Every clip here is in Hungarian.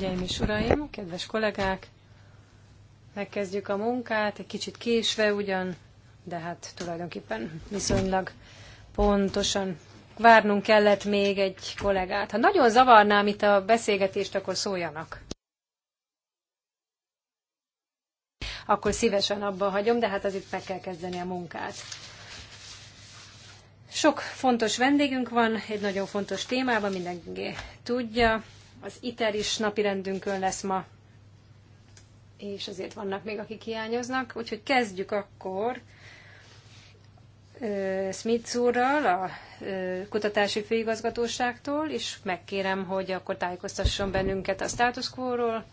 Hölgyeim és uraim, kedves kollégák, megkezdjük a munkát, egy kicsit késve ugyan, de hát tulajdonképpen viszonylag pontosan várnunk kellett még egy kollégát. Ha nagyon zavarnám itt a beszélgetést, akkor szóljanak. Akkor szívesen abba hagyom, de hát itt meg kell kezdeni a munkát. Sok fontos vendégünk van, egy nagyon fontos témában, mindenki tudja, az ITER is napirendünkön lesz ma, és azért vannak még, akik hiányoznak. Úgyhogy kezdjük akkor Smith úrral, a kutatási főigazgatóságtól, és megkérem, hogy akkor tájékoztasson bennünket a status quo-ról,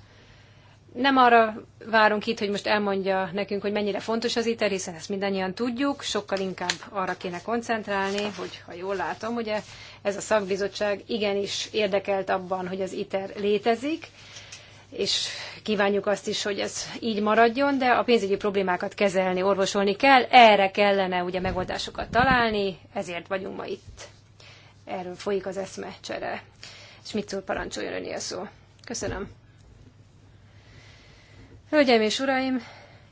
nem arra várunk itt, hogy most elmondja nekünk, hogy mennyire fontos az ITER, hiszen ezt mindannyian tudjuk, sokkal inkább arra kéne koncentrálni, hogy ha jól látom, ugye ez a szakbizottság igenis érdekelt abban, hogy az ITER létezik, és kívánjuk azt is, hogy ez így maradjon, de a pénzügyi problémákat kezelni, orvosolni kell, erre kellene ugye megoldásokat találni, ezért vagyunk ma itt. Erről folyik az eszmecsere. És mit szól parancsoljon önél szó? Köszönöm. Hölgyeim és uraim,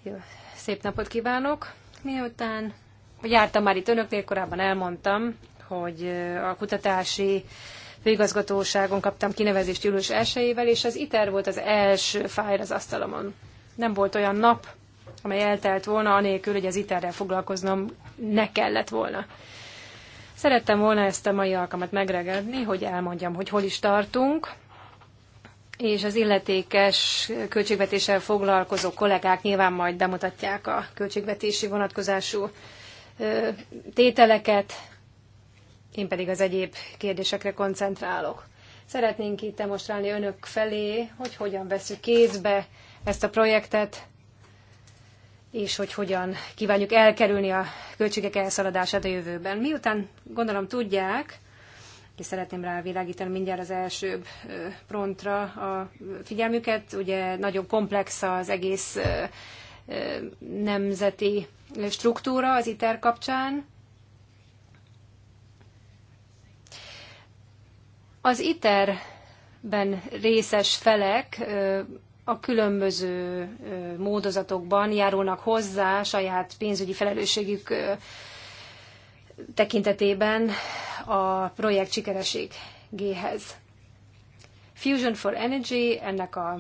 jó, szép napot kívánok! Miután jártam már itt önöknél, korábban elmondtam, hogy a kutatási főigazgatóságon kaptam kinevezést július 1 és az ITER volt az első fájl az asztalomon. Nem volt olyan nap, amely eltelt volna, anélkül, hogy az ITER-rel foglalkoznom ne kellett volna. Szerettem volna ezt a mai alkalmat megregedni, hogy elmondjam, hogy hol is tartunk, és az illetékes költségvetéssel foglalkozó kollégák nyilván majd bemutatják a költségvetési vonatkozású tételeket, én pedig az egyéb kérdésekre koncentrálok. Szeretnénk itt demonstrálni önök felé, hogy hogyan veszük kézbe ezt a projektet, és hogy hogyan kívánjuk elkerülni a költségek elszaladását a jövőben. Miután gondolom tudják, ki szeretném rá világítani mindjárt az első prontra a figyelmüket. Ugye nagyon komplex az egész nemzeti struktúra az ITER kapcsán. Az ITER-ben részes felek a különböző módozatokban járulnak hozzá saját pénzügyi felelősségük tekintetében a projekt sikereségéhez. Fusion for Energy, ennek a,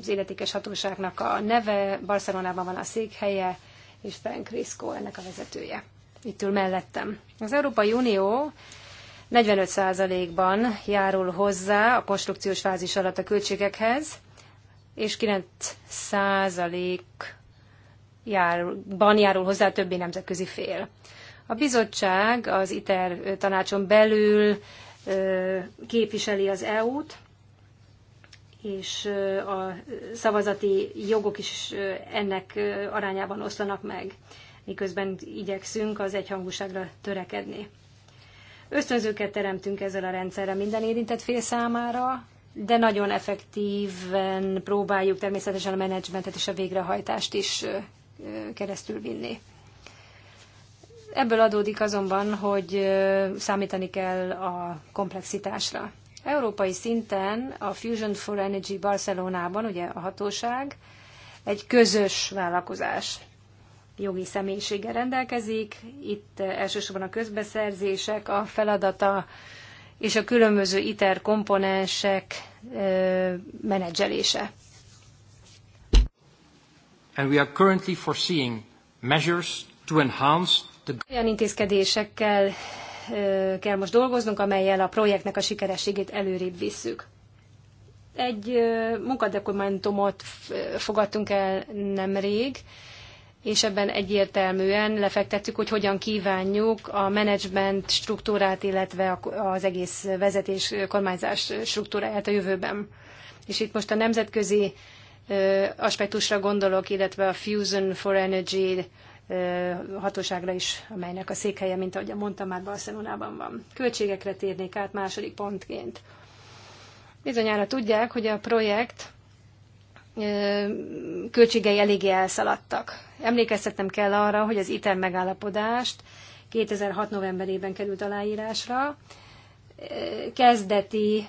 az életékes hatóságnak a neve, Barcelonában van a székhelye, és Frank Risco ennek a vezetője. Itt ül mellettem. Az Európai Unió 45%-ban járul hozzá a konstrukciós fázis alatt a költségekhez, és 9%-ban járul hozzá a többi nemzetközi fél. A bizottság az ITER tanácson belül képviseli az EU-t, és a szavazati jogok is ennek arányában oszlanak meg, miközben igyekszünk az egyhangúságra törekedni. Ösztönzőket teremtünk ezzel a rendszerrel minden érintett fél számára, de nagyon effektíven próbáljuk természetesen a menedzsmentet és a végrehajtást is keresztül vinni. Ebből adódik azonban, hogy számítani kell a komplexitásra. Európai szinten a Fusion for Energy Barcelonában, ugye a hatóság, egy közös vállalkozás jogi személyisége rendelkezik. Itt elsősorban a közbeszerzések, a feladata és a különböző ITER komponensek menedzselése. And we are currently foreseeing measures to enhance olyan intézkedésekkel kell most dolgoznunk, amelyel a projektnek a sikerességét előrébb visszük. Egy munkadokumentumot fogadtunk el nemrég, és ebben egyértelműen lefektettük, hogy hogyan kívánjuk a menedzsment struktúrát, illetve az egész vezetés kormányzás struktúráját a jövőben. És itt most a nemzetközi aspektusra gondolok, illetve a Fusion for Energy hatóságra is, amelynek a székhelye, mint ahogy mondtam, már Barcelonában van. Költségekre térnék át második pontként. Bizonyára tudják, hogy a projekt költségei eléggé elszaladtak. Emlékeztetnem kell arra, hogy az ITER megállapodást 2006. novemberében került aláírásra, kezdeti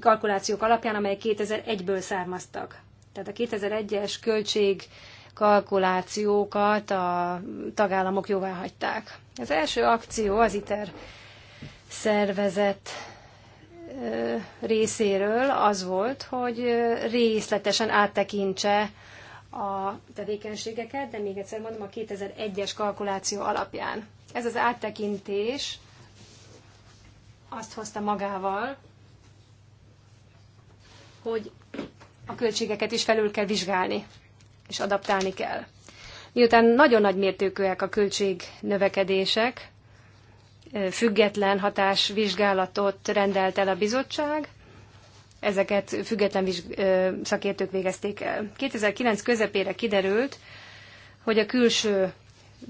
kalkulációk alapján, amelyek 2001-ből származtak. Tehát a 2001-es költség kalkulációkat a tagállamok jóvá hagyták. Az első akció az ITER szervezet részéről az volt, hogy részletesen áttekintse a tevékenységeket, de még egyszer mondom, a 2001-es kalkuláció alapján. Ez az áttekintés azt hozta magával, hogy a költségeket is felül kell vizsgálni és adaptálni kell. Miután nagyon nagy mértékűek a költségnövekedések, független hatásvizsgálatot rendelt el a bizottság, ezeket független szakértők végezték el. 2009 közepére kiderült, hogy a külső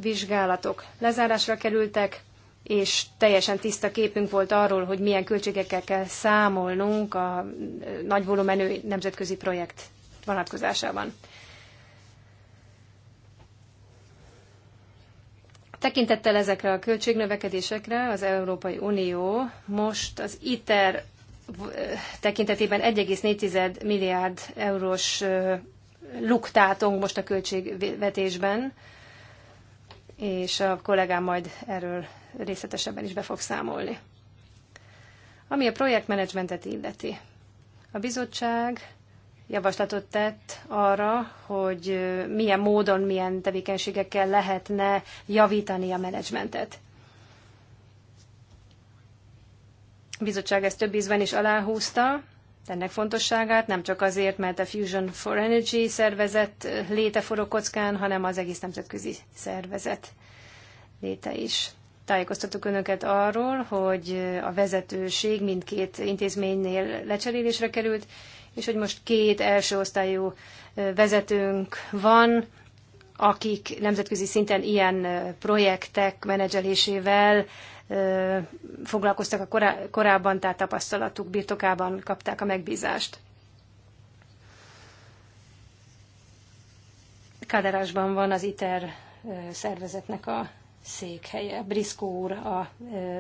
vizsgálatok lezárásra kerültek, és teljesen tiszta képünk volt arról, hogy milyen költségekkel kell számolnunk a nagy volumenű nemzetközi projekt vonatkozásában. Tekintettel ezekre a költségnövekedésekre az Európai Unió most az ITER tekintetében 1,4 milliárd eurós luktátunk most a költségvetésben, és a kollégám majd erről részletesebben is be fog számolni. Ami a projektmenedzsmentet illeti. A bizottság javaslatot tett arra, hogy milyen módon, milyen tevékenységekkel lehetne javítani a menedzsmentet. A bizottság ezt több ízben is aláhúzta, ennek fontosságát, nem csak azért, mert a Fusion for Energy szervezet léte forog kockán, hanem az egész nemzetközi szervezet léte is. Tájékoztatok Önöket arról, hogy a vezetőség mindkét intézménynél lecserélésre került, és hogy most két első osztályú vezetőnk van, akik nemzetközi szinten ilyen projektek menedzselésével foglalkoztak a korá- korábban, tehát tapasztalatuk birtokában kapták a megbízást. Kaderásban van az ITER szervezetnek a székhelye. Briszkó úr a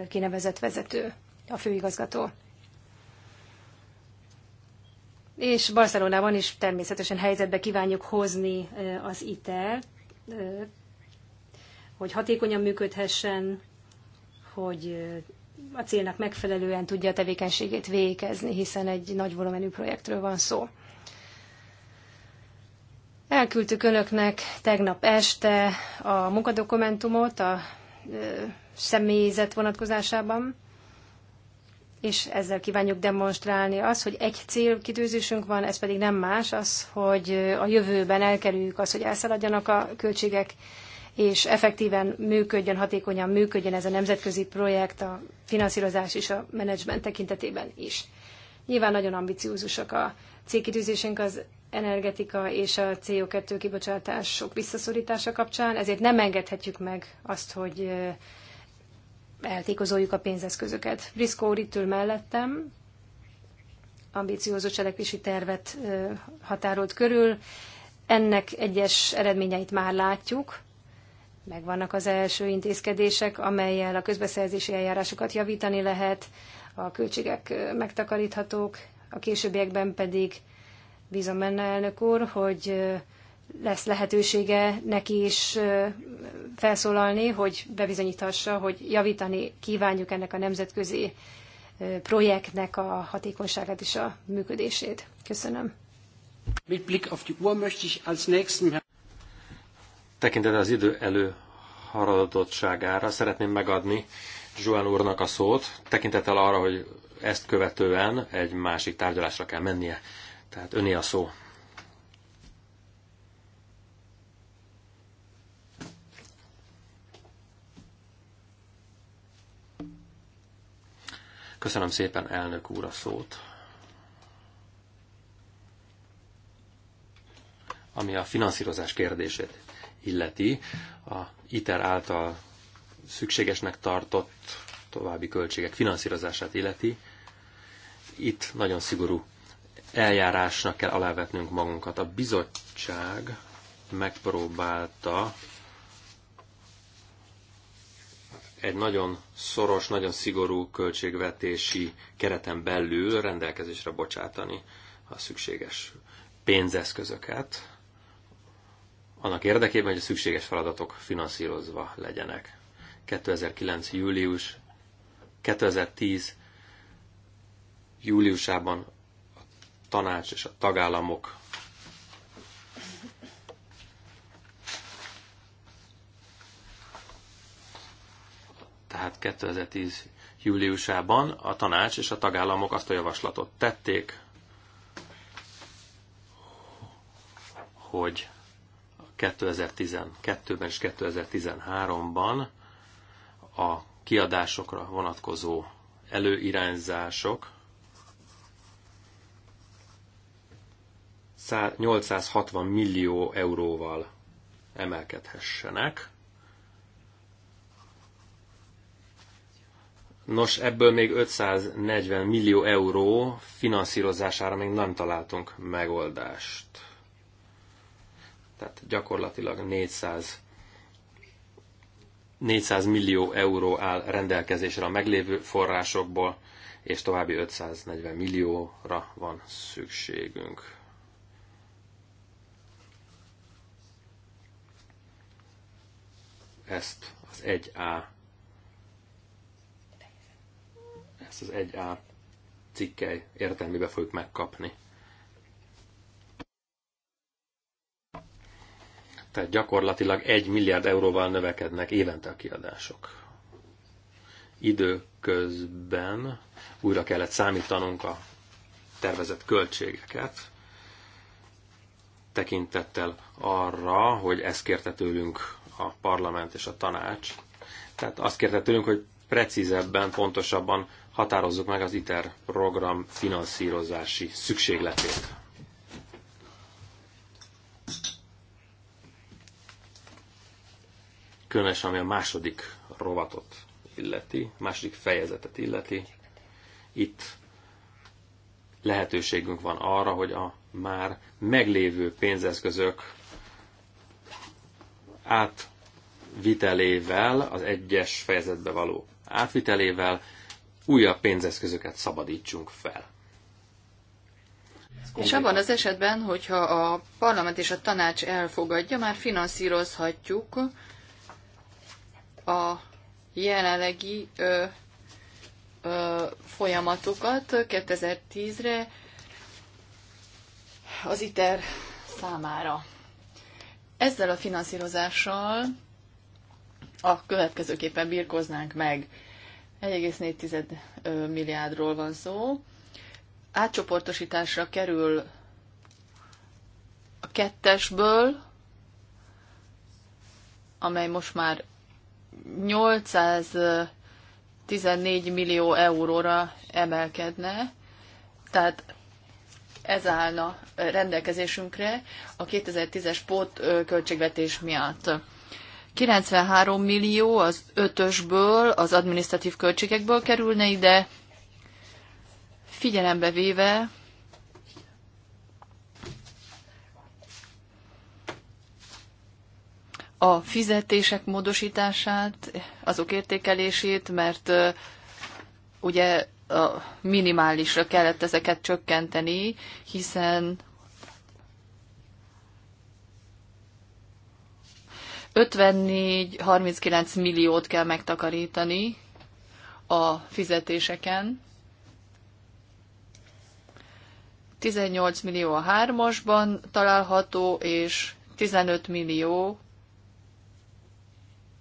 kinevezett vezető, a főigazgató. És Barcelonában is természetesen helyzetbe kívánjuk hozni az ITER, hogy hatékonyan működhessen, hogy a célnak megfelelően tudja a tevékenységét végezni, hiszen egy nagy volumenű projektről van szó. Elküldtük önöknek tegnap este a munkadokumentumot a személyzet vonatkozásában és ezzel kívánjuk demonstrálni azt, hogy egy célkitűzésünk van, ez pedig nem más, az, hogy a jövőben elkerüljük azt, hogy elszaladjanak a költségek, és effektíven működjön, hatékonyan működjön ez a nemzetközi projekt a finanszírozás és a menedzsment tekintetében is. Nyilván nagyon ambiciózusak a célkitűzésünk az energetika és a CO2 kibocsátások visszaszorítása kapcsán, ezért nem engedhetjük meg azt, hogy eltékozoljuk a pénzeszközöket. Briszkó úr itt ül mellettem, ambiciózus cselekvési tervet határolt körül. Ennek egyes eredményeit már látjuk, megvannak az első intézkedések, amelyel a közbeszerzési eljárásokat javítani lehet, a költségek megtakaríthatók, a későbbiekben pedig bízom benne, elnök úr, hogy lesz lehetősége neki is felszólalni, hogy bebizonyíthassa, hogy javítani kívánjuk ennek a nemzetközi projektnek a hatékonyságát és a működését. Köszönöm. Mit Blick auf die Uhr möchte ich als nächsten az idő elő haradottságára szeretném megadni Zsuán úrnak a szót, tekintettel arra, hogy ezt követően egy másik tárgyalásra kell mennie. Tehát öné a szó. Köszönöm szépen, elnök úr, a szót. Ami a finanszírozás kérdését illeti, a ITER által szükségesnek tartott további költségek finanszírozását illeti, itt nagyon szigorú eljárásnak kell alávetnünk magunkat. A bizottság megpróbálta egy nagyon szoros, nagyon szigorú költségvetési kereten belül rendelkezésre bocsátani a szükséges pénzeszközöket, annak érdekében, hogy a szükséges feladatok finanszírozva legyenek. 2009. július, 2010. júliusában a tanács és a tagállamok tehát 2010 júliusában a tanács és a tagállamok azt a javaslatot tették, hogy 2012-ben és 2013-ban a kiadásokra vonatkozó előirányzások 860 millió euróval emelkedhessenek, Nos, ebből még 540 millió euró finanszírozására még nem találtunk megoldást. Tehát gyakorlatilag 400 400 millió euró áll rendelkezésre a meglévő forrásokból, és további 540 millióra van szükségünk. Ezt az 1A ezt az 1A cikkely értelmébe fogjuk megkapni. Tehát gyakorlatilag 1 milliárd euróval növekednek évente a kiadások. Időközben újra kellett számítanunk a tervezett költségeket, tekintettel arra, hogy ezt kérte tőlünk a parlament és a tanács. Tehát azt kérte tőlünk, hogy precízebben, pontosabban határozzuk meg az ITER program finanszírozási szükségletét. Különösen ami a második rovatot illeti, második fejezetet illeti, itt lehetőségünk van arra, hogy a már meglévő pénzeszközök átvitelével, az egyes fejezetbe való átvitelével újabb pénzeszközöket szabadítsunk fel. És abban az esetben, hogyha a parlament és a tanács elfogadja, már finanszírozhatjuk a jelenlegi ö, ö, folyamatokat 2010-re az ITER számára. Ezzel a finanszírozással a következőképpen birkoznánk meg. 1,4 milliárdról van szó. Átcsoportosításra kerül a kettesből, amely most már 814 millió euróra emelkedne, tehát ez állna rendelkezésünkre a 2010-es pót költségvetés miatt. 93 millió az ötösből, az adminisztratív költségekből kerülne ide, figyelembe véve, a fizetések módosítását, azok értékelését, mert ugye a minimálisra kellett ezeket csökkenteni, hiszen 54-39 milliót kell megtakarítani a fizetéseken. 18 millió a hármasban található, és 15 millió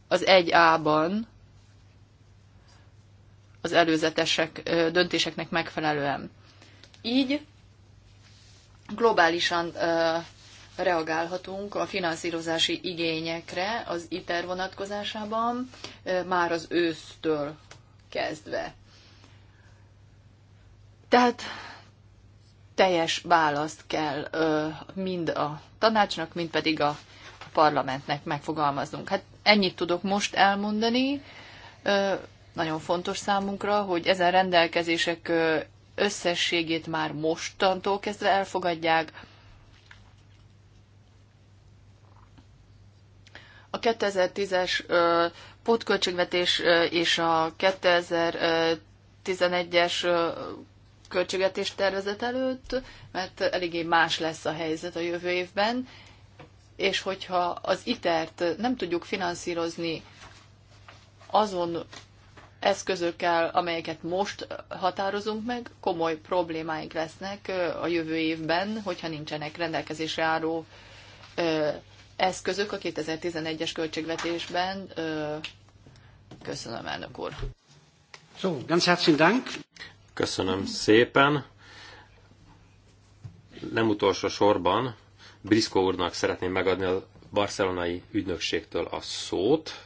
az 1A-ban az előzetesek döntéseknek megfelelően. Így globálisan reagálhatunk a finanszírozási igényekre az ITER vonatkozásában már az ősztől kezdve. Tehát teljes választ kell mind a tanácsnak, mind pedig a parlamentnek megfogalmaznunk. Hát ennyit tudok most elmondani. Nagyon fontos számunkra, hogy ezen rendelkezések összességét már mostantól kezdve elfogadják, a 2010-es pótköltségvetés és a 2011-es költségvetés tervezet előtt, mert eléggé más lesz a helyzet a jövő évben, és hogyha az ITER-t nem tudjuk finanszírozni azon eszközökkel, amelyeket most határozunk meg, komoly problémáink lesznek a jövő évben, hogyha nincsenek rendelkezésre álló eszközök a 2011-es költségvetésben. Köszönöm, elnök úr. So, ganz herzlichen Dank. Köszönöm szépen. Nem utolsó sorban Brisco úrnak szeretném megadni a barcelonai ügynökségtől a szót,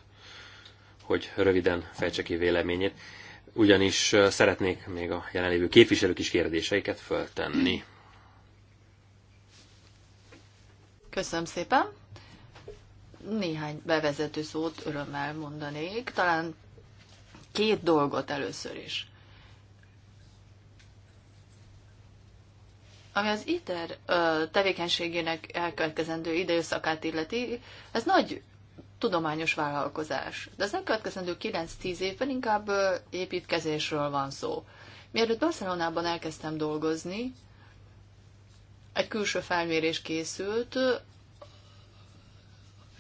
hogy röviden fejtse ki véleményét, ugyanis szeretnék még a jelenlévő képviselők is kérdéseiket föltenni. Köszönöm szépen néhány bevezető szót örömmel mondanék, talán két dolgot először is. Ami az ITER tevékenységének elkövetkezendő időszakát illeti, ez nagy tudományos vállalkozás. De az elkövetkezendő 9-10 évben inkább építkezésről van szó. Mielőtt Barcelonában elkezdtem dolgozni, egy külső felmérés készült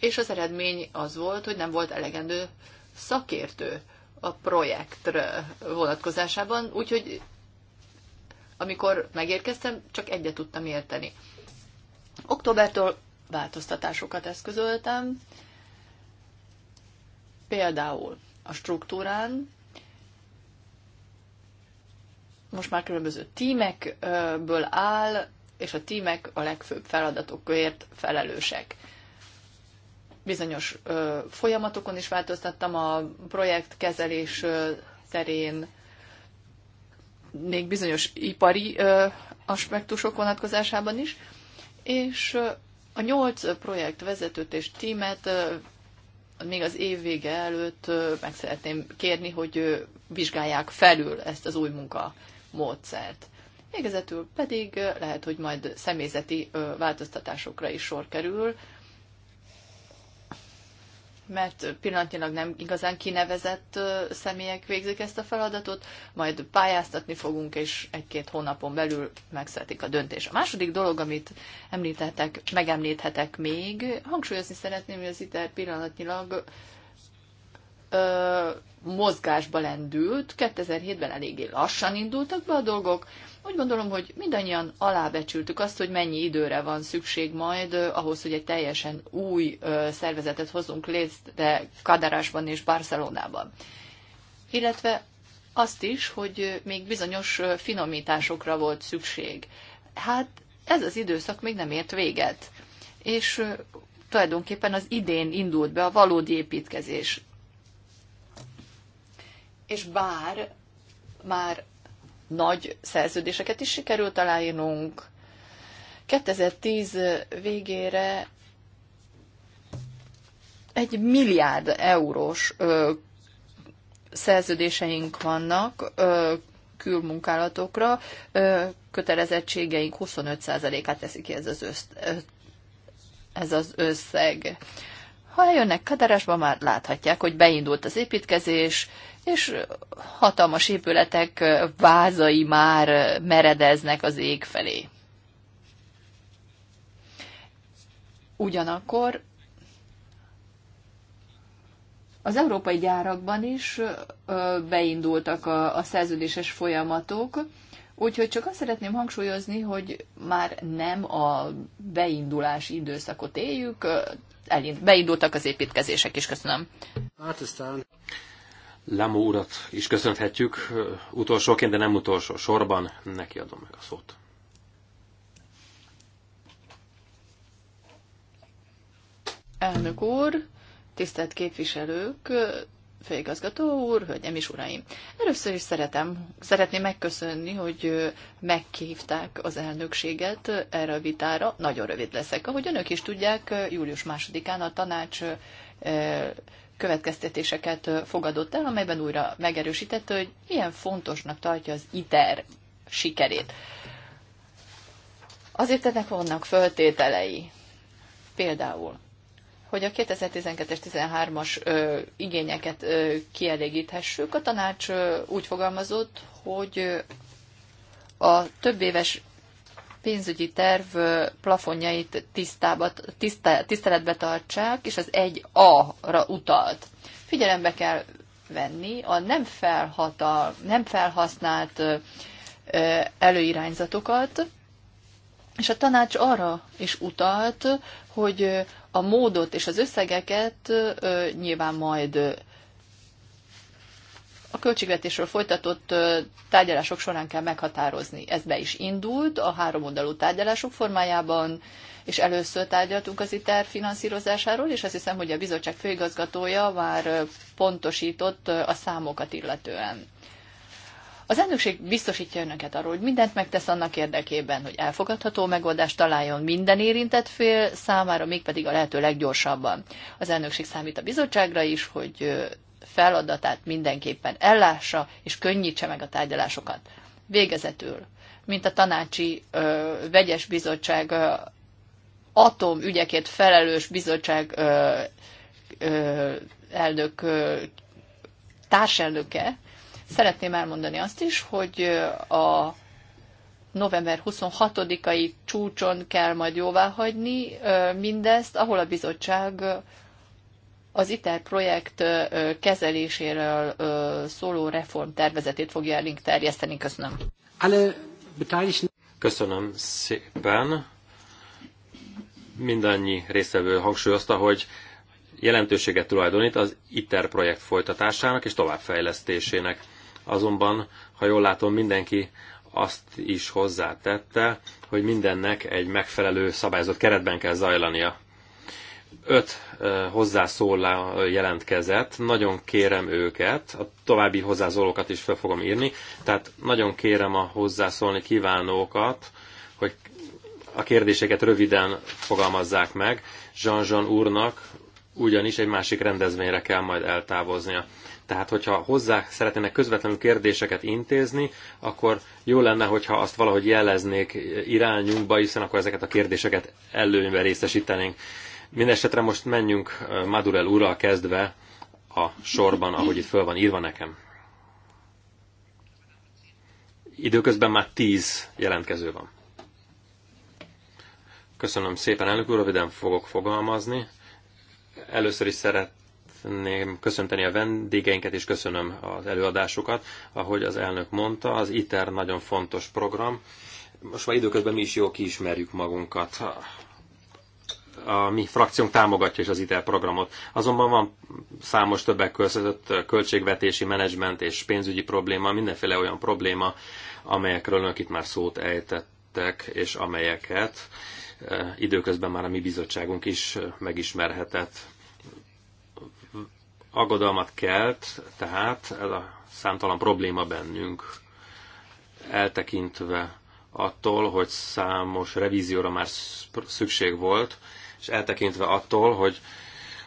és az eredmény az volt, hogy nem volt elegendő szakértő a projektre vonatkozásában, úgyhogy amikor megérkeztem, csak egyet tudtam érteni. Októbertől változtatásokat eszközöltem, például a struktúrán, most már különböző tímekből áll, és a tímek a legfőbb feladatokért felelősek bizonyos folyamatokon is változtattam a projektkezelés terén, még bizonyos ipari aspektusok vonatkozásában is, és a nyolc projekt vezetőt és tímet még az év vége előtt meg szeretném kérni, hogy vizsgálják felül ezt az új munka módszert. Végezetül pedig lehet, hogy majd személyzeti változtatásokra is sor kerül, mert pillanatnyilag nem igazán kinevezett személyek végzik ezt a feladatot, majd pályáztatni fogunk, és egy-két hónapon belül megszületik a döntés. A második dolog, amit említettek, megemlíthetek még, hangsúlyozni szeretném, hogy az ITER pillanatnyilag ö, mozgásba lendült, 2007-ben eléggé lassan indultak be a dolgok, úgy gondolom, hogy mindannyian alábecsültük azt, hogy mennyi időre van szükség majd ahhoz, hogy egy teljesen új szervezetet hozunk létre Kadarásban és Barcelonában. Illetve azt is, hogy még bizonyos finomításokra volt szükség. Hát ez az időszak még nem ért véget. És tulajdonképpen az idén indult be a valódi építkezés. És bár már nagy szerződéseket is sikerült aláírnunk. 2010 végére egy milliárd eurós ö, szerződéseink vannak ö, külmunkálatokra, ö, kötelezettségeink 25%-át teszi ki ez az, össz, ö, ez az összeg. Ha eljönnek Kadarásba, már láthatják, hogy beindult az építkezés, ö, és hatalmas épületek vázai már meredeznek az ég felé. Ugyanakkor az európai gyárakban is beindultak a, a szerződéses folyamatok, úgyhogy csak azt szeretném hangsúlyozni, hogy már nem a beindulási időszakot éljük, beindultak az építkezések is. Köszönöm. Lemó urat is köszönhetjük utolsóként, de nem utolsó sorban. Neki adom meg a szót. Elnök úr, tisztelt képviselők, főigazgató úr, hölgyem és uraim! Először is szeretem, szeretném megköszönni, hogy meghívták az elnökséget erre a vitára. Nagyon rövid leszek. Ahogy önök is tudják, július másodikán a tanács következtetéseket fogadott el, amelyben újra megerősítette, hogy milyen fontosnak tartja az ITER sikerét. Azért ennek vannak föltételei. Például, hogy a 2012-es 13-as igényeket ö, kielégíthessük, a tanács ö, úgy fogalmazott, hogy a több éves pénzügyi terv plafonjait tisztába, tisztá, tiszteletbe tartsák, és az egy a ra utalt. Figyelembe kell venni a nem, felhatal, nem felhasznált előirányzatokat, és a tanács arra is utalt, hogy a módot és az összegeket nyilván majd a költségvetésről folytatott tárgyalások során kell meghatározni. Ez be is indult a három oldalú tárgyalások formájában, és először tárgyaltunk az ITER finanszírozásáról, és azt hiszem, hogy a bizottság főigazgatója már pontosított a számokat illetően. Az elnökség biztosítja önöket arról, hogy mindent megtesz annak érdekében, hogy elfogadható megoldást találjon minden érintett fél számára, mégpedig a lehető leggyorsabban. Az elnökség számít a bizottságra is, hogy feladatát mindenképpen ellássa és könnyítse meg a tárgyalásokat. Végezetül, mint a tanácsi ö, vegyes bizottság, ö, ügyekért felelős bizottság ö, ö, elnök ö, társelnöke, szeretném elmondani azt is, hogy a november 26-ai csúcson kell majd jóvá hagyni mindezt, ahol a bizottság az ITER projekt kezeléséről szóló reformtervezetét fogja elénk terjeszteni. Köszönöm. Köszönöm szépen. Mindannyi résztvevő hangsúlyozta, hogy jelentőséget tulajdonít az ITER projekt folytatásának és továbbfejlesztésének. Azonban, ha jól látom, mindenki azt is hozzátette, hogy mindennek egy megfelelő szabályozott keretben kell zajlania öt hozzászólá jelentkezett, nagyon kérem őket, a további hozzászólókat is fel fogom írni, tehát nagyon kérem a hozzászólni kívánókat, hogy a kérdéseket röviden fogalmazzák meg. Jean-Jean úrnak ugyanis egy másik rendezvényre kell majd eltávoznia. Tehát, hogyha hozzá szeretnének közvetlenül kérdéseket intézni, akkor jó lenne, hogyha azt valahogy jeleznék irányunkba, hiszen akkor ezeket a kérdéseket előnyben részesítenénk. Mindenesetre most menjünk Madurel úrral kezdve a sorban, ahogy itt föl van írva nekem. Időközben már tíz jelentkező van. Köszönöm szépen, elnök úr, röviden fogok fogalmazni. Először is szeretném köszönteni a vendégeinket, és köszönöm az előadásokat. Ahogy az elnök mondta, az ITER nagyon fontos program. Most már időközben mi is jól kiismerjük magunkat a mi frakciónk támogatja is az ITER programot. Azonban van számos többek között költségvetési, menedzsment és pénzügyi probléma, mindenféle olyan probléma, amelyekről önök itt már szót ejtettek, és amelyeket eh, időközben már a mi bizottságunk is eh, megismerhetett. Aggodalmat kelt, tehát ez a számtalan probléma bennünk, eltekintve attól, hogy számos revízióra már szükség volt, és eltekintve attól, hogy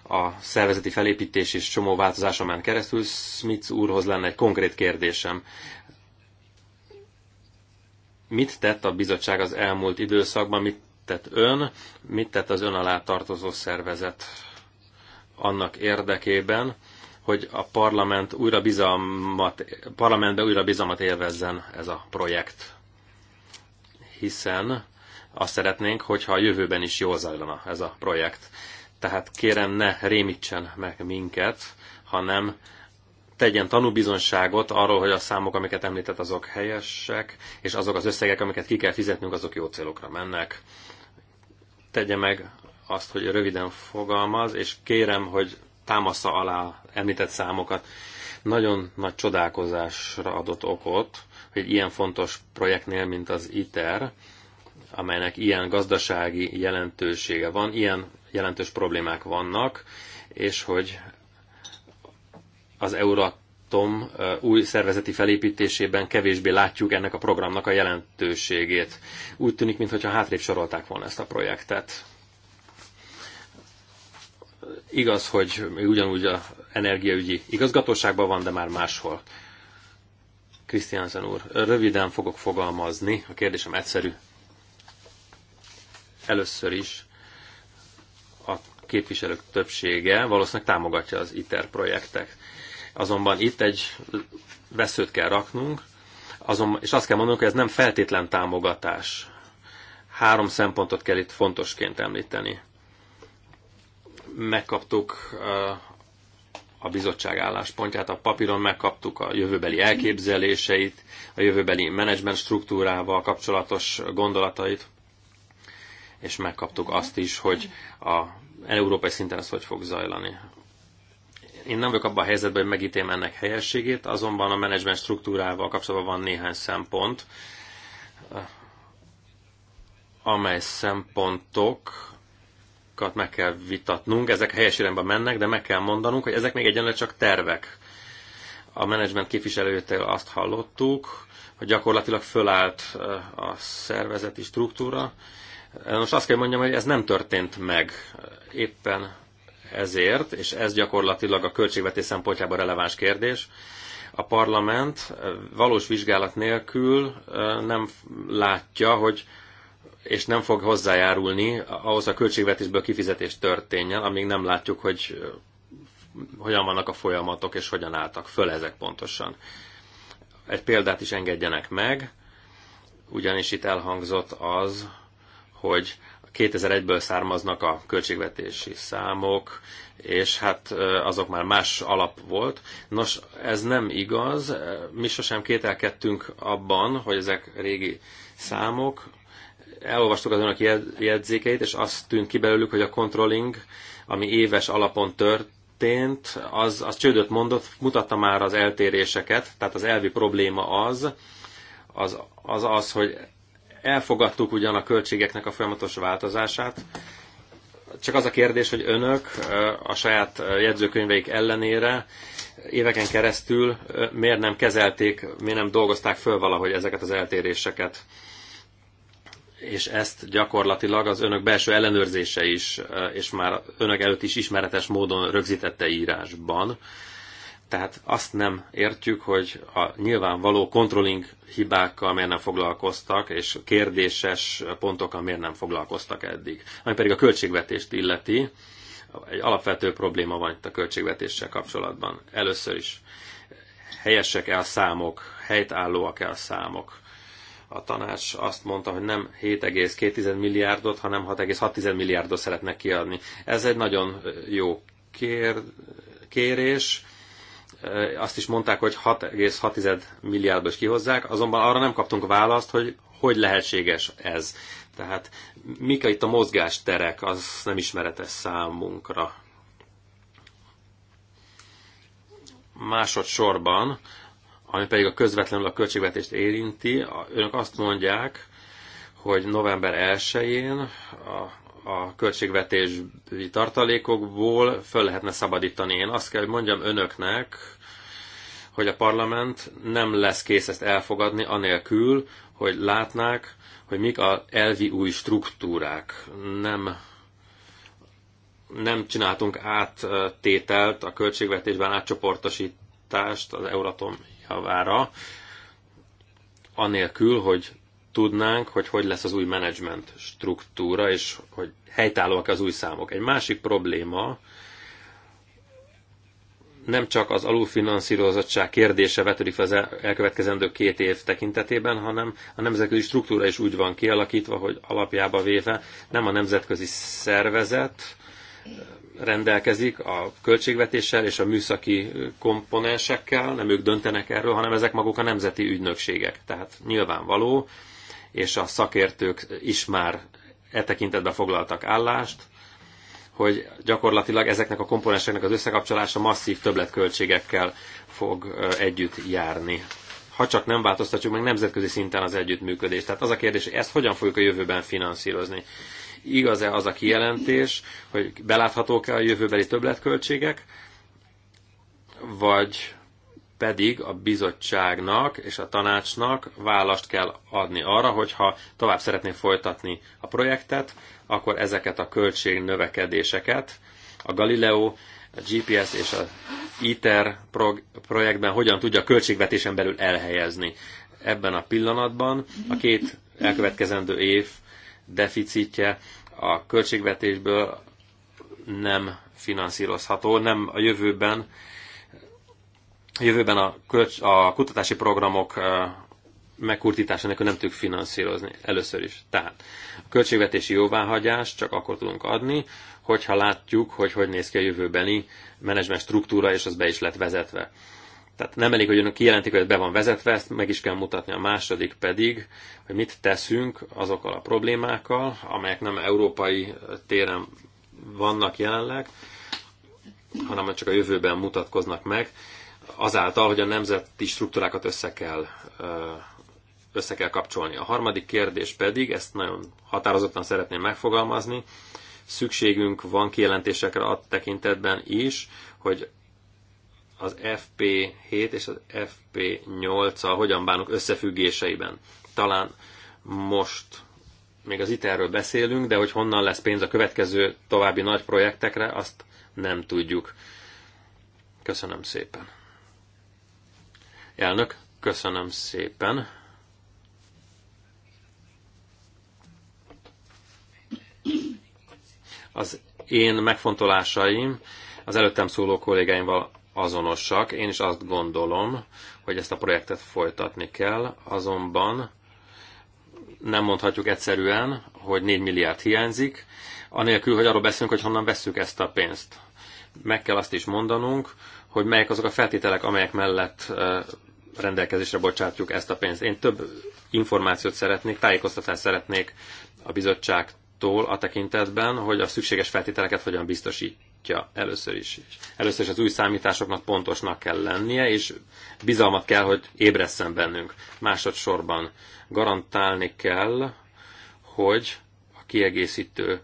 a szervezeti felépítés és csomó változáson már keresztül, Smith úrhoz lenne egy konkrét kérdésem. Mit tett a bizottság az elmúlt időszakban, mit tett ön, mit tett az ön alá tartozó szervezet annak érdekében, hogy a parlament újra bizalmat, parlamentbe újra bizalmat élvezzen ez a projekt. Hiszen azt szeretnénk, hogyha a jövőben is jól zajlana ez a projekt. Tehát kérem, ne rémítsen meg minket, hanem tegyen tanúbizonságot arról, hogy a számok, amiket említett, azok helyesek, és azok az összegek, amiket ki kell fizetnünk, azok jó célokra mennek. Tegye meg azt, hogy röviden fogalmaz, és kérem, hogy támasza alá említett számokat. Nagyon nagy csodálkozásra adott okot, hogy ilyen fontos projektnél, mint az ITER, amelynek ilyen gazdasági jelentősége van, ilyen jelentős problémák vannak, és hogy az Euratom új szervezeti felépítésében kevésbé látjuk ennek a programnak a jelentőségét. Úgy tűnik, mintha hátrébb sorolták volna ezt a projektet. Igaz, hogy ugyanúgy a energiaügyi igazgatóságban van, de már máshol. Krisztiánzen úr, röviden fogok fogalmazni, a kérdésem egyszerű. Először is a képviselők többsége valószínűleg támogatja az ITER projektek. Azonban itt egy veszőt kell raknunk, azon, és azt kell mondanunk, hogy ez nem feltétlen támogatás. Három szempontot kell itt fontosként említeni. Megkaptuk uh, a bizottság álláspontját, a papíron megkaptuk a jövőbeli elképzeléseit, a jövőbeli menedzsment struktúrával kapcsolatos gondolatait és megkaptuk azt is, hogy a európai szinten ez hogy fog zajlani. Én nem vagyok abban a helyzetben, hogy megítélem ennek helyességét, azonban a menedzsment struktúrával kapcsolatban van néhány szempont, amely szempontokat meg kell vitatnunk. Ezek helyes irányba mennek, de meg kell mondanunk, hogy ezek még egyenlően csak tervek. A menedzsment képviselőjétől azt hallottuk, hogy gyakorlatilag fölállt a szervezeti struktúra, most azt kell mondjam, hogy ez nem történt meg. Éppen ezért, és ez gyakorlatilag a költségvetés szempontjában releváns kérdés, a parlament valós vizsgálat nélkül nem látja, hogy és nem fog hozzájárulni ahhoz a költségvetésből kifizetés történjen, amíg nem látjuk, hogy hogyan vannak a folyamatok, és hogyan álltak föl ezek pontosan. Egy példát is engedjenek meg, ugyanis itt elhangzott az, hogy 2001-ből származnak a költségvetési számok, és hát azok már más alap volt. Nos, ez nem igaz, mi sosem kételkedtünk abban, hogy ezek régi számok. Elolvastuk az önök jegyzékeit, és azt tűnt ki belőlük, hogy a controlling, ami éves alapon tört, történt, az, az csődöt mondott, mutatta már az eltéréseket, tehát az elvi probléma az, az az, az hogy Elfogadtuk ugyan a költségeknek a folyamatos változását, csak az a kérdés, hogy önök a saját jegyzőkönyveik ellenére éveken keresztül miért nem kezelték, miért nem dolgozták föl valahogy ezeket az eltéréseket. És ezt gyakorlatilag az önök belső ellenőrzése is, és már önök előtt is ismeretes módon rögzítette írásban. Tehát azt nem értjük, hogy a nyilvánvaló controlling hibákkal miért nem foglalkoztak, és kérdéses pontokkal miért nem foglalkoztak eddig. Ami pedig a költségvetést illeti, egy alapvető probléma van itt a költségvetéssel kapcsolatban. Először is helyesek-e a számok, helytállóak-e a számok. A tanács azt mondta, hogy nem 7,2 milliárdot, hanem 6,6 milliárdot szeretnek kiadni. Ez egy nagyon jó kér, kérés, azt is mondták, hogy 6,6 milliárdból is kihozzák, azonban arra nem kaptunk választ, hogy hogy lehetséges ez. Tehát mik a itt a mozgásterek, az nem ismeretes számunkra. Másodszorban, ami pedig a közvetlenül a költségvetést érinti, önök azt mondják, hogy november 1-én a a költségvetési tartalékokból föl lehetne szabadítani. Én azt kell, hogy mondjam önöknek, hogy a parlament nem lesz kész ezt elfogadni, anélkül, hogy látnák, hogy mik a elvi új struktúrák. Nem, nem csináltunk áttételt a költségvetésben, átcsoportosítást az Euratom javára, anélkül, hogy tudnánk, hogy hogy lesz az új menedzsment struktúra, és hogy helytállóak az új számok. Egy másik probléma, nem csak az alulfinanszírozottság kérdése vetődik fel az elkövetkezendő két év tekintetében, hanem a nemzetközi struktúra is úgy van kialakítva, hogy alapjába véve nem a nemzetközi szervezet eh, rendelkezik a költségvetéssel és a műszaki eh, komponensekkel, nem ők döntenek erről, hanem ezek maguk a nemzeti ügynökségek. Tehát nyilvánvaló, és a szakértők is már e tekintetben foglaltak állást, hogy gyakorlatilag ezeknek a komponenseknek az összekapcsolása masszív többletköltségekkel fog együtt járni. Ha csak nem változtatjuk meg nemzetközi szinten az együttműködést. Tehát az a kérdés, hogy ezt hogyan fogjuk a jövőben finanszírozni. Igaz-e az a kijelentés, hogy beláthatók-e a jövőbeli többletköltségek, vagy pedig a bizottságnak és a tanácsnak választ kell adni arra, hogyha tovább szeretné folytatni a projektet, akkor ezeket a költség növekedéseket a Galileo, a GPS és a ITER projektben hogyan tudja a költségvetésen belül elhelyezni. Ebben a pillanatban a két elkövetkezendő év deficitje a költségvetésből nem finanszírozható, nem a jövőben a jövőben a, a kutatási programok megkurtítása nélkül nem tudjuk finanszírozni először is. Tehát a költségvetési jóváhagyást csak akkor tudunk adni, hogyha látjuk, hogy hogy néz ki a jövőbeni menedzsment struktúra, és az be is lett vezetve. Tehát nem elég, hogy önök kijelentik, hogy be van vezetve, ezt meg is kell mutatni. A második pedig, hogy mit teszünk azokkal a problémákkal, amelyek nem európai téren vannak jelenleg, hanem csak a jövőben mutatkoznak meg, azáltal, hogy a nemzeti struktúrákat össze kell össze kell kapcsolni. A harmadik kérdés pedig, ezt nagyon határozottan szeretném megfogalmazni, szükségünk van kijelentésekre a tekintetben is, hogy az FP7 és az FP8-al hogyan bánunk összefüggéseiben. Talán most még az ITER-ről beszélünk, de hogy honnan lesz pénz a következő további nagy projektekre, azt nem tudjuk. Köszönöm szépen. Elnök, köszönöm szépen. Az én megfontolásaim az előttem szóló kollégáimval azonosak. Én is azt gondolom, hogy ezt a projektet folytatni kell, azonban nem mondhatjuk egyszerűen, hogy 4 milliárd hiányzik, anélkül, hogy arról beszélünk, hogy honnan vesszük ezt a pénzt. Meg kell azt is mondanunk, hogy melyek azok a feltételek, amelyek mellett rendelkezésre bocsátjuk ezt a pénzt. Én több információt szeretnék, tájékoztatást szeretnék a bizottságtól, tól a tekintetben, hogy a szükséges feltételeket hogyan biztosítja először is. Először is az új számításoknak pontosnak kell lennie, és bizalmat kell, hogy ébresszen bennünk. Másodszorban garantálni kell, hogy a kiegészítő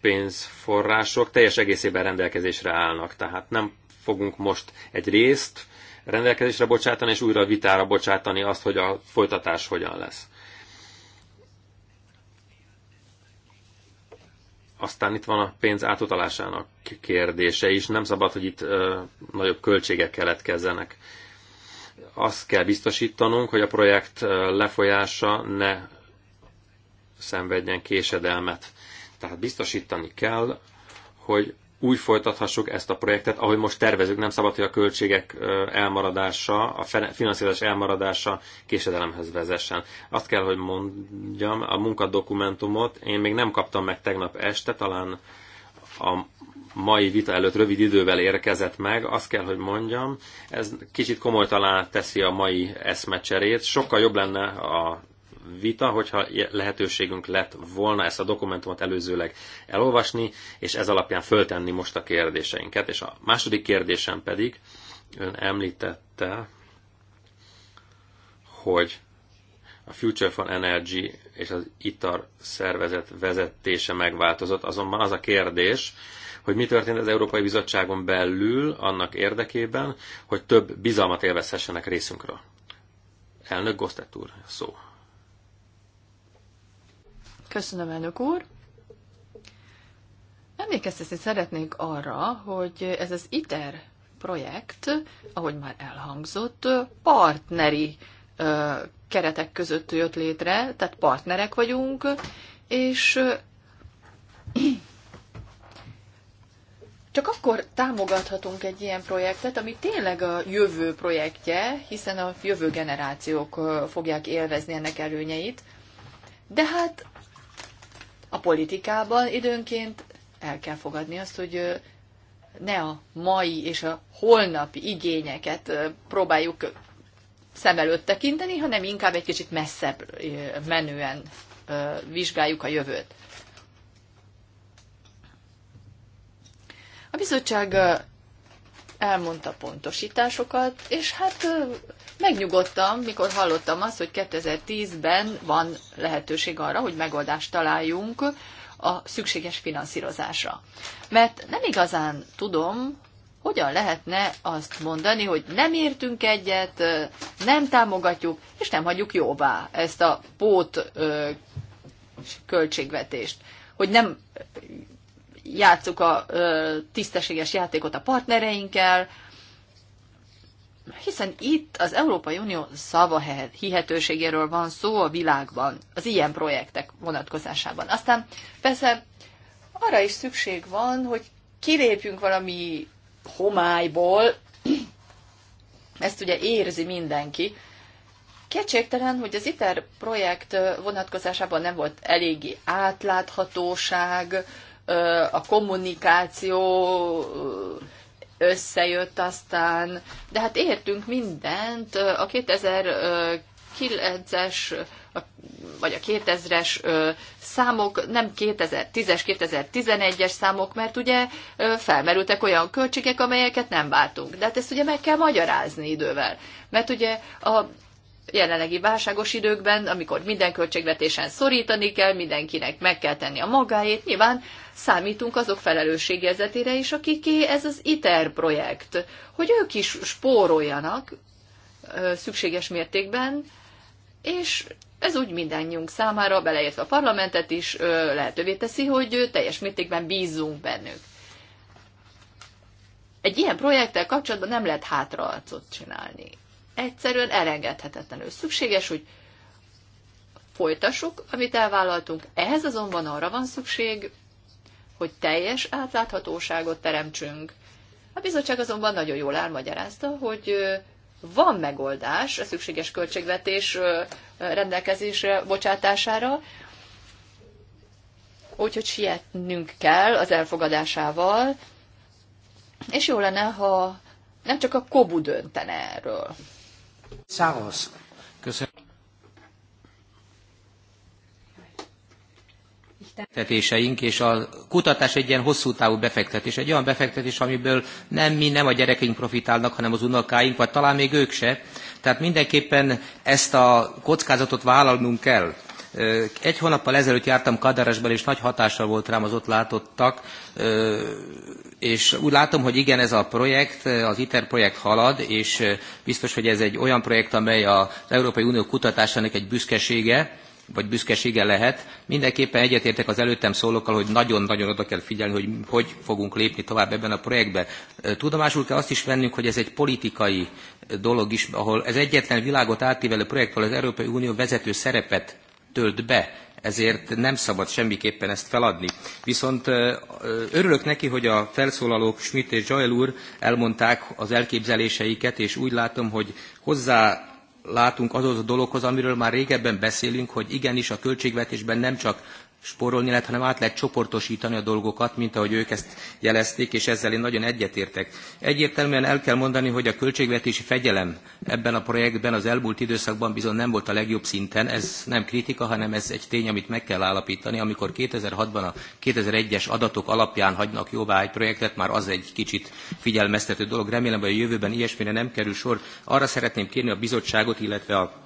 pénzforrások teljes egészében rendelkezésre állnak. Tehát nem fogunk most egy részt rendelkezésre bocsátani, és újra vitára bocsátani azt, hogy a folytatás hogyan lesz. Aztán itt van a pénz átutalásának kérdése is. Nem szabad, hogy itt ö, nagyobb költségek keletkezzenek. Azt kell biztosítanunk, hogy a projekt lefolyása ne szenvedjen késedelmet. Tehát biztosítani kell, hogy úgy folytathassuk ezt a projektet, ahogy most tervezünk. Nem szabad, hogy a költségek elmaradása, a finanszírozás elmaradása késedelemhez vezessen. Azt kell, hogy mondjam, a munkadokumentumot én még nem kaptam meg tegnap este, talán a mai vita előtt rövid idővel érkezett meg, azt kell, hogy mondjam, ez kicsit komolytalán teszi a mai eszmecserét. Sokkal jobb lenne a vita, hogyha lehetőségünk lett volna ezt a dokumentumot előzőleg elolvasni, és ez alapján föltenni most a kérdéseinket. És a második kérdésem pedig, ön említette, hogy a Future for Energy és az ITAR szervezet vezetése megváltozott, azonban az a kérdés, hogy mi történt az Európai Bizottságon belül annak érdekében, hogy több bizalmat élvezhessenek részünkről. Elnök Gosztett úr, szó. Köszönöm, elnök úr. Emlékeztetni szeretnék arra, hogy ez az ITER projekt, ahogy már elhangzott, partneri keretek között jött létre, tehát partnerek vagyunk, és csak akkor támogathatunk egy ilyen projektet, ami tényleg a jövő projektje, hiszen a jövő generációk fogják élvezni ennek előnyeit. De hát a politikában időnként el kell fogadni azt, hogy ne a mai és a holnapi igényeket próbáljuk szem előtt tekinteni, hanem inkább egy kicsit messzebb menően vizsgáljuk a jövőt. A bizottság elmondta pontosításokat, és hát Megnyugodtam, mikor hallottam azt, hogy 2010-ben van lehetőség arra, hogy megoldást találjunk a szükséges finanszírozásra. Mert nem igazán tudom, hogyan lehetne azt mondani, hogy nem értünk egyet, nem támogatjuk, és nem hagyjuk jóvá ezt a pót költségvetést. Hogy nem játsszuk a tisztességes játékot a partnereinkkel, hiszen itt az Európai Unió szava hihetőségéről van szó a világban, az ilyen projektek vonatkozásában. Aztán persze arra is szükség van, hogy kilépjünk valami homályból, ezt ugye érzi mindenki. Kétségtelen, hogy az ITER projekt vonatkozásában nem volt eléggé átláthatóság, a kommunikáció összejött aztán, de hát értünk mindent. A 2009-es, vagy a 2000-es számok, nem 2010-es, 2011-es számok, mert ugye felmerültek olyan költségek, amelyeket nem vártunk. De hát ezt ugye meg kell magyarázni idővel. Mert ugye a jelenlegi válságos időkben, amikor minden költségvetésen szorítani kell, mindenkinek meg kell tenni a magáét, nyilván számítunk azok felelősségérzetére is, akiké ez az ITER projekt, hogy ők is spóroljanak szükséges mértékben, és ez úgy mindannyiunk számára, beleértve a parlamentet is lehetővé teszi, hogy teljes mértékben bízzunk bennük. Egy ilyen projekttel kapcsolatban nem lehet hátraarcot csinálni egyszerűen elengedhetetlenül szükséges, hogy folytassuk, amit elvállaltunk. Ehhez azonban arra van szükség, hogy teljes átláthatóságot teremtsünk. A bizottság azonban nagyon jól elmagyarázta, hogy van megoldás a szükséges költségvetés rendelkezésre bocsátására, úgyhogy sietnünk kell az elfogadásával, és jó lenne, ha nem csak a kobu döntene erről. Szávosz. Köszönöm. befektetéseink, és a kutatás egy ilyen hosszú távú befektetés, egy olyan befektetés, amiből nem mi, nem a gyerekeink profitálnak, hanem az unokáink, vagy talán még ők se. Tehát mindenképpen ezt a kockázatot vállalnunk kell. Egy hónappal ezelőtt jártam Kadarasban, és nagy hatással volt rám az ott látottak és úgy látom, hogy igen, ez a projekt, az ITER projekt halad, és biztos, hogy ez egy olyan projekt, amely az Európai Unió kutatásának egy büszkesége, vagy büszkesége lehet. Mindenképpen egyetértek az előttem szólókkal, hogy nagyon-nagyon oda kell figyelni, hogy hogy fogunk lépni tovább ebben a projektben. Tudomásul kell azt is vennünk, hogy ez egy politikai dolog is, ahol ez egyetlen világot átívelő projekt, ahol az Európai Unió vezető szerepet tölt be ezért nem szabad semmiképpen ezt feladni. Viszont örülök neki, hogy a felszólalók Schmidt és Joel úr elmondták az elképzeléseiket, és úgy látom, hogy hozzá látunk azhoz a dologhoz, amiről már régebben beszélünk, hogy igenis a költségvetésben nem csak spórolni lehet, hanem át lehet csoportosítani a dolgokat, mint ahogy ők ezt jelezték, és ezzel én nagyon egyetértek. Egyértelműen el kell mondani, hogy a költségvetési fegyelem ebben a projektben az elmúlt időszakban bizony nem volt a legjobb szinten, ez nem kritika, hanem ez egy tény, amit meg kell állapítani. Amikor 2006-ban a 2001-es adatok alapján hagynak jóvá egy projektet, már az egy kicsit figyelmeztető dolog. Remélem, hogy a jövőben ilyesmire nem kerül sor. Arra szeretném kérni a bizottságot, illetve a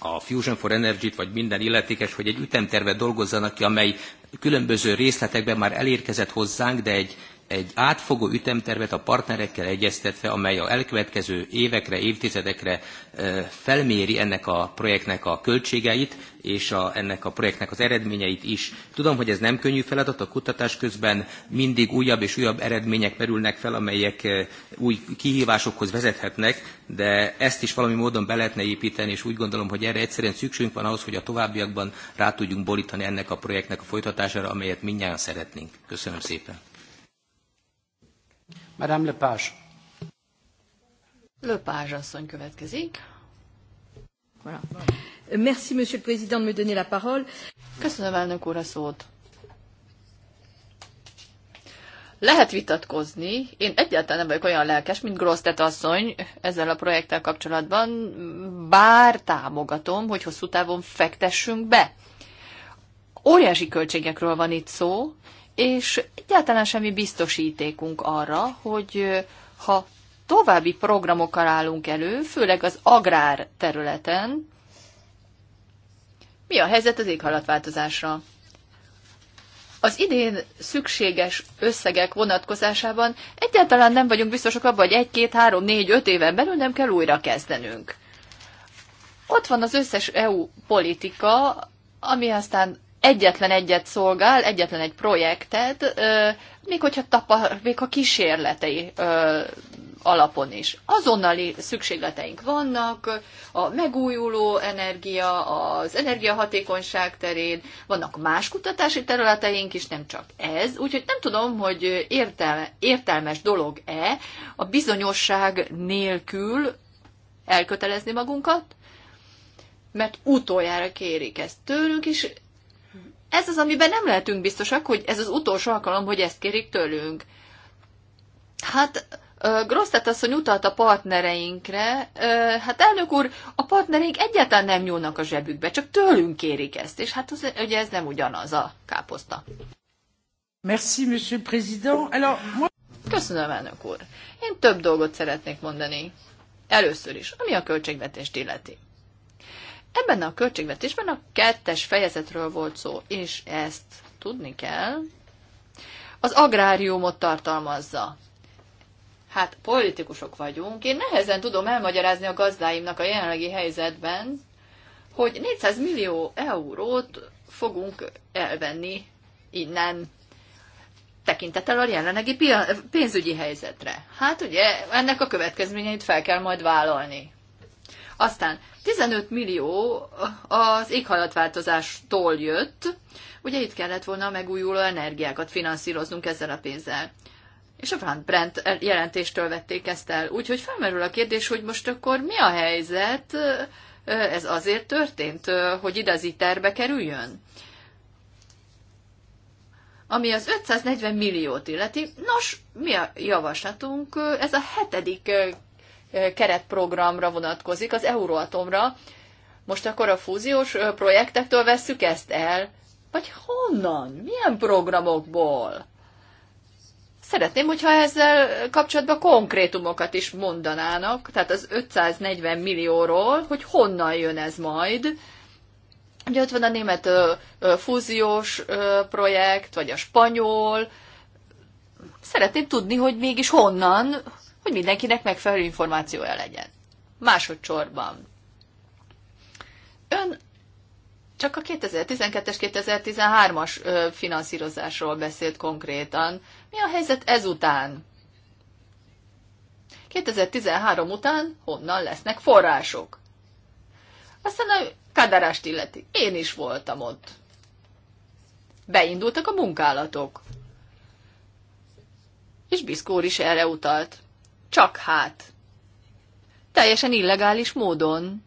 a Fusion for Energy-t, vagy minden illetékes, hogy egy ütemtervet dolgozzanak ki, amely különböző részletekben már elérkezett hozzánk, de egy egy átfogó ütemtervet a partnerekkel egyeztetve, amely a elkövetkező évekre, évtizedekre felméri ennek a projektnek a költségeit, és a, ennek a projektnek az eredményeit is. Tudom, hogy ez nem könnyű feladat, a kutatás közben mindig újabb és újabb eredmények merülnek fel, amelyek új kihívásokhoz vezethetnek, de ezt is valami módon be lehetne építeni, és úgy gondolom, hogy erre egyszerűen szükségünk van ahhoz, hogy a továbbiakban rá tudjunk borítani ennek a projektnek a folytatására, amelyet mindjárt szeretnénk. Köszönöm szépen. Madame Lepage. Lepage asszony következik. Voilà. Merci, Monsieur le Président, de me donner la parole. Köszönöm, elnök úr, a szót. Lehet vitatkozni, én egyáltalán nem vagyok olyan lelkes, mint Grosztet asszony ezzel a projekttel kapcsolatban, bár támogatom, hogy hosszú távon fektessünk be. Óriási költségekről van itt szó, és egyáltalán semmi biztosítékunk arra, hogy ha további programokkal állunk elő, főleg az agrár területen, mi a helyzet az éghajlatváltozásra? Az idén szükséges összegek vonatkozásában egyáltalán nem vagyunk biztosak abban, hogy egy, két, három, négy, öt éven belül nem kell újra kezdenünk. Ott van az összes EU politika, ami aztán egyetlen egyet szolgál, egyetlen egy projektet, még hogyha még a kísérletei alapon is. Azonnali szükségleteink vannak, a megújuló energia, az energiahatékonyság terén, vannak más kutatási területeink is, nem csak ez, úgyhogy nem tudom, hogy értelme, értelmes dolog-e a bizonyosság nélkül elkötelezni magunkat, mert utoljára kérik ezt tőlünk, és ez az, amiben nem lehetünk biztosak, hogy ez az utolsó alkalom, hogy ezt kérik tőlünk. Hát Grosztet asszony utalt a partnereinkre, hát elnök úr, a partnereink egyáltalán nem nyúlnak a zsebükbe, csak tőlünk kérik ezt, és hát az, ugye ez nem ugyanaz a káposzta. Merci, monsieur le président. Alors, moi... Köszönöm, elnök úr. Én több dolgot szeretnék mondani. Először is, ami a költségvetést illeti. Ebben a költségvetésben a kettes fejezetről volt szó, és ezt tudni kell, az agráriumot tartalmazza. Hát politikusok vagyunk, én nehezen tudom elmagyarázni a gazdáimnak a jelenlegi helyzetben, hogy 400 millió eurót fogunk elvenni innen tekintettel a jelenlegi pénzügyi helyzetre. Hát ugye ennek a következményeit fel kell majd vállalni. Aztán 15 millió az éghajlatváltozástól jött, ugye itt kellett volna a megújuló energiákat finanszíroznunk ezzel a pénzzel. És a Van Brent jelentéstől vették ezt el. Úgyhogy felmerül a kérdés, hogy most akkor mi a helyzet, ez azért történt, hogy igazi terbe kerüljön? Ami az 540 milliót illeti, nos, mi a javaslatunk? Ez a hetedik keretprogramra vonatkozik, az Euróatomra. Most akkor a fúziós projektektől vesszük ezt el? Vagy honnan? Milyen programokból? Szeretném, hogyha ezzel kapcsolatban konkrétumokat is mondanának, tehát az 540 millióról, hogy honnan jön ez majd. Ugye ott van a német fúziós projekt, vagy a spanyol. Szeretném tudni, hogy mégis honnan hogy mindenkinek megfelelő információja legyen. Másodszorban. Ön csak a 2012-es, 2013-as finanszírozásról beszélt konkrétan. Mi a helyzet ezután? 2013 után honnan lesznek források? Aztán a kadarást illeti. Én is voltam ott. Beindultak a munkálatok. És Biszkór is erre utalt. Csak hát. Teljesen illegális módon.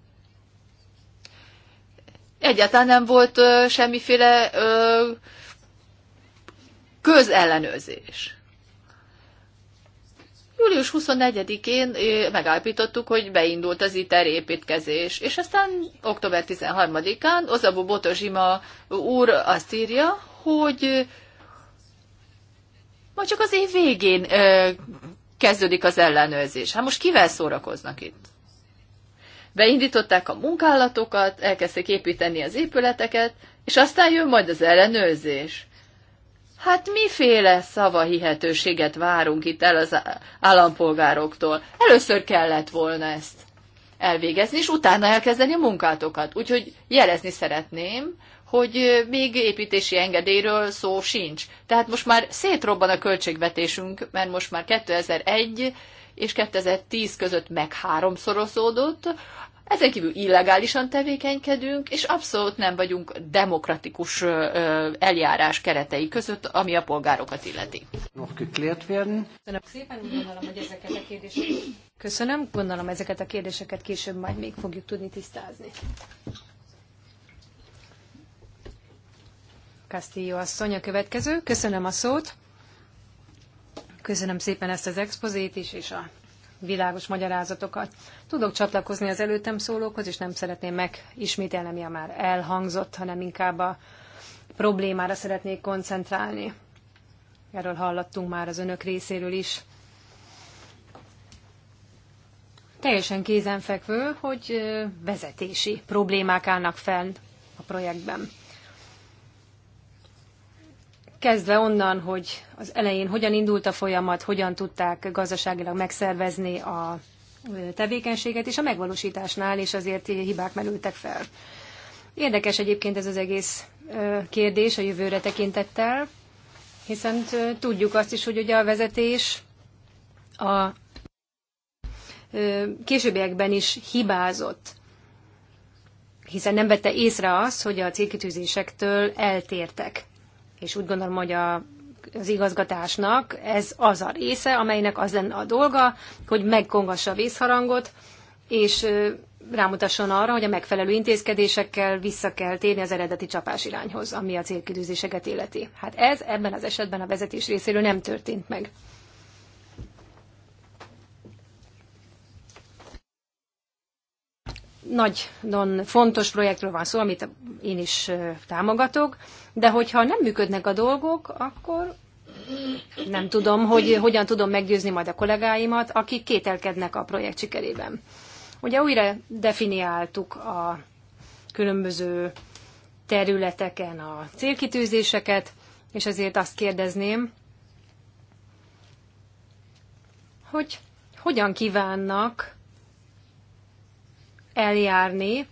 Egyáltalán nem volt ö, semmiféle ö, közellenőrzés. Július 24-én megállapítottuk, hogy beindult az ITER építkezés, és aztán október 13-án Ozabu Botozsima úr azt írja, hogy majd csak az év végén kezdődik az ellenőrzés. Hát most kivel szórakoznak itt? Beindították a munkálatokat, elkezdték építeni az épületeket, és aztán jön majd az ellenőrzés. Hát miféle szava hihetőséget várunk itt el az állampolgároktól? Először kellett volna ezt elvégezni, és utána elkezdeni a munkátokat. Úgyhogy jelezni szeretném, hogy még építési engedélyről szó sincs. Tehát most már szétrobban a költségvetésünk, mert most már 2001 és 2010 között meg háromszorozódott, ezen kívül illegálisan tevékenykedünk, és abszolút nem vagyunk demokratikus eljárás keretei között, ami a polgárokat illeti. Köszönöm szépen, hogy ezeket a kérdéseket... Köszönöm, gondolom ezeket a kérdéseket később majd még fogjuk tudni tisztázni. Castillo asszony a következő. Köszönöm a szót. Köszönöm szépen ezt az expozét is, és a világos magyarázatokat. Tudok csatlakozni az előttem szólókhoz, és nem szeretném megismételni, ami a már elhangzott, hanem inkább a problémára szeretnék koncentrálni. Erről hallottunk már az önök részéről is. Teljesen kézenfekvő, hogy vezetési problémák állnak fenn a projektben kezdve onnan, hogy az elején hogyan indult a folyamat, hogyan tudták gazdaságilag megszervezni a tevékenységet, és a megvalósításnál is azért hibák merültek fel. Érdekes egyébként ez az egész kérdés a jövőre tekintettel, hiszen tudjuk azt is, hogy ugye a vezetés a későbbiekben is hibázott, hiszen nem vette észre azt, hogy a célkitűzésektől eltértek és úgy gondolom, hogy a az igazgatásnak ez az a része, amelynek az lenne a dolga, hogy megkongassa a vészharangot, és rámutasson arra, hogy a megfelelő intézkedésekkel vissza kell térni az eredeti csapás irányhoz, ami a célkidőzéseket életi. Hát ez ebben az esetben a vezetés részéről nem történt meg. Nagy, nagyon fontos projektről van szó, amit én is támogatok, de hogyha nem működnek a dolgok, akkor nem tudom, hogy hogyan tudom meggyőzni majd a kollégáimat, akik kételkednek a projekt sikerében. Ugye újra definiáltuk a különböző területeken a célkitűzéseket, és ezért azt kérdezném, hogy hogyan kívánnak eljárni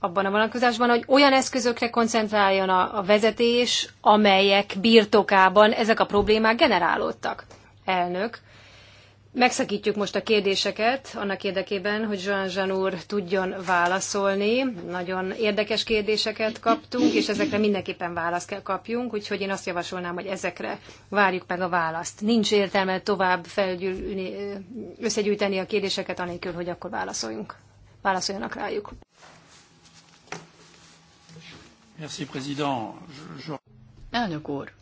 abban a vonatkozásban, hogy olyan eszközökre koncentráljon a, a vezetés, amelyek birtokában ezek a problémák generálódtak. Elnök, megszakítjuk most a kérdéseket annak érdekében, hogy Zsanzsan úr tudjon válaszolni. Nagyon érdekes kérdéseket kaptunk, és ezekre mindenképpen választ kell kapjunk, úgyhogy én azt javasolnám, hogy ezekre várjuk meg a választ. Nincs értelme tovább felgyűlni, összegyűjteni a kérdéseket, anélkül, hogy akkor válaszoljunk. Válaszoljanak rájuk. Merci, président. Je... Elnök úr,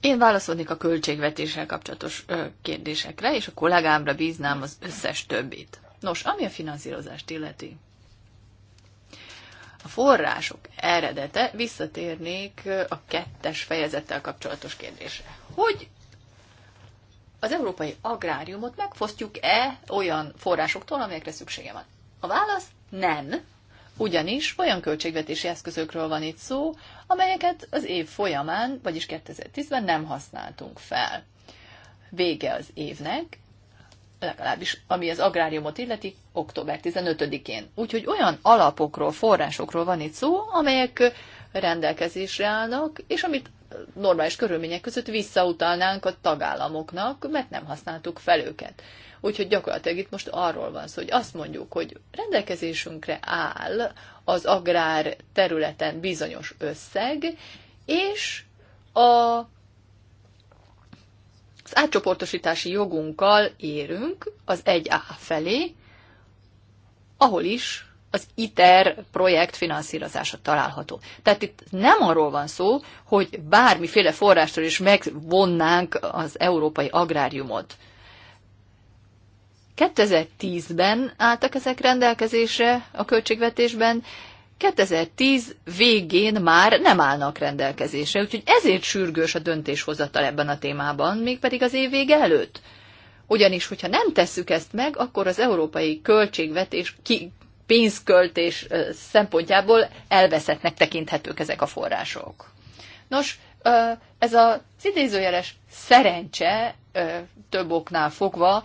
én válaszolnék a költségvetéssel kapcsolatos ö, kérdésekre, és a kollégámra bíznám az összes többit. Nos, ami a finanszírozást illeti. A források eredete, visszatérnék a kettes fejezettel kapcsolatos kérdésre. Hogy az európai agráriumot megfosztjuk-e olyan forrásoktól, amelyekre szüksége van? A válasz nem, ugyanis olyan költségvetési eszközökről van itt szó, amelyeket az év folyamán, vagyis 2010-ben nem használtunk fel. Vége az évnek, legalábbis ami az agráriumot illeti, október 15-én. Úgyhogy olyan alapokról, forrásokról van itt szó, amelyek rendelkezésre állnak, és amit normális körülmények között visszautalnánk a tagállamoknak, mert nem használtuk fel őket. Úgyhogy gyakorlatilag itt most arról van szó, hogy azt mondjuk, hogy rendelkezésünkre áll az agrár területen bizonyos összeg, és a az átcsoportosítási jogunkkal érünk az 1A felé, ahol is az ITER projekt finanszírozása található. Tehát itt nem arról van szó, hogy bármiféle forrástól is megvonnánk az európai agráriumot. 2010-ben álltak ezek rendelkezésre a költségvetésben, 2010 végén már nem állnak rendelkezésre, úgyhogy ezért sürgős a döntéshozatal ebben a témában, mégpedig az év vége előtt. Ugyanis, hogyha nem tesszük ezt meg, akkor az európai költségvetés ki, pénzköltés szempontjából elveszettnek tekinthetők ezek a források. Nos, ez az idézőjeles szerencse több oknál fogva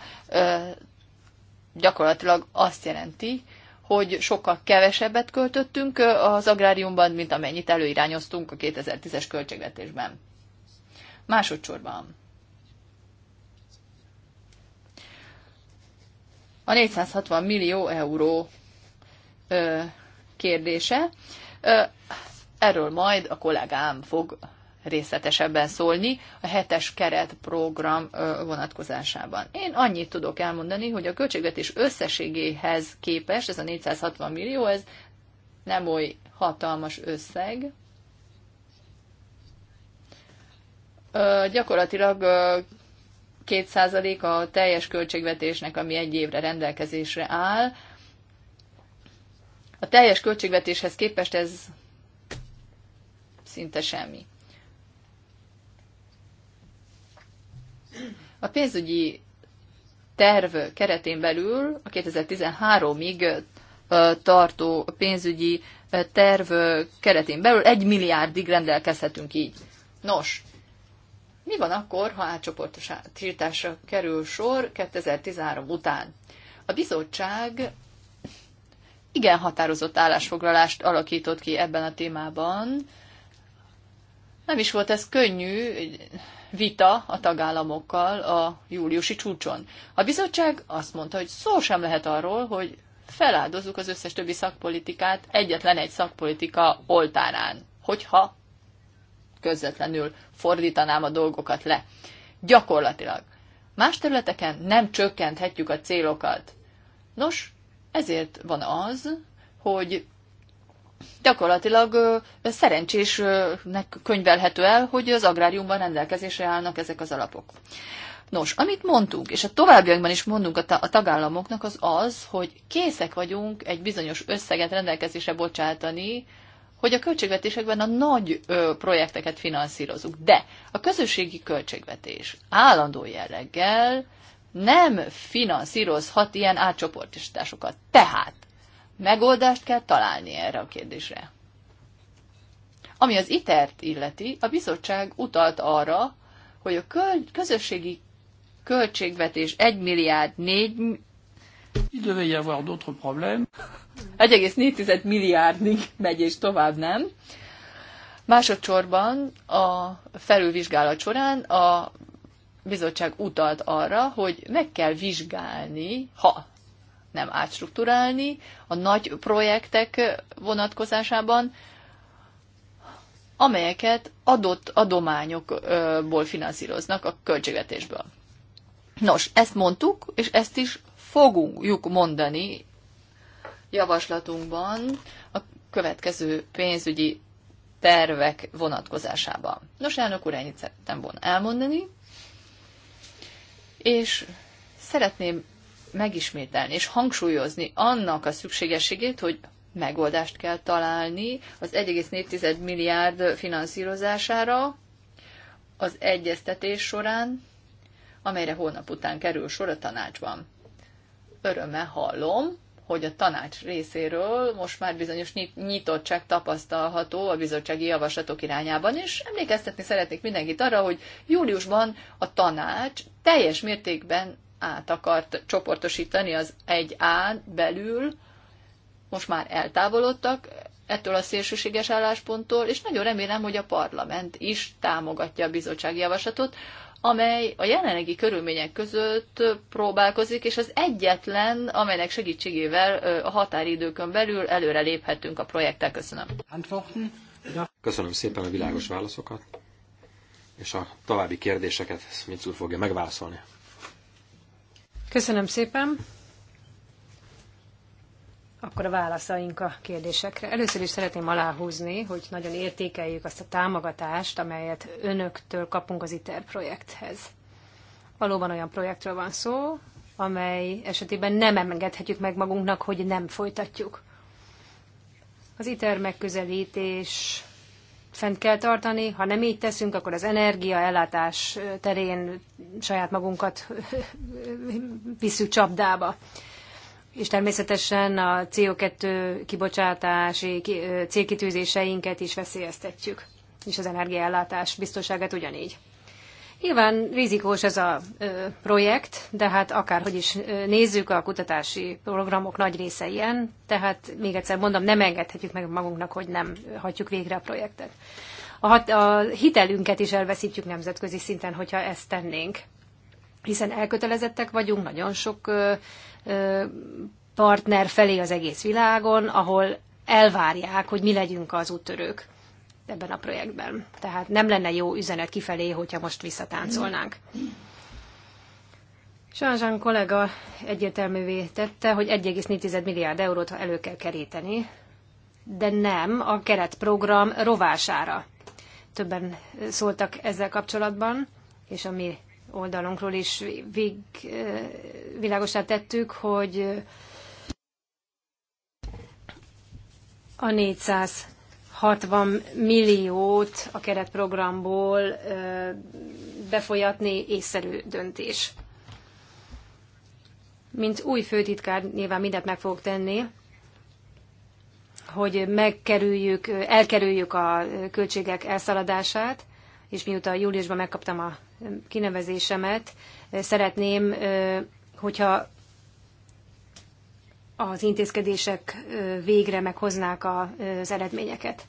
gyakorlatilag azt jelenti, hogy sokkal kevesebbet költöttünk az agráriumban, mint amennyit előirányoztunk a 2010-es költségvetésben. Másodszorban. A 460 millió euró kérdése. erről majd a kollégám fog részletesebben szólni a hetes keretprogram vonatkozásában. Én annyit tudok elmondani, hogy a költségvetés összességéhez képest, ez a 460 millió, ez nem oly hatalmas összeg. Gyakorlatilag 2% a teljes költségvetésnek, ami egy évre rendelkezésre áll. A teljes költségvetéshez képest ez szinte semmi. A pénzügyi terv keretén belül a 2013-ig tartó pénzügyi terv keretén belül egy milliárdig rendelkezhetünk így. Nos, mi van akkor, ha tiltásra kerül sor 2013 után? A bizottság igen határozott állásfoglalást alakított ki ebben a témában. Nem is volt ez könnyű, vita a tagállamokkal a júliusi csúcson. A bizottság azt mondta, hogy szó sem lehet arról, hogy feláldozzuk az összes többi szakpolitikát egyetlen egy szakpolitika oltárán, hogyha közvetlenül fordítanám a dolgokat le. Gyakorlatilag. Más területeken nem csökkenthetjük a célokat. Nos, ezért van az, hogy gyakorlatilag szerencsésnek könyvelhető el, hogy az agráriumban rendelkezésre állnak ezek az alapok. Nos, amit mondtunk, és a továbbiakban is mondunk a, tagállamoknak, az az, hogy készek vagyunk egy bizonyos összeget rendelkezésre bocsátani, hogy a költségvetésekben a nagy ö, projekteket finanszírozunk. De a közösségi költségvetés állandó jelleggel nem finanszírozhat ilyen átcsoportosításokat. Tehát Megoldást kell találni erre a kérdésre. Ami az iter illeti, a bizottság utalt arra, hogy a köl- közösségi költségvetés 1 milliárd 4 Il devait y avoir d'autres problèmes. 1,4 milliárdig megy és tovább, nem? Másodszorban a felülvizsgálat során a bizottság utalt arra, hogy meg kell vizsgálni, ha nem átstruktúrálni a nagy projektek vonatkozásában, amelyeket adott adományokból finanszíroznak a költségvetésből. Nos, ezt mondtuk, és ezt is fogjuk mondani javaslatunkban a következő pénzügyi tervek vonatkozásában. Nos, elnök úr, ennyit szerettem volna elmondani, és szeretném megismételni és hangsúlyozni annak a szükségességét, hogy megoldást kell találni az 1,4 milliárd finanszírozására az egyeztetés során, amelyre hónap után kerül sor a tanácsban. Örömmel hallom, hogy a tanács részéről most már bizonyos nyitottság tapasztalható a bizottsági javaslatok irányában, és emlékeztetni szeretnék mindenkit arra, hogy júliusban a tanács teljes mértékben át akart csoportosítani az 1A belül, most már eltávolodtak ettől a szélsőséges állásponttól, és nagyon remélem, hogy a parlament is támogatja a bizottság javaslatot, amely a jelenlegi körülmények között próbálkozik, és az egyetlen, amelynek segítségével a határidőkön belül előre léphetünk a projekttel. Köszönöm. Köszönöm szépen a világos válaszokat, és a további kérdéseket Smith fogja megválaszolni. Köszönöm szépen. Akkor a válaszaink a kérdésekre. Először is szeretném aláhúzni, hogy nagyon értékeljük azt a támogatást, amelyet önöktől kapunk az ITER projekthez. Valóban olyan projektről van szó, amely esetében nem engedhetjük meg magunknak, hogy nem folytatjuk. Az ITER megközelítés fent kell tartani. Ha nem így teszünk, akkor az energiaellátás terén saját magunkat visszük csapdába. És természetesen a CO2 kibocsátási célkitűzéseinket is veszélyeztetjük, és az energiaellátás biztonságát ugyanígy. Nyilván rizikós ez a projekt, de hát akárhogy is nézzük, a kutatási programok nagy része ilyen, tehát még egyszer mondom, nem engedhetjük meg magunknak, hogy nem hagyjuk végre a projektet. A, hat, a hitelünket is elveszítjük nemzetközi szinten, hogyha ezt tennénk, hiszen elkötelezettek vagyunk nagyon sok ö, ö, partner felé az egész világon, ahol elvárják, hogy mi legyünk az úttörők ebben a projektben. Tehát nem lenne jó üzenet kifelé, hogyha most visszatáncolnánk. Sanzsán kollega egyértelművé tette, hogy 1,4 milliárd eurót elő kell keríteni, de nem a keretprogram rovására. Többen szóltak ezzel kapcsolatban, és a mi oldalunkról is vég, világosá tettük, hogy a 400 60 milliót a keretprogramból befolyatni észszerű döntés. Mint új főtitkár nyilván mindent meg fogok tenni, hogy megkerüljük, elkerüljük a költségek elszaladását, és miután júliusban megkaptam a kinevezésemet, szeretném, hogyha az intézkedések végre meghoznák az eredményeket.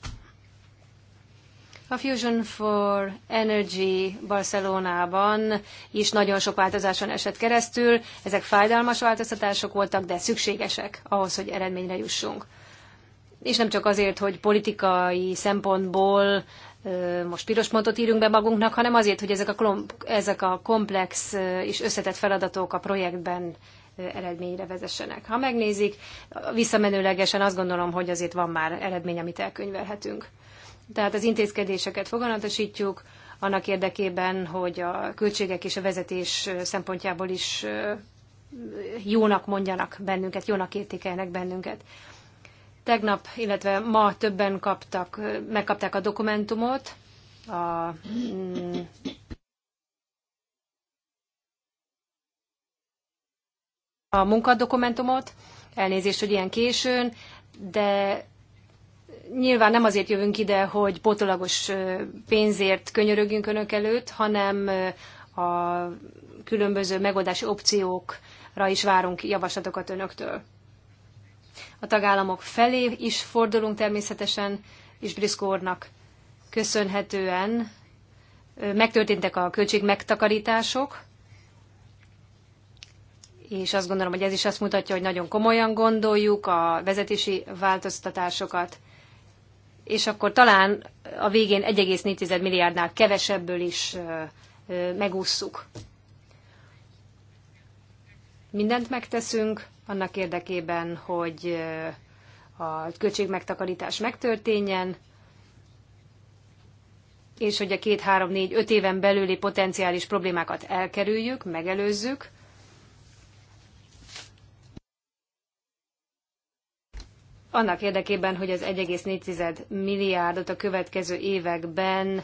A Fusion for Energy Barcelonában is nagyon sok változáson esett keresztül. Ezek fájdalmas változtatások voltak, de szükségesek ahhoz, hogy eredményre jussunk. És nem csak azért, hogy politikai szempontból most piros pontot írunk be magunknak, hanem azért, hogy ezek a, ezek a komplex és összetett feladatok a projektben eredményre vezessenek. Ha megnézik, visszamenőlegesen azt gondolom, hogy azért van már eredmény, amit elkönyvelhetünk. Tehát az intézkedéseket foganatosítjuk, annak érdekében, hogy a költségek és a vezetés szempontjából is jónak mondjanak bennünket, jónak értékelnek bennünket. Tegnap, illetve ma többen kaptak, megkapták a dokumentumot, a mm, a munkadokumentumot, elnézést, hogy ilyen későn, de nyilván nem azért jövünk ide, hogy botolagos pénzért könyörögjünk önök előtt, hanem a különböző megoldási opciókra is várunk javaslatokat önöktől. A tagállamok felé is fordulunk természetesen, és Briszkórnak köszönhetően megtörténtek a költség megtakarítások, és azt gondolom, hogy ez is azt mutatja, hogy nagyon komolyan gondoljuk a vezetési változtatásokat, és akkor talán a végén 1,4 milliárdnál kevesebből is megússzuk. Mindent megteszünk annak érdekében, hogy a költségmegtakarítás megtörténjen, és hogy a két, három, négy, öt éven belüli potenciális problémákat elkerüljük, megelőzzük, annak érdekében, hogy az 1,4 milliárdot a következő években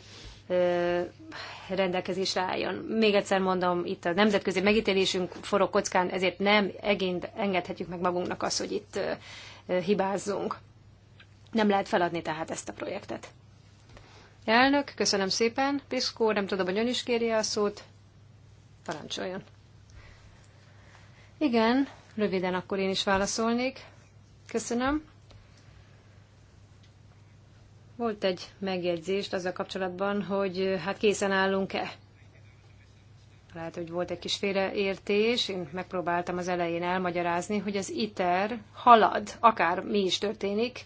rendelkezésre álljon. Még egyszer mondom, itt a nemzetközi megítélésünk forró kockán, ezért nem engedhetjük meg magunknak azt, hogy itt hibázzunk. Nem lehet feladni tehát ezt a projektet. Elnök, köszönöm szépen. Piszkó, nem tudom, hogy ön is kéri a szót. Parancsoljon. Igen, röviden akkor én is válaszolnék. Köszönöm. Volt egy megjegyzést azzal kapcsolatban, hogy hát készen állunk-e. Lehet, hogy volt egy kis félreértés, én megpróbáltam az elején elmagyarázni, hogy az ITER halad, akár mi is történik,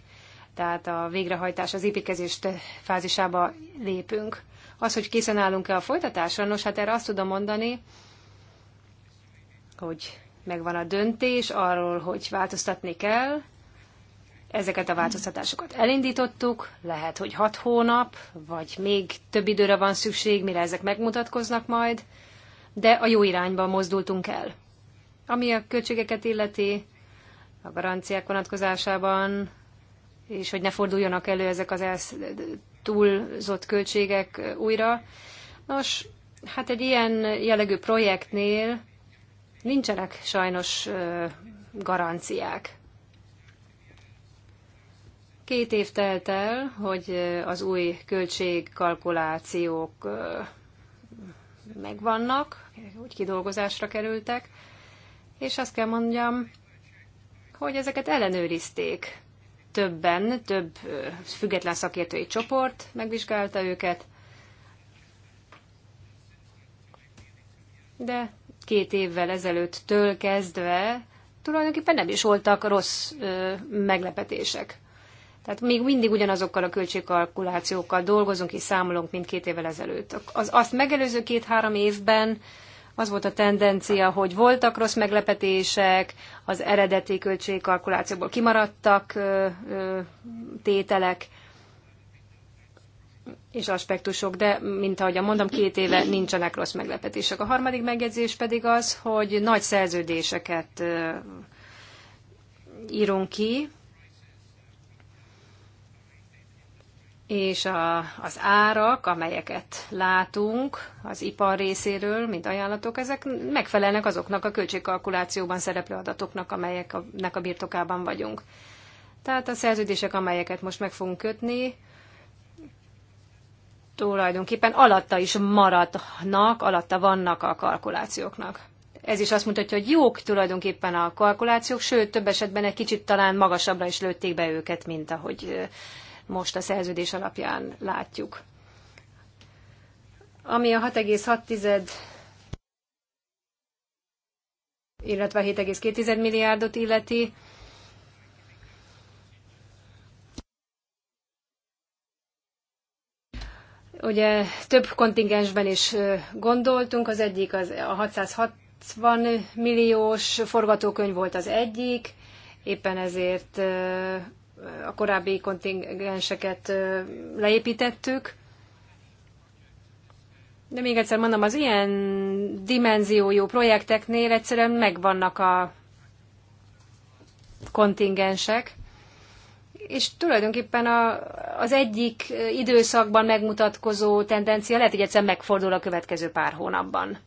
tehát a végrehajtás, az építkezés fázisába lépünk. Az, hogy készen állunk-e a folytatásra, nos, hát erre azt tudom mondani, hogy megvan a döntés arról, hogy változtatni kell, ezeket a változtatásokat elindítottuk, lehet, hogy hat hónap, vagy még több időre van szükség, mire ezek megmutatkoznak majd, de a jó irányba mozdultunk el. Ami a költségeket illeti, a garanciák vonatkozásában, és hogy ne forduljanak elő ezek az elsz- túlzott költségek újra. Nos, hát egy ilyen jellegű projektnél nincsenek sajnos garanciák. Két év telt el, hogy az új költségkalkulációk megvannak, úgy kidolgozásra kerültek, és azt kell mondjam, hogy ezeket ellenőrizték. Többen, több független szakértői csoport megvizsgálta őket, de két évvel ezelőtt től kezdve tulajdonképpen nem is voltak rossz ö, meglepetések. Tehát még mindig ugyanazokkal a költségkalkulációkkal dolgozunk és számolunk, mint két évvel ezelőtt. Az azt megelőző két-három évben az volt a tendencia, hogy voltak rossz meglepetések, az eredeti költségkalkulációból kimaradtak ö, ö, tételek és aspektusok, de mint ahogy mondom, két éve nincsenek rossz meglepetések. A harmadik megjegyzés pedig az, hogy nagy szerződéseket ö, írunk ki, és a, az árak, amelyeket látunk az ipar részéről, mint ajánlatok, ezek megfelelnek azoknak a költségkalkulációban szereplő adatoknak, amelyeknek a birtokában vagyunk. Tehát a szerződések, amelyeket most meg fogunk kötni, tulajdonképpen alatta is maradnak, alatta vannak a kalkulációknak. Ez is azt mutatja, hogy jók tulajdonképpen a kalkulációk, sőt, több esetben egy kicsit talán magasabbra is lőtték be őket, mint ahogy most a szerződés alapján látjuk. Ami a 6,6 illetve 7,2 milliárdot illeti, ugye több kontingensben is gondoltunk, az egyik az a 660 milliós forgatókönyv volt az egyik, éppen ezért a korábbi kontingenseket leépítettük. De még egyszer mondom, az ilyen dimenziójú projekteknél egyszerűen megvannak a kontingensek, és tulajdonképpen a, az egyik időszakban megmutatkozó tendencia lehet, hogy egyszerűen megfordul a következő pár hónapban.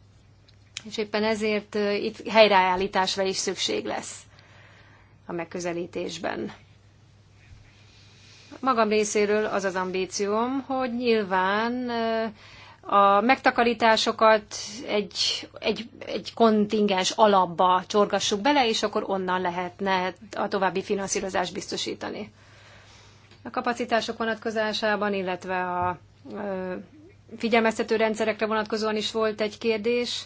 És éppen ezért itt helyreállításra is szükség lesz a megközelítésben magam részéről az az ambícióm, hogy nyilván eh, a megtakarításokat egy, egy, egy kontingens alapba csorgassuk bele, és akkor onnan lehetne a további finanszírozást biztosítani. A kapacitások vonatkozásában, illetve a eh, figyelmeztető rendszerekre vonatkozóan is volt egy kérdés.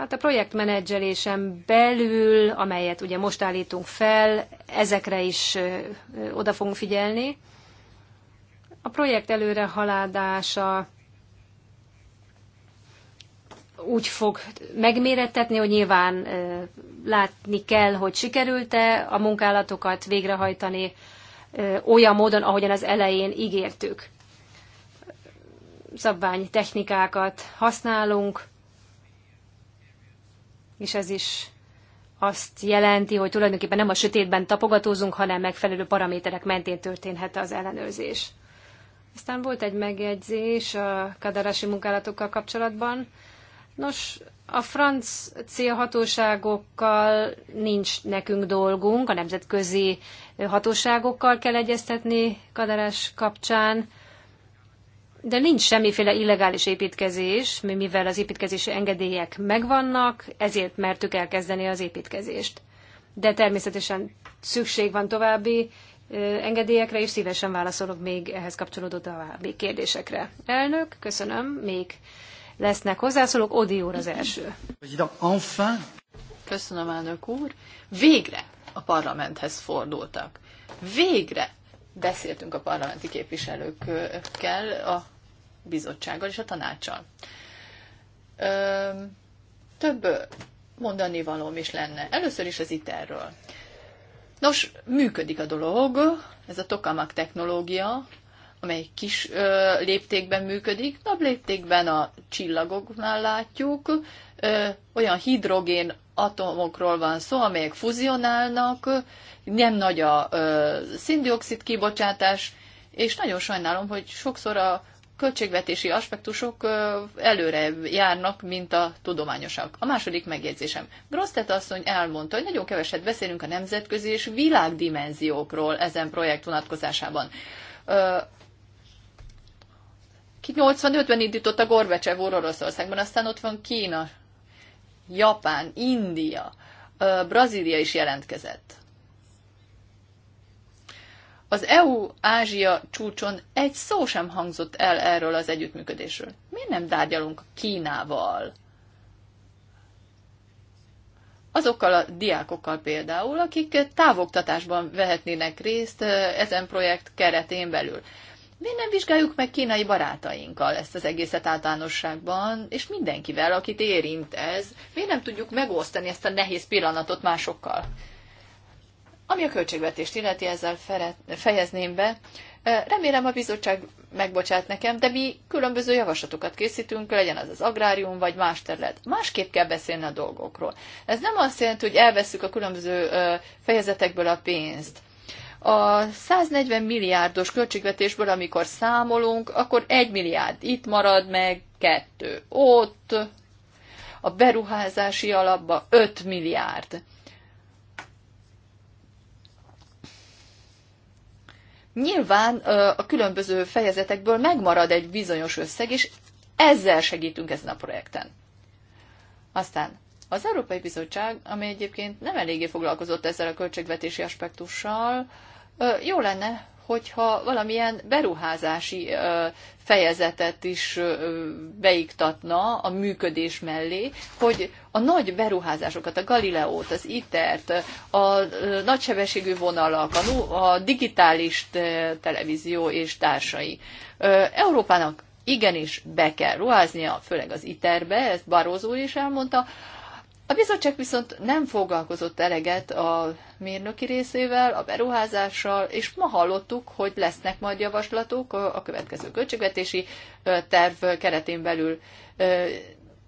Hát a projektmenedzselésen belül, amelyet ugye most állítunk fel, ezekre is oda fogunk figyelni. A projekt előre haladása úgy fog megmérettetni, hogy nyilván látni kell, hogy sikerült-e a munkálatokat végrehajtani olyan módon, ahogyan az elején ígértük. Szabványtechnikákat használunk, és ez is azt jelenti, hogy tulajdonképpen nem a sötétben tapogatózunk, hanem megfelelő paraméterek mentén történhet az ellenőrzés. Aztán volt egy megjegyzés a kadarási munkálatokkal kapcsolatban. Nos, a francia hatóságokkal nincs nekünk dolgunk, a nemzetközi hatóságokkal kell egyeztetni kadarás kapcsán de nincs semmiféle illegális építkezés, mivel az építkezési engedélyek megvannak, ezért mertük elkezdeni az építkezést. De természetesen szükség van további engedélyekre, és szívesen válaszolok még ehhez kapcsolódó további kérdésekre. Elnök, köszönöm, még lesznek hozzászólók, Odi úr az első. Köszönöm, elnök úr. Végre a parlamenthez fordultak. Végre beszéltünk a parlamenti képviselőkkel a bizottsággal és a tanácssal. Több mondani valóm is lenne. Először is az ITER-ről. Nos, működik a dolog, ez a tokamak technológia, amely kis ö, léptékben működik, nagy léptékben a csillagoknál látjuk, ö, olyan hidrogén atomokról van szó, amelyek fuzionálnak, nem nagy a szindioxid kibocsátás, és nagyon sajnálom, hogy sokszor a költségvetési aspektusok előre járnak, mint a tudományosak. A második megjegyzésem. Grosztet asszony elmondta, hogy nagyon keveset beszélünk a nemzetközi és világdimenziókról ezen projekt vonatkozásában. 85-ben indított a Gorbecsev úr Oroszországban, aztán ott van Kína, Japán, India, Brazília is jelentkezett. Az EU-Ázsia csúcson egy szó sem hangzott el erről az együttműködésről. Miért nem tárgyalunk Kínával? Azokkal a diákokkal például, akik távoktatásban vehetnének részt eh, ezen projekt keretén belül. Miért nem vizsgáljuk meg kínai barátainkkal ezt az egészet általánosságban, és mindenkivel, akit érint ez? Miért nem tudjuk megosztani ezt a nehéz pillanatot másokkal? Ami a költségvetést illeti, ezzel fejezném be. Remélem a bizottság megbocsát nekem, de mi különböző javaslatokat készítünk, legyen az az agrárium, vagy más terület. Másképp kell beszélni a dolgokról. Ez nem azt jelenti, hogy elveszük a különböző fejezetekből a pénzt. A 140 milliárdos költségvetésből, amikor számolunk, akkor 1 milliárd itt marad meg, 2 ott, a beruházási alapba 5 milliárd. nyilván a különböző fejezetekből megmarad egy bizonyos összeg, és ezzel segítünk ezen a projekten. Aztán az Európai Bizottság, ami egyébként nem eléggé foglalkozott ezzel a költségvetési aspektussal, jó lenne, hogyha valamilyen beruházási fejezetet is beiktatna a működés mellé, hogy a nagy beruházásokat, a Galileót, az ITER-t, e a nagysebességű vonalak, a digitális televízió és társai. Európának igenis be kell ruháznia, főleg az ITER-be, ezt Barózó is elmondta, a bizottság viszont nem foglalkozott eleget a mérnöki részével, a beruházással, és ma hallottuk, hogy lesznek majd javaslatok a következő költségvetési terv keretén belül.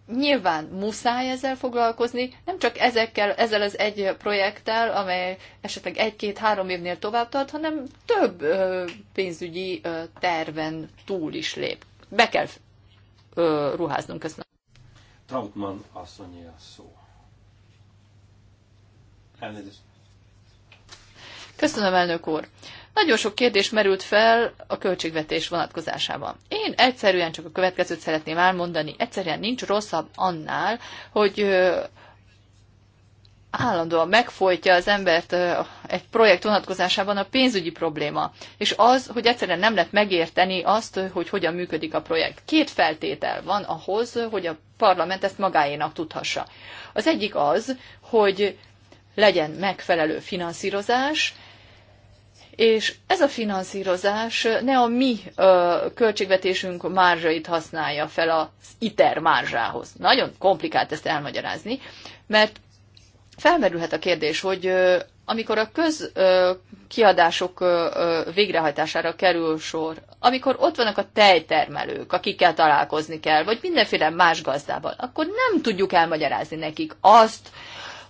Nyilván muszáj ezzel foglalkozni, nem csak ezekkel, ezzel az egy projekttel, amely esetleg egy-két-három évnél tovább tart, hanem több pénzügyi terven túl is lép. Be kell ruháznunk, ezt. Trautmann asszonyi a szó. Elnézést. Köszönöm, elnök úr. Nagyon sok kérdés merült fel a költségvetés vonatkozásában. Én egyszerűen csak a következőt szeretném elmondani. Egyszerűen nincs rosszabb annál, hogy állandóan megfolytja az embert egy projekt vonatkozásában a pénzügyi probléma, és az, hogy egyszerűen nem lehet megérteni azt, hogy hogyan működik a projekt. Két feltétel van ahhoz, hogy a parlament ezt magáénak tudhassa. Az egyik az, hogy legyen megfelelő finanszírozás, és ez a finanszírozás ne a mi ö, költségvetésünk márzsait használja fel az ITER márzsához. Nagyon komplikált ezt elmagyarázni, mert felmerülhet a kérdés, hogy ö, amikor a közkiadások végrehajtására kerül sor, amikor ott vannak a tejtermelők, akikkel találkozni kell, vagy mindenféle más gazdával, akkor nem tudjuk elmagyarázni nekik azt,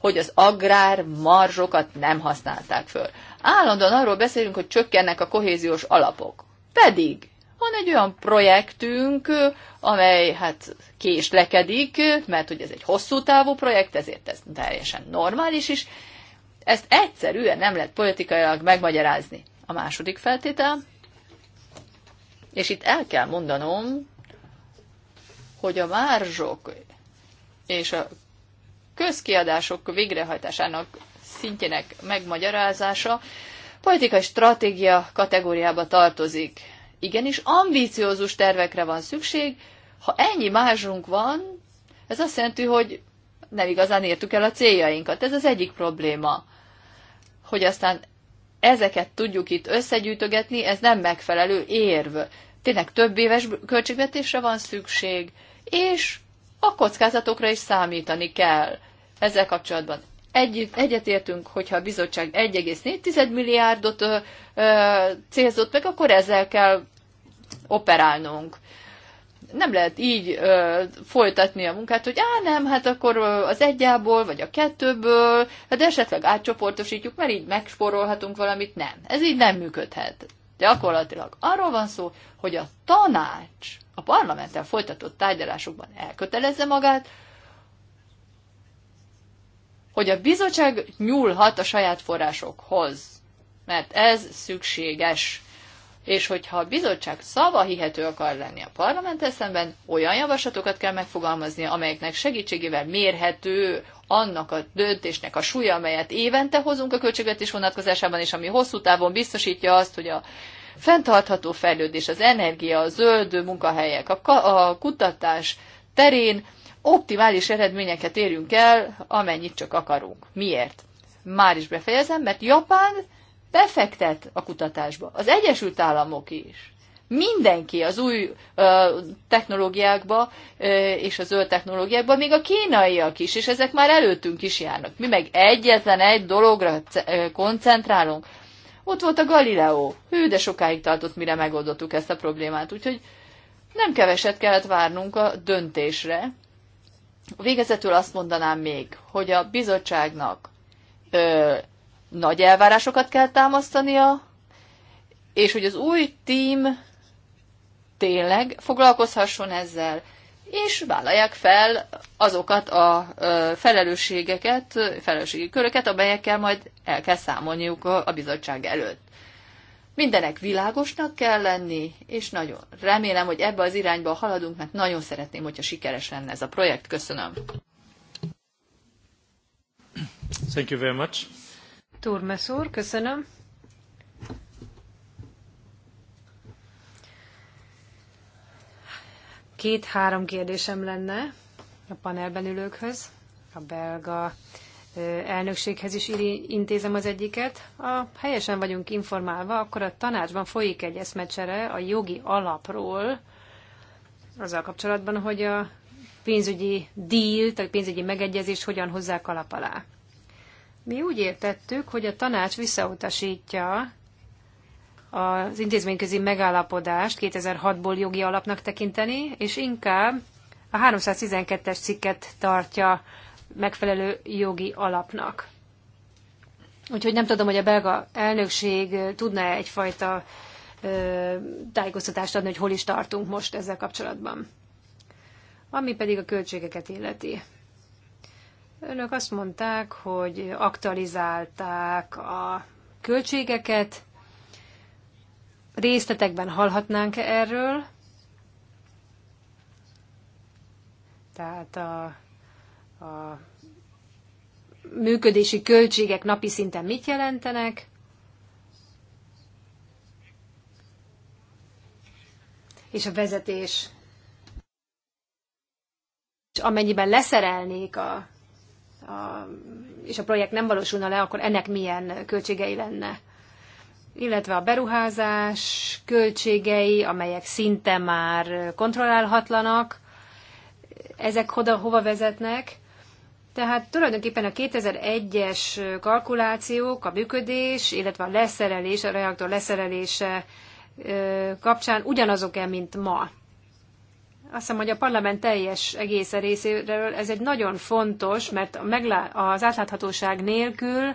hogy az agrár marzsokat nem használták föl. Állandóan arról beszélünk, hogy csökkennek a kohéziós alapok. Pedig van egy olyan projektünk, amely hát késlekedik, mert hogy ez egy hosszú távú projekt, ezért ez teljesen normális is. Ezt egyszerűen nem lehet politikailag megmagyarázni. A második feltétel, és itt el kell mondanom, hogy a márzsok és a közkiadások végrehajtásának szintjének megmagyarázása politikai stratégia kategóriába tartozik. Igenis ambíciózus tervekre van szükség, ha ennyi mázsunk van, ez azt jelenti, hogy nem igazán értük el a céljainkat. Ez az egyik probléma. Hogy aztán ezeket tudjuk itt összegyűjtögetni, ez nem megfelelő érv. Tényleg több éves költségvetésre van szükség, és a kockázatokra is számítani kell. Ezzel kapcsolatban együtt, egyetértünk, hogyha a bizottság 1,4 milliárdot ö, ö, célzott meg, akkor ezzel kell operálnunk. Nem lehet így ö, folytatni a munkát, hogy á nem, hát akkor az egyából, vagy a kettőből, de hát esetleg átcsoportosítjuk, mert így megsporolhatunk valamit. Nem, ez így nem működhet. Gyakorlatilag arról van szó, hogy a tanács a parlamenten folytatott tárgyalásokban elkötelezze magát, hogy a bizottság nyúlhat a saját forrásokhoz, mert ez szükséges. És hogyha a bizottság szava hihető akar lenni a parlament szemben, olyan javaslatokat kell megfogalmazni, amelyeknek segítségével mérhető annak a döntésnek a súlya, amelyet évente hozunk a költségvetés vonatkozásában, és ami hosszú távon biztosítja azt, hogy a fenntartható fejlődés, az energia, a zöld munkahelyek, a kutatás terén optimális eredményeket érjünk el, amennyit csak akarunk. Miért? Már is befejezem, mert Japán befektet a kutatásba. Az Egyesült Államok is. Mindenki az új technológiákba és a zöld technológiákba, még a kínaiak is, és ezek már előttünk is járnak. Mi meg egyetlen egy dologra koncentrálunk, ott volt a Galileo. Hű, de sokáig tartott, mire megoldottuk ezt a problémát. Úgyhogy nem keveset kellett várnunk a döntésre. Végezetül azt mondanám még, hogy a bizottságnak ö, nagy elvárásokat kell támasztania, és hogy az új tím tényleg foglalkozhasson ezzel, és vállalják fel azokat a felelősségeket, felelősségi köröket, amelyekkel majd el kell számolniuk a bizottság előtt. Mindenek világosnak kell lenni, és nagyon remélem, hogy ebbe az irányba haladunk, mert nagyon szeretném, hogyha sikeres lenne ez a projekt. Köszönöm. Thank you very much. Turmes úr, köszönöm. Két-három kérdésem lenne a panelben ülőkhöz, a belga elnökséghez is intézem az egyiket. A helyesen vagyunk informálva, akkor a tanácsban folyik egy eszmecsere a jogi alapról, azzal kapcsolatban, hogy a pénzügyi díl, a pénzügyi megegyezést hogyan hozzák alap alá. Mi úgy értettük, hogy a tanács visszautasítja az intézményközi megállapodást 2006-ból jogi alapnak tekinteni, és inkább a 312-es cikket tartja megfelelő jogi alapnak. Úgyhogy nem tudom, hogy a belga elnökség tudna egyfajta ö, tájékoztatást adni, hogy hol is tartunk most ezzel kapcsolatban. Ami pedig a költségeket illeti. Önök azt mondták, hogy aktualizálták a költségeket, részletekben hallhatnánk -e erről? Tehát a, a működési költségek napi szinten mit jelentenek? És a vezetés. És amennyiben leszerelnék a, a, és a projekt nem valósulna le, akkor ennek milyen költségei lenne? illetve a beruházás költségei, amelyek szinte már kontrollálhatlanak, ezek hoda, hova vezetnek. Tehát tulajdonképpen a 2001-es kalkulációk, a működés, illetve a leszerelés, a reaktor leszerelése kapcsán ugyanazok-e, mint ma. Azt hiszem, hogy a parlament teljes egész részéről ez egy nagyon fontos, mert az átláthatóság nélkül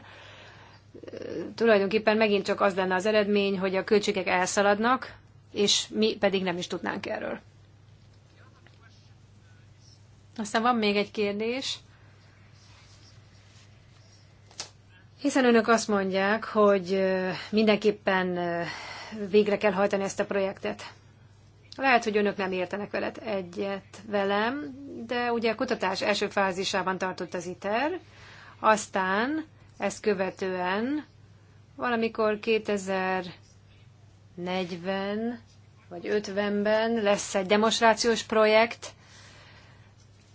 tulajdonképpen megint csak az lenne az eredmény, hogy a költségek elszaladnak, és mi pedig nem is tudnánk erről. Aztán van még egy kérdés. Hiszen önök azt mondják, hogy mindenképpen végre kell hajtani ezt a projektet. Lehet, hogy önök nem értenek veled egyet velem, de ugye a kutatás első fázisában tartott az ITER, aztán ezt követően valamikor 2040 vagy 50-ben lesz egy demonstrációs projekt,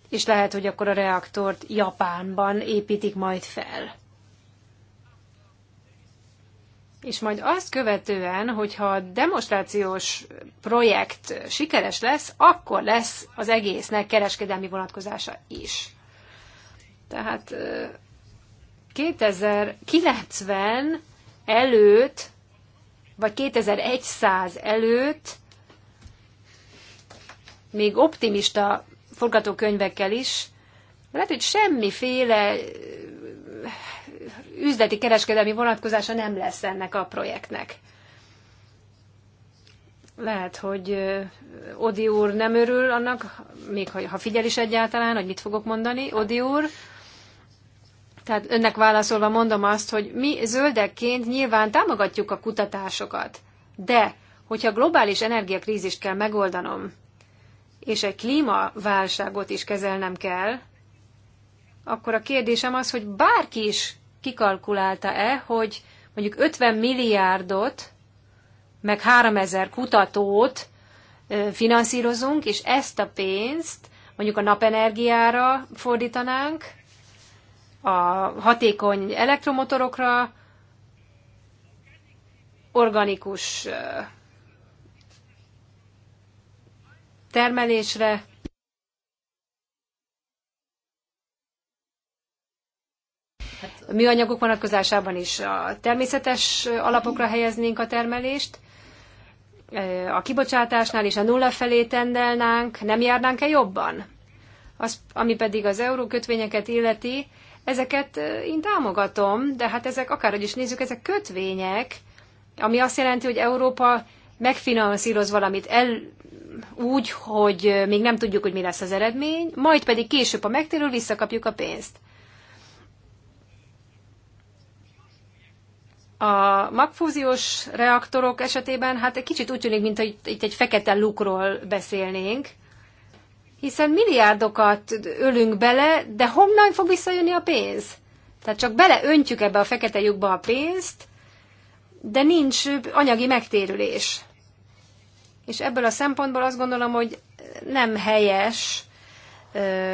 és lehet, hogy akkor a reaktort Japánban építik majd fel. És majd azt követően, hogyha a demonstrációs projekt sikeres lesz, akkor lesz az egésznek kereskedelmi vonatkozása is. Tehát 2090 előtt, vagy 2100 előtt még optimista forgatókönyvekkel is, lehet, hogy semmiféle eh, üzleti kereskedelmi vonatkozása nem lesz ennek a projektnek. Lehet, hogy eh, Odi úr nem örül annak, még ha figyel is egyáltalán, hogy mit fogok mondani. Odi úr, tehát önnek válaszolva mondom azt, hogy mi zöldekként nyilván támogatjuk a kutatásokat, de hogyha globális energiakrízist kell megoldanom, és egy klímaválságot is kezelnem kell, akkor a kérdésem az, hogy bárki is kikalkulálta-e, hogy mondjuk 50 milliárdot, meg 3000 kutatót finanszírozunk, és ezt a pénzt mondjuk a napenergiára fordítanánk, a hatékony elektromotorokra, organikus termelésre, A műanyagok vonatkozásában is a természetes alapokra helyeznénk a termelést, a kibocsátásnál is a nulla felé tendelnánk, nem járnánk-e jobban? Az, ami pedig az eurókötvényeket illeti, Ezeket én támogatom, de hát ezek, akárhogy is nézzük, ezek kötvények, ami azt jelenti, hogy Európa megfinanszíroz valamit el, úgy, hogy még nem tudjuk, hogy mi lesz az eredmény, majd pedig később, a megtérül, visszakapjuk a pénzt. A magfúziós reaktorok esetében hát egy kicsit úgy tűnik, mint hogy itt egy fekete lukról beszélnénk, hiszen milliárdokat ölünk bele, de honnan fog visszajönni a pénz? Tehát csak beleöntjük ebbe a fekete lyukba a pénzt, de nincs anyagi megtérülés. És ebből a szempontból azt gondolom, hogy nem helyes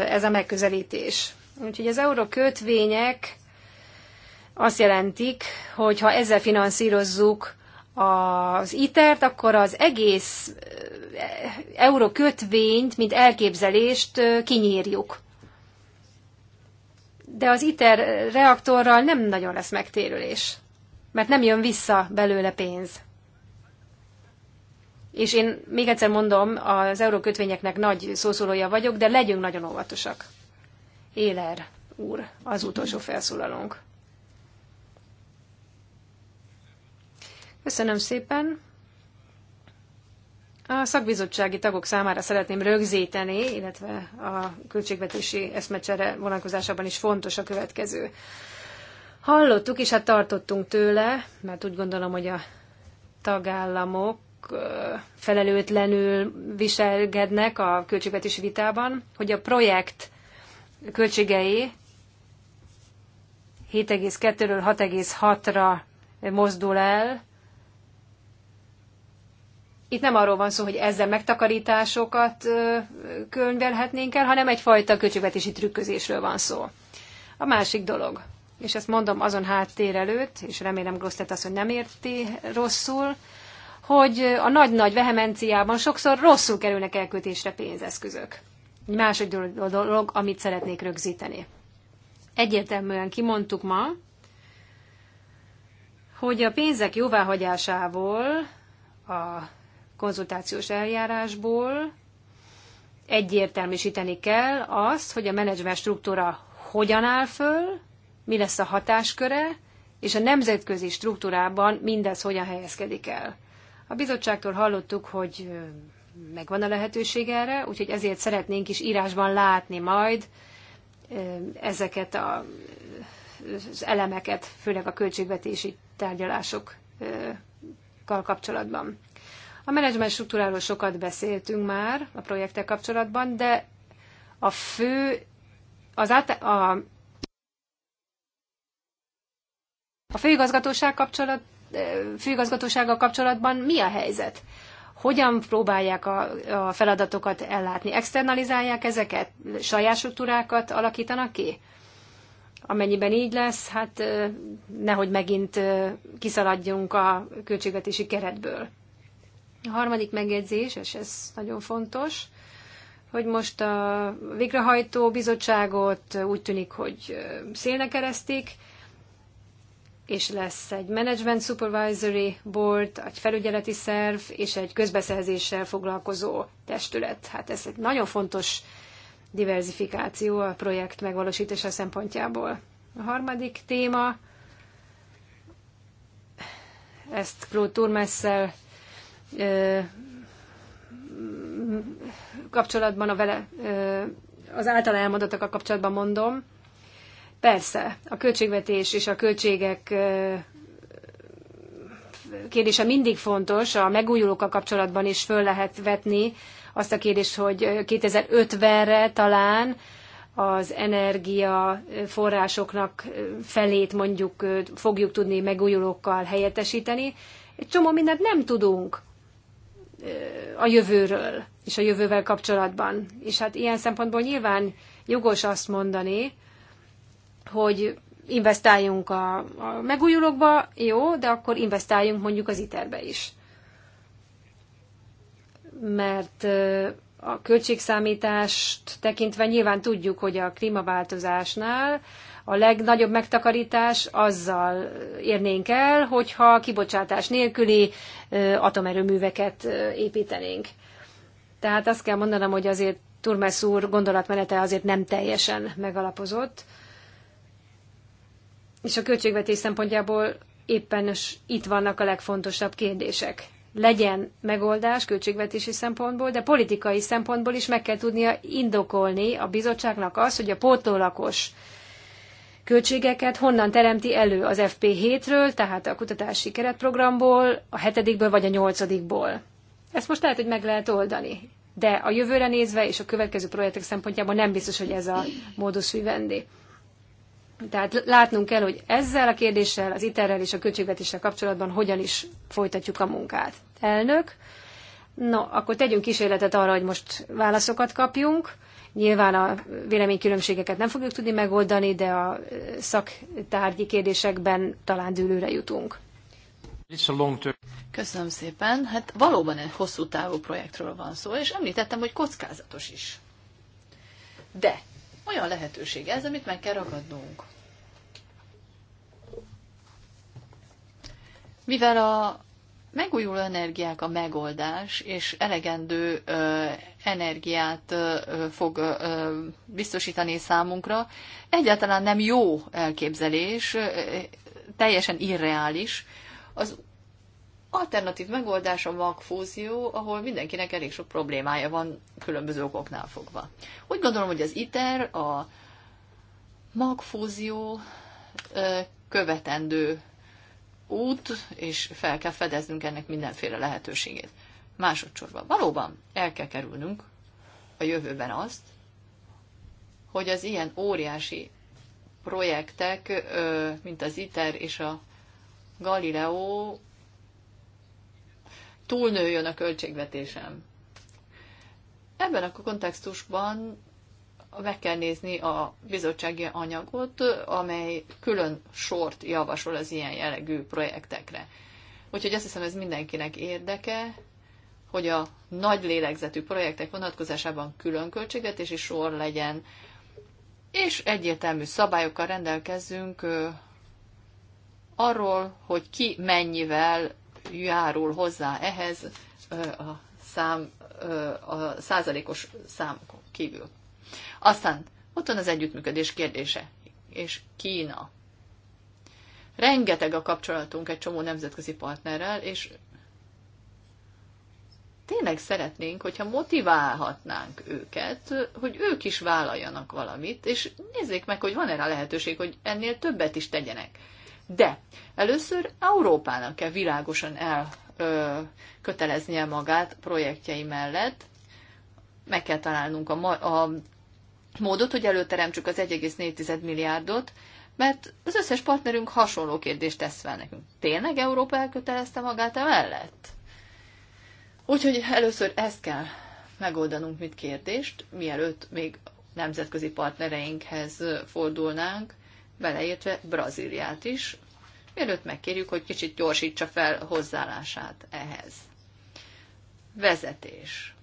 ez a megközelítés. Úgyhogy az kötvények, azt jelentik, hogy ha ezzel finanszírozzuk az ITER-t, e akkor az egész eh, eurókötvényt, mint elképzelést eh, kinyírjuk. De az ITER reaktorral nem nagyon lesz megtérülés, mert nem jön vissza belőle pénz. És én még egyszer mondom, az eurókötvényeknek nagy szószólója vagyok, de legyünk nagyon óvatosak. Éler úr, az utolsó felszólalónk. Köszönöm szépen. A szakbizottsági tagok számára szeretném rögzíteni, illetve a költségvetési eszmecsere vonatkozásában is fontos a következő. Hallottuk, és hát tartottunk tőle, mert úgy gondolom, hogy a tagállamok felelőtlenül viselkednek a költségvetési vitában, hogy a projekt költségei 7,2-ről 6,6-ra mozdul el, itt nem arról van szó, hogy ezzel megtakarításokat könyvelhetnénk el, hanem egyfajta költségvetési trükközésről van szó. A másik dolog, és ezt mondom azon háttér előtt, és remélem Grosztet azt, hogy nem érti rosszul, hogy a nagy-nagy vehemenciában sokszor rosszul kerülnek elkötésre pénzeszközök. Egy másik dolog, amit szeretnék rögzíteni. Egyértelműen kimondtuk ma, hogy a pénzek jóváhagyásával a konzultációs eljárásból egyértelműsíteni kell azt, hogy a menedzsment struktúra hogyan áll föl, mi lesz a hatásköre, és a nemzetközi struktúrában mindez hogyan helyezkedik el. A bizottságtól hallottuk, hogy megvan a lehetőség erre, úgyhogy ezért szeretnénk is írásban látni majd ezeket a, az elemeket, főleg a költségvetési tárgyalásokkal kapcsolatban. A menedzsment struktúráról sokat beszéltünk már a projektek kapcsolatban, de a fő, az át, a, a főigazgatóság kapcsolat, főigazgatósággal kapcsolatban mi a helyzet? Hogyan próbálják a, a feladatokat ellátni? Externalizálják ezeket? Saját struktúrákat alakítanak ki? Amennyiben így lesz, hát nehogy megint kiszaladjunk a költségvetési keretből. A harmadik megjegyzés, és ez nagyon fontos, hogy most a végrehajtó bizottságot úgy tűnik, hogy szélnek eresztik, és lesz egy Management Supervisory Board, egy felügyeleti szerv, és egy közbeszerzéssel foglalkozó testület. Hát ez egy nagyon fontos diversifikáció a projekt megvalósítása szempontjából. A harmadik téma, ezt Claude Turmesszel kapcsolatban, a vele, az általa a kapcsolatban mondom. Persze, a költségvetés és a költségek kérdése mindig fontos, a megújulókkal kapcsolatban is föl lehet vetni azt a kérdést, hogy 2050-re talán az energia forrásoknak felét mondjuk fogjuk tudni megújulókkal helyettesíteni. Egy csomó mindent nem tudunk a jövőről és a jövővel kapcsolatban. És hát ilyen szempontból nyilván jogos azt mondani, hogy investáljunk a, a megújulókba, jó, de akkor investáljunk mondjuk az iterbe is. Mert a költségszámítást tekintve nyilván tudjuk, hogy a klímaváltozásnál a legnagyobb megtakarítás azzal érnénk el, hogyha kibocsátás nélküli atomerőműveket építenénk. Tehát azt kell mondanom, hogy azért Turmes úr gondolatmenete azért nem teljesen megalapozott. És a költségvetés szempontjából éppen itt vannak a legfontosabb kérdések. Legyen megoldás költségvetési szempontból, de politikai szempontból is meg kell tudnia indokolni a bizottságnak azt, hogy a pótlólakos költségeket honnan teremti elő az FP7-ről, tehát a kutatási keretprogramból, a hetedikből vagy a nyolcadikból. Ezt most lehet, hogy meg lehet oldani. De a jövőre nézve és a következő projektek szempontjából nem biztos, hogy ez a módus vivendi. Tehát látnunk kell, hogy ezzel a kérdéssel, az iterrel és a költségvetéssel kapcsolatban hogyan is folytatjuk a munkát. Elnök, no, akkor tegyünk kísérletet arra, hogy most válaszokat kapjunk. Nyilván a véleménykülönbségeket nem fogjuk tudni megoldani, de a szaktárgyi kérdésekben talán dőlőre jutunk. Köszönöm szépen. Hát valóban egy hosszú távú projektről van szó, és említettem, hogy kockázatos is. De olyan lehetőség ez, amit meg kell ragadnunk. Mivel a megújuló energiák a megoldás, és elegendő energiát fog biztosítani számunkra. Egyáltalán nem jó elképzelés, teljesen irreális. Az alternatív megoldás a magfúzió, ahol mindenkinek elég sok problémája van különböző okoknál fogva. Úgy gondolom, hogy az ITER, a magfúzió követendő út, és fel kell fedeznünk ennek mindenféle lehetőségét. Másodszorban valóban el kell kerülnünk a jövőben azt, hogy az ilyen óriási projektek, mint az ITER és a Galileo túlnőjön a költségvetésem. Ebben a kontextusban meg kell nézni a bizottsági anyagot, amely külön sort javasol az ilyen jellegű projektekre. Úgyhogy azt hiszem, ez mindenkinek érdeke, hogy a nagy lélegzetű projektek vonatkozásában külön költségvetési sor legyen, és egyértelmű szabályokkal rendelkezzünk arról, hogy ki mennyivel járul hozzá ehhez a, szám, a százalékos számokon kívül. Aztán ott van az együttműködés kérdése, és Kína. Rengeteg a kapcsolatunk egy csomó nemzetközi partnerrel, és tényleg szeretnénk, hogyha motiválhatnánk őket, hogy ők is vállaljanak valamit, és nézzék meg, hogy van erre a lehetőség, hogy ennél többet is tegyenek. De először Európának kell világosan el köteleznie magát projektjei mellett. Meg kell találnunk a, ma, a módot, hogy előteremtsük az 1,4 milliárdot, mert az összes partnerünk hasonló kérdést tesz fel nekünk. Tényleg Európa elkötelezte magát emellett? Úgyhogy először ezt kell megoldanunk, mint kérdést, mielőtt még nemzetközi partnereinkhez fordulnánk, beleértve Brazíliát is, mielőtt megkérjük, hogy kicsit gyorsítsa fel hozzáállását ehhez. Vezetés.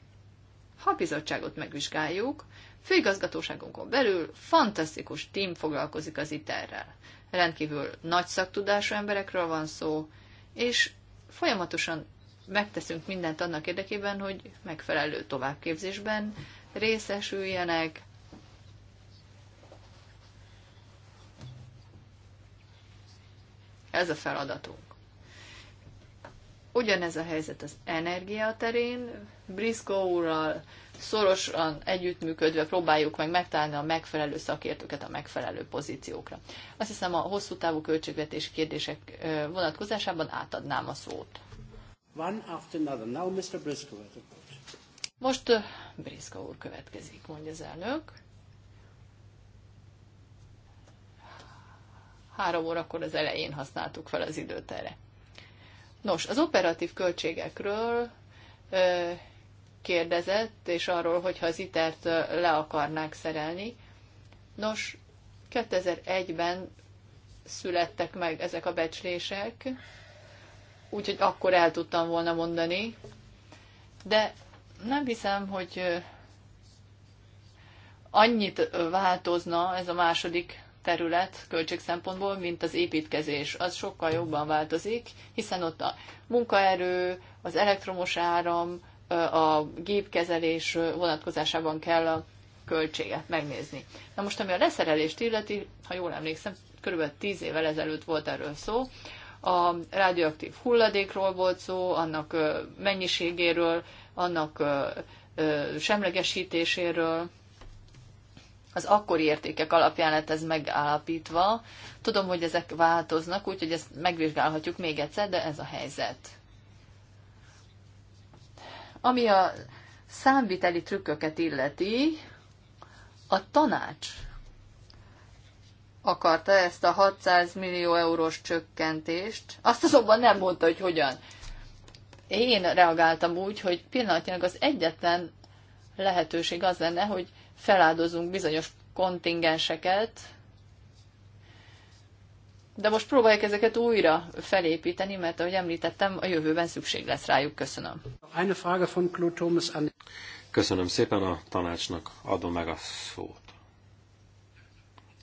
Ha a bizottságot megvizsgáljuk, főigazgatóságunkon belül fantasztikus tím foglalkozik az iterrel. Rendkívül nagy szaktudású emberekről van szó, és folyamatosan megteszünk mindent annak érdekében, hogy megfelelő továbbképzésben részesüljenek, Ez a feladatunk. Ugyanez a helyzet az energia terén. Briscoe úrral szorosan együttműködve próbáljuk meg megtalálni a megfelelő szakértőket a megfelelő pozíciókra. Azt hiszem a hosszú távú költségvetési kérdések vonatkozásában átadnám a szót one after another. Now Mr. Briscoe has a Most uh, Briska úr következik, mondja az elnök. Három órakor az elején használtuk fel az időt erre. Nos, az operatív költségekről ö, kérdezett, és arról, hogyha az itert e le akarnák szerelni. Nos, 2001-ben születtek meg ezek a becslések, úgyhogy akkor el tudtam volna mondani, de nem hiszem, hogy annyit változna ez a második terület költség szempontból, mint az építkezés. Az sokkal jobban változik, hiszen ott a munkaerő, az elektromos áram, a gépkezelés vonatkozásában kell a költséget megnézni. Na most, ami a leszerelést illeti, ha jól emlékszem, kb. 10 évvel ezelőtt volt erről szó, a radioaktív hulladékról volt szó, annak mennyiségéről, annak semlegesítéséről. Az akkori értékek alapján lett ez megállapítva. Tudom, hogy ezek változnak, úgyhogy ezt megvizsgálhatjuk még egyszer, de ez a helyzet. Ami a számviteli trükköket illeti, a tanács akarta ezt a 600 millió eurós csökkentést. Azt azonban nem mondta, hogy hogyan. Én reagáltam úgy, hogy pillanatnyilag az egyetlen lehetőség az lenne, hogy feláldozunk bizonyos kontingenseket, de most próbáljuk ezeket újra felépíteni, mert ahogy említettem, a jövőben szükség lesz rájuk. Köszönöm. Köszönöm szépen a tanácsnak, adom meg a szót.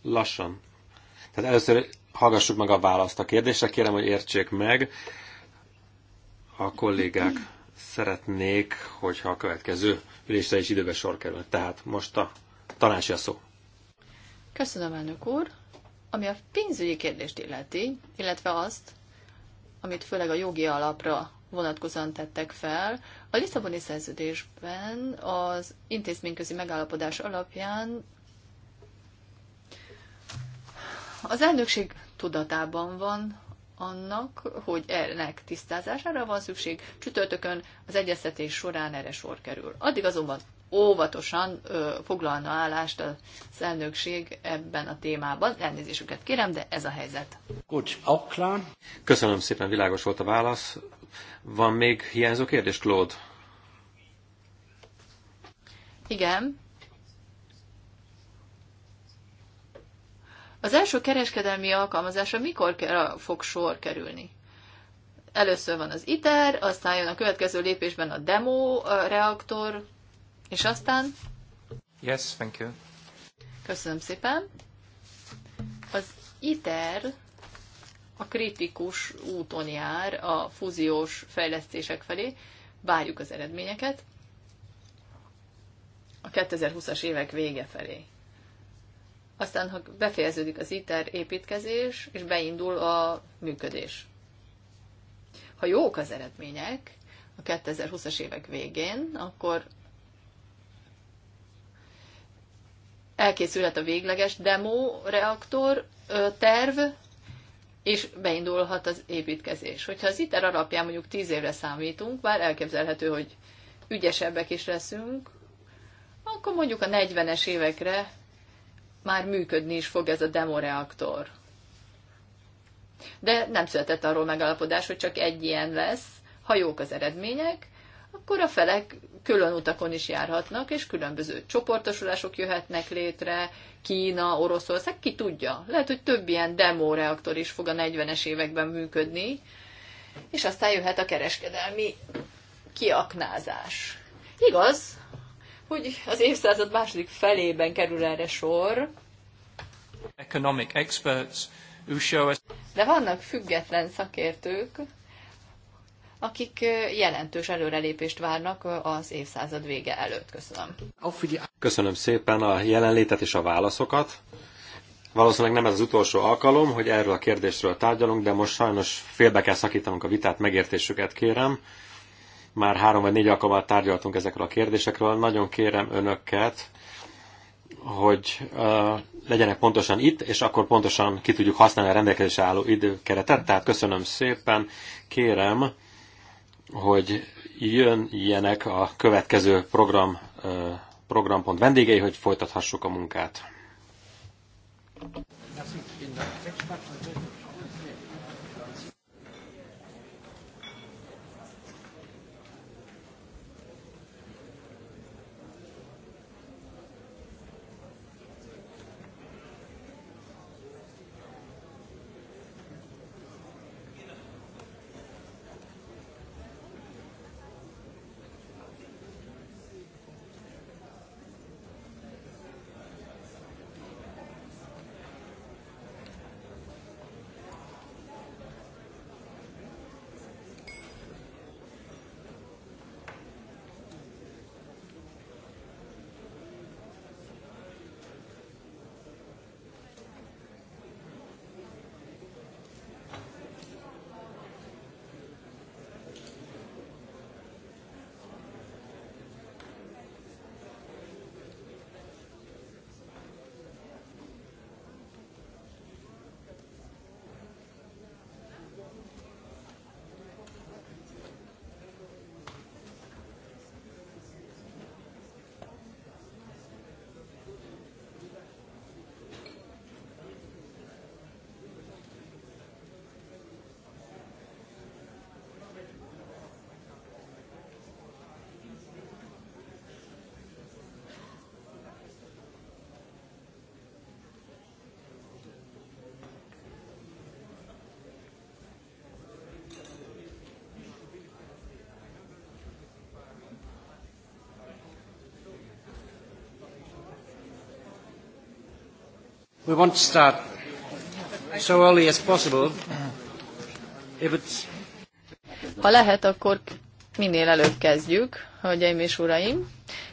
Lassan tehát először hallgassuk meg a választ a kérdésre, kérem, hogy értsék meg. A kollégák szeretnék, hogyha a következő ülésre is időbe sor kerül. Tehát most a tanácsi a szó. Köszönöm, elnök úr. Ami a pénzügyi kérdést illeti, illetve azt, amit főleg a jogi alapra vonatkozóan tettek fel. A Lisszaboni szerződésben az intézményközi megállapodás alapján az elnökség tudatában van annak, hogy ennek tisztázására van szükség, csütörtökön az egyeztetés során erre sor kerül. Addig azonban óvatosan ö, foglalna állást az elnökség ebben a témában. Elnézésüket kérem, de ez a helyzet. Köszönöm szépen, világos volt a válasz. Van még hiányzó kérdés, Claude? Igen. Az első kereskedelmi alkalmazása mikor fog sor kerülni? Először van az ITER, aztán jön a következő lépésben a demo a reaktor, és aztán... Yes, thank you. Köszönöm szépen. Az ITER a kritikus úton jár a fúziós fejlesztések felé, várjuk az eredményeket a 2020-as évek vége felé aztán, ha befejeződik az ITER építkezés, és beindul a működés. Ha jók az eredmények a 2020-as évek végén, akkor elkészülhet a végleges demo reaktor terv, és beindulhat az építkezés. Hogyha az ITER alapján mondjuk 10 évre számítunk, bár elképzelhető, hogy ügyesebbek is leszünk, akkor mondjuk a 40-es évekre már működni is fog ez a demoreaktor. De nem született arról megalapodás, hogy csak egy ilyen lesz. Ha jók az eredmények, akkor a felek külön utakon is járhatnak, és különböző csoportosulások jöhetnek létre, Kína, Oroszország, ki tudja. Lehet, hogy több ilyen demoreaktor is fog a 40-es években működni, és aztán jöhet a kereskedelmi kiaknázás. Igaz, hogy az évszázad második felében kerül erre sor. Economic experts who show us... De vannak független szakértők, akik jelentős előrelépést várnak az évszázad vége előtt. Köszönöm. Köszönöm szépen a jelenlétet és a válaszokat. Valószínűleg nem ez az utolsó alkalom, hogy erről a kérdésről tárgyalunk, de most sajnos félbe kell szakítanunk a vitát, megértésüket kérem. Már három vagy négy alkalommal tárgyaltunk ezekről a kérdésekről. Nagyon kérem önöket, hogy uh, legyenek pontosan itt, és akkor pontosan ki tudjuk használni a rendelkezésre álló időkeretet. Tehát köszönöm szépen, kérem, hogy jönjenek a következő program, uh, programpont vendégei, hogy folytathassuk a munkát. Köszönöm. We want to start so early as possible. If it's... Ha lehet, akkor minél előbb kezdjük, hölgyeim és uraim,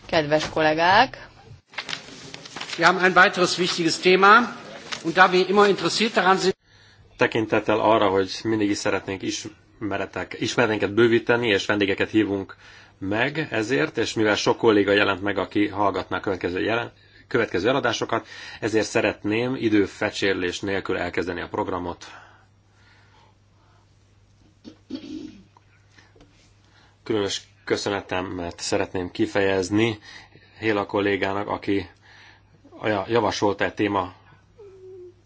kedves kollégák. Wir haben ein weiteres wichtiges Thema und da wir immer interessiert daran sind. Tekintettel arra, hogy mindig is szeretnénk ismeretek, ismereteinket bővíteni, és vendégeket hívunk meg ezért, és mivel sok kolléga jelent meg, aki hallgatná a következő jelen, következő eladásokat, ezért szeretném időfecsérlés nélkül elkezdeni a programot. Különös köszönetem, mert szeretném kifejezni Héla kollégának, aki javasolta egy téma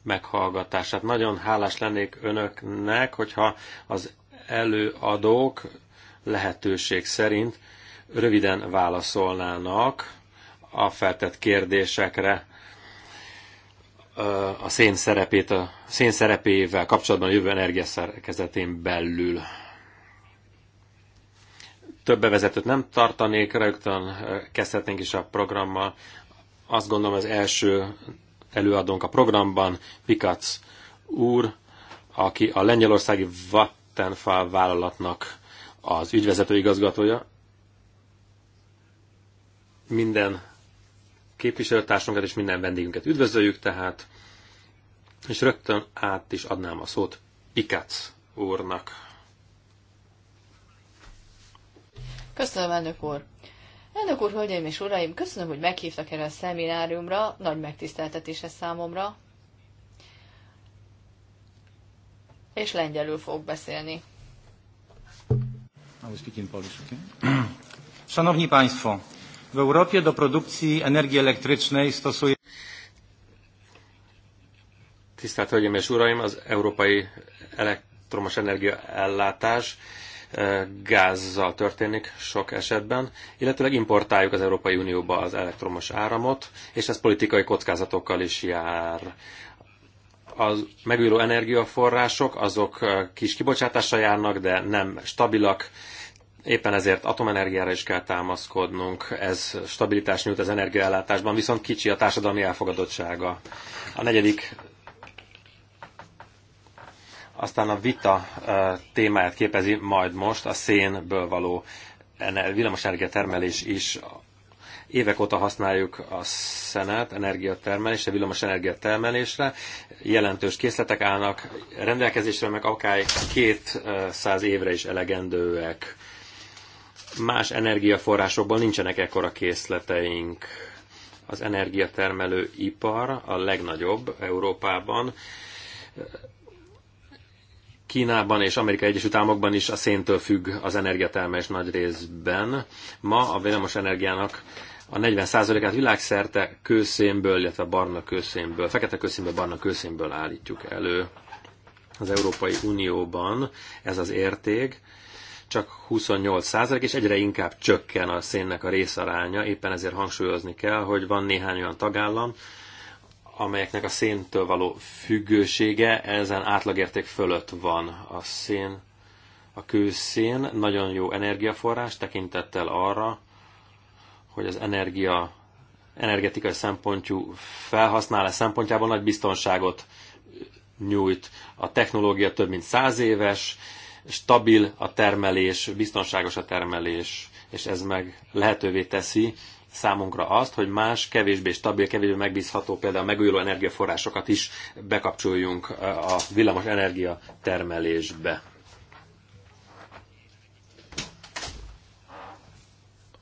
meghallgatását. Nagyon hálás lennék önöknek, hogyha az előadók lehetőség szerint röviden válaszolnának a feltett kérdésekre a szén szerepét, a szén szerepével kapcsolatban a jövő energiaszerkezetén belül. Több bevezetőt nem tartanék, rögtön kezdhetnénk is a programmal. Azt gondolom az első előadónk a programban, Pikac úr, aki a lengyelországi Vattenfall vállalatnak az ügyvezető igazgatója. Minden képviselőtársunkat és minden vendégünket üdvözöljük tehát, és rögtön át is adnám a szót Pikac úrnak. Köszönöm, elnök úr! Elnök úr, hölgyeim és uraim, köszönöm, hogy meghívtak erre a szemináriumra, nagy megtiszteltetés ez számomra, és lengyelül fogok beszélni. Szanowni Państwo, W Europie do produkcji energii elektrycznej stosuje... Tisztelt Hölgyeim és Uraim, az európai elektromos energiaellátás e, gázzal történik sok esetben, illetőleg importáljuk az Európai Unióba az elektromos áramot, és ez politikai kockázatokkal is jár. Az megújuló energiaforrások azok e, kis kibocsátással járnak, de nem stabilak, Éppen ezért atomenergiára is kell támaszkodnunk, ez stabilitás nyújt az energiaellátásban, viszont kicsi a társadalmi elfogadottsága. A negyedik aztán a vita eh, témáját képezi majd most a szénből való villamosenergia termelés is. Évek óta használjuk a szenet energiatermelésre, villamosenergia termelésre. Jelentős készletek állnak rendelkezésre, meg akár 200 eh, évre is elegendőek Más energiaforrásokból nincsenek ekkora készleteink. Az energiatermelő ipar a legnagyobb Európában. Kínában és Amerikai Egyesült Államokban is a széntől függ az energiatermelés nagy részben. Ma a villamos energiának a 40%-át világszerte kőszénből, illetve barna kőszénből, fekete kőszénből, barna kőszénből állítjuk elő. Az Európai Unióban ez az érték csak 28 százalék, és egyre inkább csökken a szénnek a részaránya. Éppen ezért hangsúlyozni kell, hogy van néhány olyan tagállam, amelyeknek a széntől való függősége ezen átlagérték fölött van. A szén, a kőszén nagyon jó energiaforrás tekintettel arra, hogy az energia, energetikai szempontjú felhasználás szempontjából nagy biztonságot nyújt. A technológia több mint száz éves, stabil a termelés, biztonságos a termelés, és ez meg lehetővé teszi számunkra azt, hogy más, kevésbé stabil, kevésbé megbízható, például megújuló energiaforrásokat is bekapcsoljunk a villamos energia termelésbe.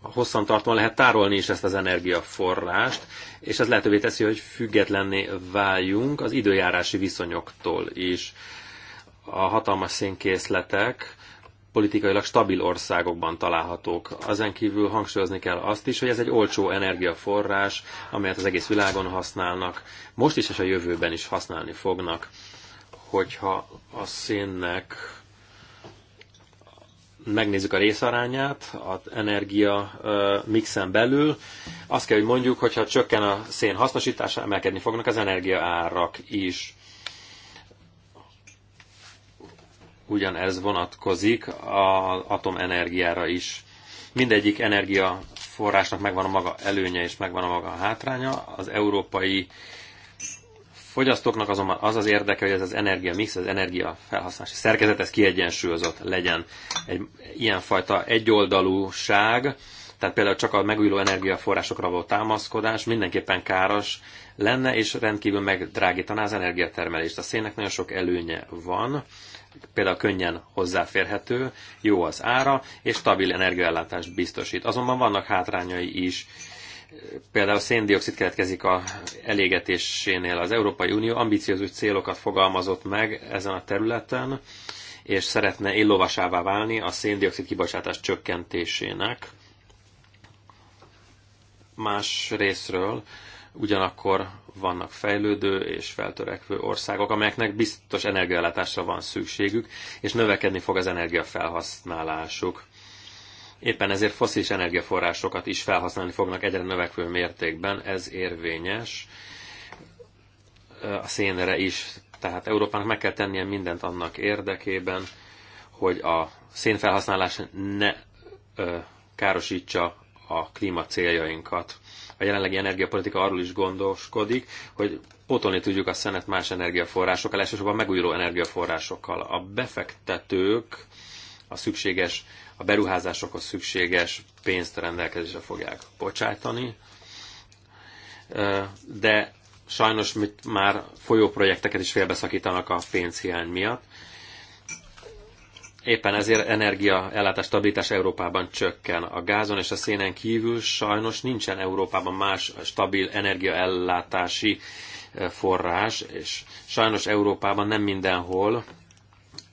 hosszantartóan lehet tárolni is ezt az energiaforrást, és ez lehetővé teszi, hogy függetlenné váljunk az időjárási viszonyoktól is a hatalmas szénkészletek politikailag stabil országokban találhatók. Azen kívül hangsúlyozni kell azt is, hogy ez egy olcsó energiaforrás, amelyet az egész világon használnak, most is és a jövőben is használni fognak, hogyha a szénnek megnézzük a részarányát az energia mixen belül, azt kell, hogy mondjuk, hogyha csökken a szén hasznosítása, emelkedni fognak az energia árak is. ugyanez vonatkozik az atomenergiára is. Mindegyik energiaforrásnak megvan a maga előnye és megvan a maga hátránya. Az európai fogyasztóknak azonban az az érdeke, hogy ez az energia mix, az energia felhasználási szerkezet, ez kiegyensúlyozott legyen. Egy ilyenfajta egyoldalúság, tehát például csak a megújuló energiaforrásokra való támaszkodás mindenképpen káros lenne, és rendkívül megdrágítaná az energiatermelést. A szénnek nagyon sok előnye van, például könnyen hozzáférhető, jó az ára, és stabil energiaellátást biztosít. Azonban vannak hátrányai is. Például széndiokszid keletkezik a elégetésénél. Az Európai Unió ambiciózus célokat fogalmazott meg ezen a területen, és szeretne illovasává válni a széndiokszid kibocsátás csökkentésének. Más részről ugyanakkor vannak fejlődő és feltörekvő országok, amelyeknek biztos energiállátásra van szükségük, és növekedni fog az energiafelhasználásuk. Éppen ezért foszilis energiaforrásokat is felhasználni fognak egyre növekvő mértékben, ez érvényes a szénre is. Tehát Európának meg kell tennie mindent annak érdekében, hogy a szénfelhasználás ne ö, károsítsa a klíma céljainkat a jelenlegi energiapolitika arról is gondoskodik, hogy potolni tudjuk a szenet más energiaforrásokkal, elsősorban megújuló energiaforrásokkal. A befektetők a szükséges, a beruházásokhoz szükséges pénzt rendelkezésre fogják bocsájtani, de sajnos mit már folyóprojekteket is félbeszakítanak a pénzhiány miatt. Éppen ezért energia ellátás stabilitás Európában csökken. A gázon és a szénen kívül sajnos nincsen Európában más stabil energiaellátási eh, forrás, és sajnos Európában nem mindenhol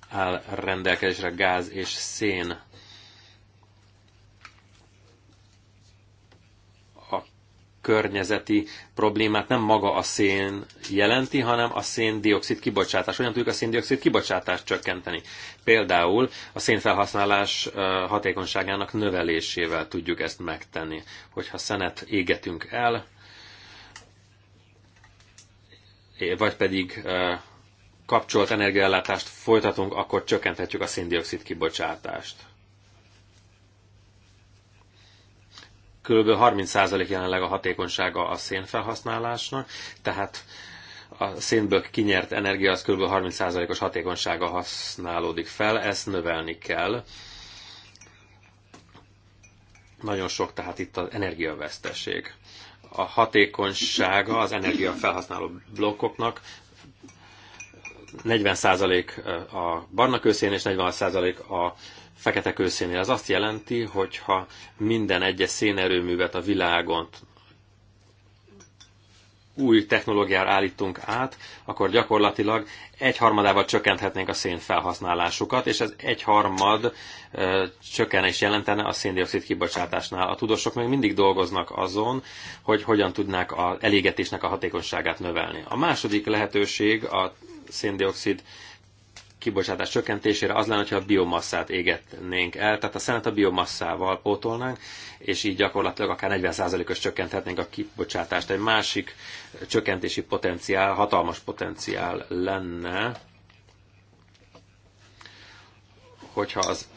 áll rendelkezésre gáz és szén. környezeti problémát nem maga a szén jelenti, hanem a széndiokszid kibocsátás. Hogyan tudjuk a széndiokszid kibocsátást csökkenteni? Például a szénfelhasználás hatékonyságának növelésével tudjuk ezt megtenni. Hogyha szenet égetünk el, vagy pedig kapcsolt energiállátást folytatunk, akkor csökkenthetjük a széndiokszid kibocsátást. kb. 30% jelenleg a hatékonysága a szénfelhasználásnak, tehát a szénből kinyert energia az kb. 30%-os hatékonysága használódik fel, ezt növelni kell. Nagyon sok tehát itt az energiavesztesség. A hatékonysága az energiafelhasználó blokkoknak 40% a barna és 46% a fekete kőszénél. Ez azt jelenti, hogyha minden egyes szénerőművet a világon új technológiára állítunk át, akkor gyakorlatilag egyharmadával csökkenthetnénk a szén felhasználásukat, és ez egyharmad ö, csökkenés jelentene a széndiokszid kibocsátásnál. A tudósok még mindig dolgoznak azon, hogy hogyan tudnák az elégetésnek a hatékonyságát növelni. A második lehetőség a széndiokszid kibocsátás csökkentésére az lenne, hogyha a biomasszát égetnénk el, tehát a szenet a biomasszával pótolnánk, és így gyakorlatilag akár 40%-os csökkenthetnénk a kibocsátást. Egy másik csökkentési potenciál, hatalmas potenciál lenne, hogyha az,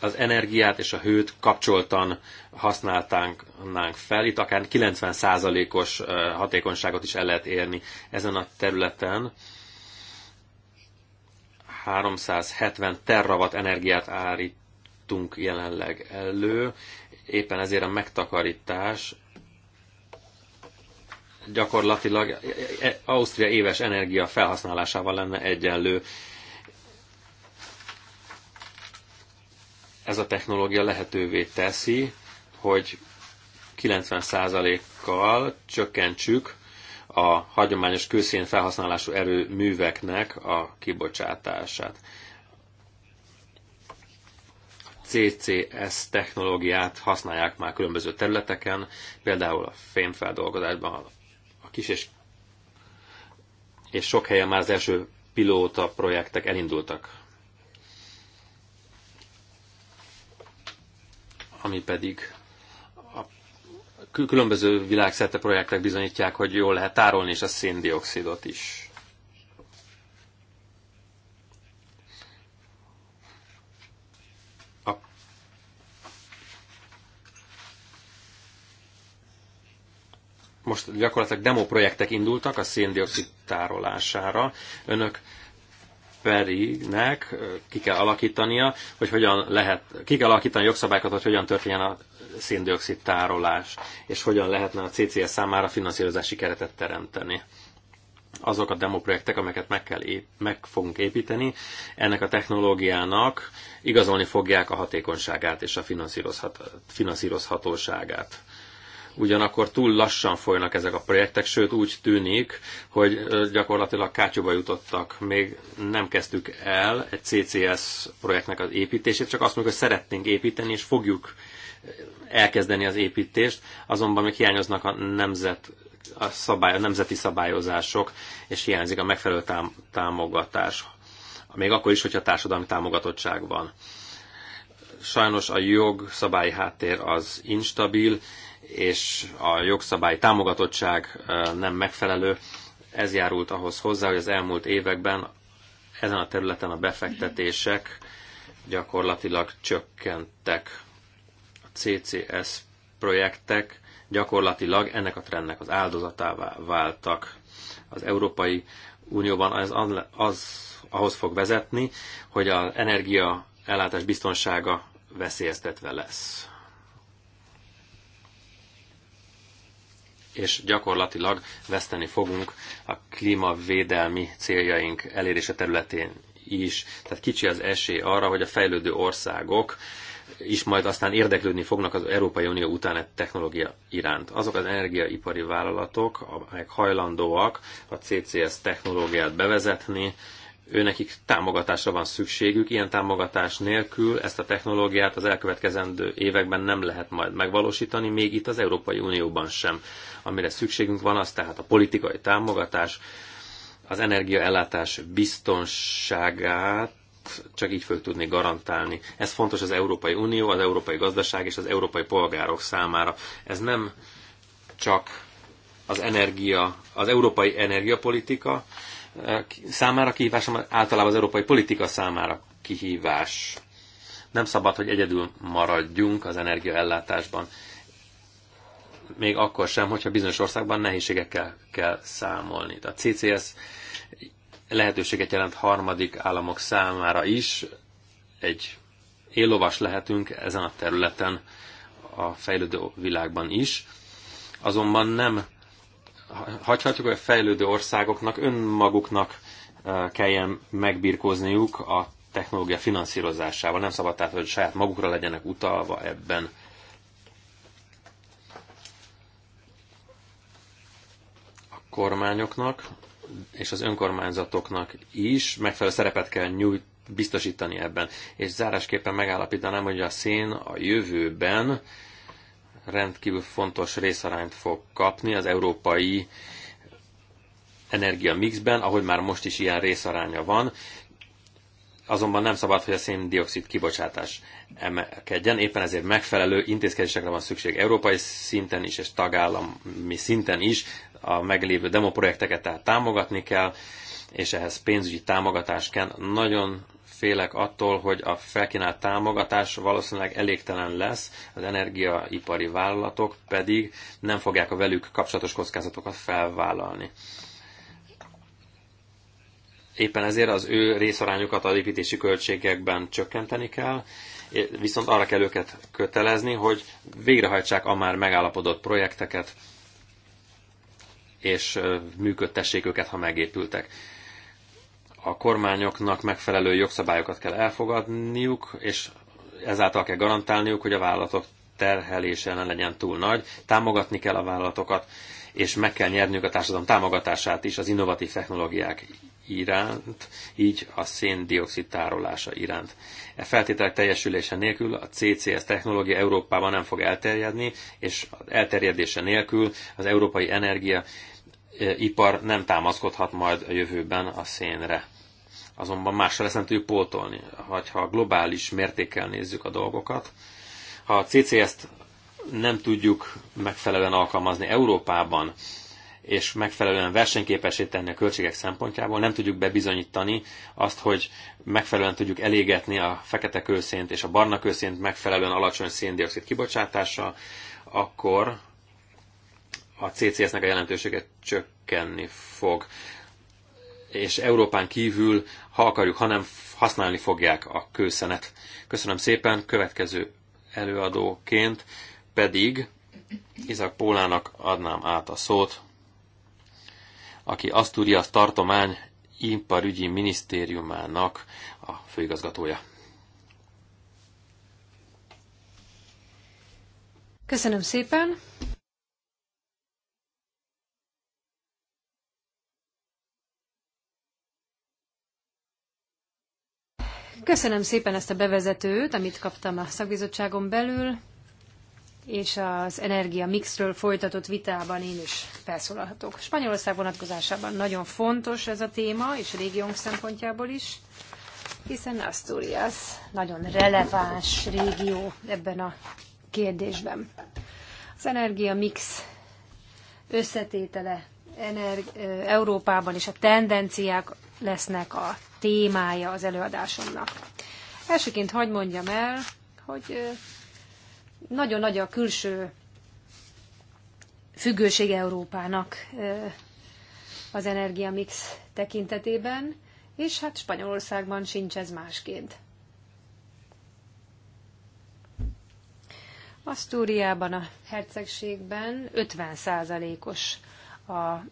az energiát és a hőt kapcsoltan használtánk fel. Itt akár 90%-os hatékonyságot is el lehet érni ezen a területen 370 terravat energiát állítunk jelenleg elő, éppen ezért a megtakarítás gyakorlatilag e- e- e- Ausztria éves energia felhasználásával lenne egyenlő. Ez a technológia lehetővé teszi, hogy 90%-kal csökkentsük a hagyományos kőszén felhasználású erőműveknek a kibocsátását. CCS technológiát használják már különböző területeken, például a fémfeldolgozásban a kis és, és sok helyen már az első pilóta projektek elindultak. Ami pedig különböző világszerte projektek bizonyítják, hogy jól lehet tárolni, és a széndiokszidot is. Most gyakorlatilag demo projektek indultak a széndiokszid tárolására. Önök perignek ki kell alakítania, hogy hogyan lehet, ki kell alakítani jogszabályokat, hogy hogyan történjen a széndiokszid tárolás, és hogyan lehetne a CCS számára finanszírozási keretet teremteni. Azok a demoprojektek, amelyeket meg, kell ép- meg fogunk építeni, ennek a technológiának igazolni fogják a hatékonyságát és a finanszírozhat- finanszírozhatóságát ugyanakkor túl lassan folynak ezek a projektek, sőt úgy tűnik, hogy gyakorlatilag kátyúba jutottak. Még nem kezdtük el egy CCS projektnek az építését, csak azt mondjuk, hogy szeretnénk építeni, és fogjuk elkezdeni az építést, azonban még hiányoznak a nemzet a, szabály, a nemzeti szabályozások, és hiányzik a megfelelő tám- támogatás. Még akkor is, hogyha társadalmi támogatottság van. Sajnos a jogszabályi háttér az instabil, és a jogszabályi támogatottság nem megfelelő. Ez járult ahhoz hozzá, hogy az elmúlt években ezen a területen a befektetések gyakorlatilag csökkentek CCS projektek gyakorlatilag ennek a trendnek az áldozatává váltak. Az Európai Unióban az, az ahhoz fog vezetni, hogy az energia ellátás biztonsága veszélyeztetve lesz. és gyakorlatilag veszteni fogunk a klímavédelmi céljaink elérése területén is. Tehát kicsi az esély arra, hogy a fejlődő országok is majd aztán érdeklődni fognak az Európai Unió után technológia iránt. Azok az energiaipari vállalatok, amelyek hajlandóak a CCS technológiát bevezetni, őnekik támogatásra van szükségük, ilyen támogatás nélkül ezt a technológiát az elkövetkezendő években nem lehet majd megvalósítani, még itt az Európai Unióban sem. Amire szükségünk van, az tehát a politikai támogatás, az energiaellátás biztonságát csak így föl tudni garantálni. Ez fontos az Európai Unió, az európai gazdaság és az európai polgárok számára. Ez nem csak az energia, az európai energiapolitika eh, számára kihívás, hanem általában az európai politika számára kihívás. Nem szabad, hogy egyedül maradjunk az energiaellátásban. Még akkor sem, hogyha bizonyos országban nehézségekkel kell számolni. A CCS lehetőséget jelent harmadik államok számára is. Egy élovas lehetünk ezen a területen a fejlődő világban is. Azonban nem hagyhatjuk, hogy a fejlődő országoknak önmaguknak eh, kelljen megbirkózniuk a technológia finanszírozásával. Nem szabad tehát, hogy saját magukra legyenek utalva ebben. A kormányoknak és az önkormányzatoknak is megfelelő szerepet kell nyújt, biztosítani ebben. És zárásképpen megállapítanám, hogy a szén a jövőben rendkívül fontos részarányt fog kapni az európai energia mixben, ahogy már most is ilyen részaránya van. Azonban nem szabad, hogy a széndiokszid kibocsátás emelkedjen, éppen ezért megfelelő intézkedésekre van szükség európai szinten is, és tagállami szinten is, a meglévő demoprojekteket tehát támogatni kell, és ehhez pénzügyi támogatás kell. Nagyon félek attól, hogy a felkínált támogatás valószínűleg elégtelen lesz, az energiaipari vállalatok pedig nem fogják a velük kapcsolatos kockázatokat felvállalni. Éppen ezért az ő részarányukat a építési költségekben csökkenteni kell, viszont arra kell őket kötelezni, hogy végrehajtsák a már megállapodott projekteket, és működtessék őket, ha megépültek. A kormányoknak megfelelő jogszabályokat kell elfogadniuk, és ezáltal kell garantálniuk, hogy a vállalatok terhelése ne legyen túl nagy, támogatni kell a vállalatokat, és meg kell nyerniük a társadalom támogatását is az innovatív technológiák iránt, így a széndiokszid tárolása iránt. E feltételek teljesülése nélkül a CCS technológia Európában nem fog elterjedni, és elterjedése nélkül az európai energia ipar nem támaszkodhat majd a jövőben a szénre. Azonban másra lesz nem tudjuk pótolni. Ha globális mértékkel nézzük a dolgokat, ha a CCS-t nem tudjuk megfelelően alkalmazni Európában, és megfelelően versenyképessé tenni a költségek szempontjából, nem tudjuk bebizonyítani azt, hogy megfelelően tudjuk elégetni a fekete kőszént és a barna kőszént megfelelően alacsony széndiokszid kibocsátással, akkor a CCS-nek a jelentősége csökkenni fog. És Európán kívül, ha akarjuk, ha nem, használni fogják a kőszenet. Köszönöm szépen, következő előadóként pedig Izak Pólának adnám át a szót, aki Asturias tartomány imparügyi minisztériumának a főigazgatója. Köszönöm szépen! Köszönöm szépen ezt a bevezetőt, amit kaptam a szakbizottságon belül, és az energia mixről folytatott vitában én is felszólalhatok. Spanyolország vonatkozásában nagyon fontos ez a téma, és a régiónk szempontjából is, hiszen Asturias nagyon releváns régió ebben a kérdésben. Az energia mix összetétele Európában is a tendenciák lesznek a témája az előadásomnak. Elsőként hagyd mondjam el, hogy nagyon nagy a külső függőség Európának az energiamix tekintetében, és hát Spanyolországban sincs ez másként. Asztúriában, a hercegségben 50%-os a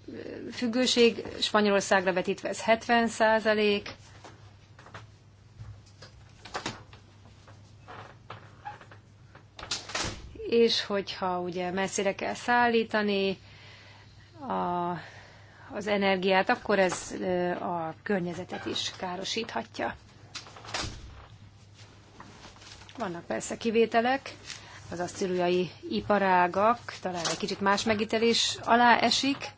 függőség Spanyolországra vetítve ez 70 százalék, és hogyha ugye messzire kell szállítani a, az energiát, akkor ez a környezetet is károsíthatja. Vannak persze kivételek, az asztiliai iparágak talán egy kicsit más megítelés alá esik.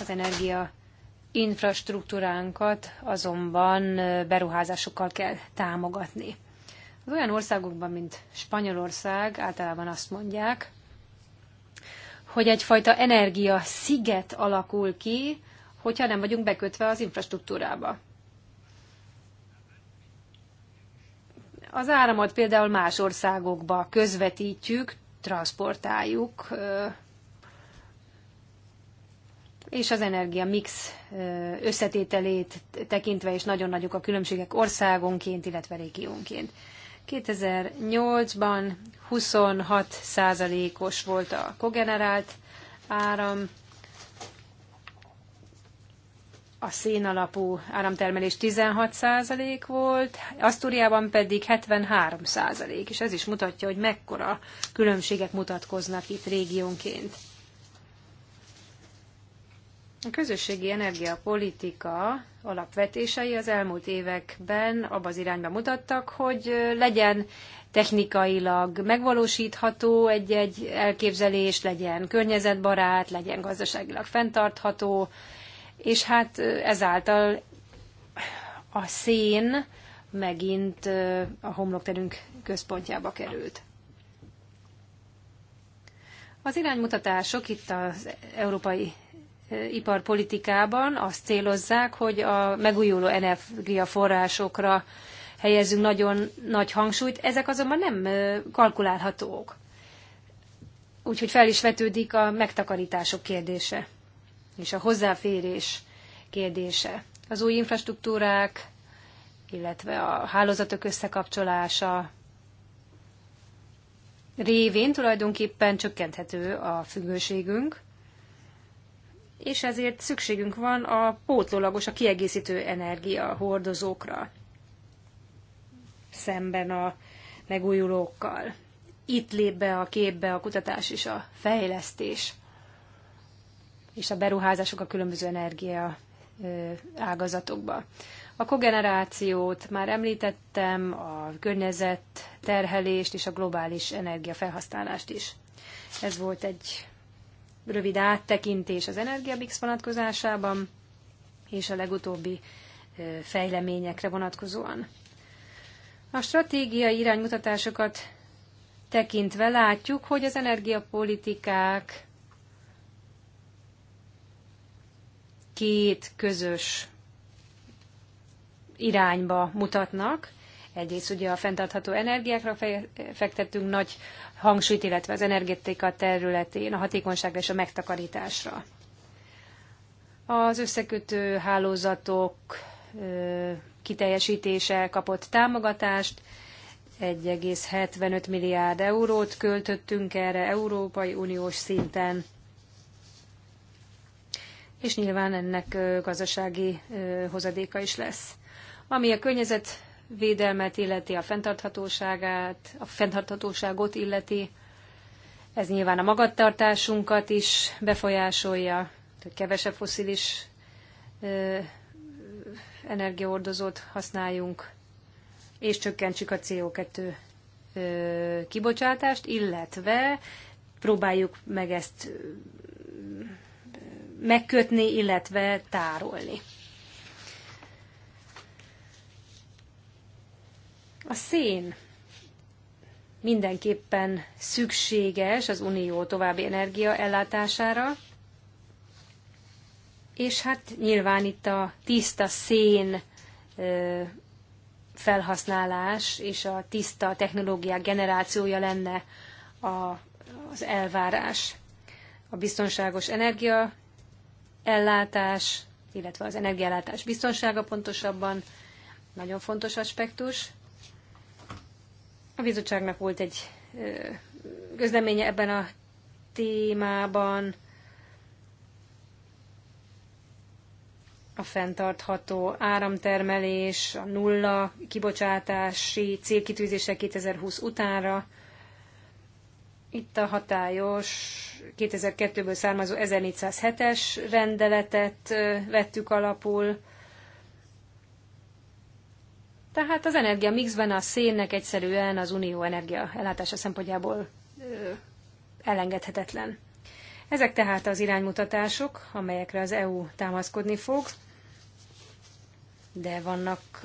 Az energia infrastruktúránkat azonban beruházásokkal kell támogatni. Az olyan országokban, mint Spanyolország általában azt mondják, hogy egyfajta energia sziget alakul ki, hogyha nem vagyunk bekötve az infrastruktúrába. Az áramot például más országokba közvetítjük, transportáljuk, és az energia mix összetételét tekintve is nagyon nagyok a különbségek országonként, illetve régiónként. 2008-ban 26 százalékos volt a kogenerált áram, a szénalapú áramtermelés 16% volt, Asztúriában pedig 73%, és ez is mutatja, hogy mekkora különbségek mutatkoznak itt régiónként. A közösségi energiapolitika alapvetései az elmúlt években abba az irányba mutattak, hogy legyen technikailag megvalósítható egy-egy elképzelés, legyen környezetbarát, legyen gazdaságilag fenntartható, és hát ezáltal a szén megint a homlokterünk központjába került. Az iránymutatások itt az európai iparpolitikában azt célozzák, hogy a megújuló energiaforrásokra helyezzünk nagyon nagy hangsúlyt, ezek azonban nem kalkulálhatók. Úgyhogy fel is vetődik a megtakarítások kérdése és a hozzáférés kérdése. Az új infrastruktúrák, illetve a hálózatok összekapcsolása révén tulajdonképpen csökkenthető a függőségünk, és ezért szükségünk van a pótlólagos, a kiegészítő energia hordozókra szemben a megújulókkal. Itt lép be a képbe a kutatás és a fejlesztés és a beruházások a különböző energia ágazatokba. A kogenerációt már említettem, a környezet terhelést és a globális energiafelhasználást is. Ez volt egy rövid áttekintés az Energiabix vonatkozásában, és a legutóbbi fejleményekre vonatkozóan. A stratégiai iránymutatásokat tekintve látjuk, hogy az energiapolitikák két közös irányba mutatnak. Egyrészt ugye a fenntartható energiákra fektettünk nagy hangsúlyt, illetve az energetika területén a hatékonyságra és a megtakarításra. Az összekötő hálózatok kiteljesítése kapott támogatást, 1,75 milliárd eurót költöttünk erre Európai Uniós szinten és nyilván ennek gazdasági hozadéka is lesz. Ami a környezetvédelmet illeti, a fenntarthatóságát, a fenntarthatóságot illeti, ez nyilván a magatartásunkat is befolyásolja, hogy kevesebb foszilis energiaordozót használjunk, és csökkentsük a CO2 kibocsátást, illetve próbáljuk meg ezt megkötni, illetve tárolni. A szén mindenképpen szükséges az unió további energia ellátására, és hát nyilván itt a tiszta szén felhasználás és a tiszta technológiák generációja lenne az elvárás. A biztonságos energia ellátás, illetve az energiállátás biztonsága pontosabban, nagyon fontos aspektus. A bizottságnak volt egy közleménye ebben a témában, a fenntartható áramtermelés, a nulla kibocsátási célkitűzése 2020 utánra, itt a hatályos 2002-ből származó 1407-es rendeletet vettük alapul. Tehát az energia mixben a szénnek egyszerűen az unió energia ellátása szempontjából elengedhetetlen. Ezek tehát az iránymutatások, amelyekre az EU támaszkodni fog, de vannak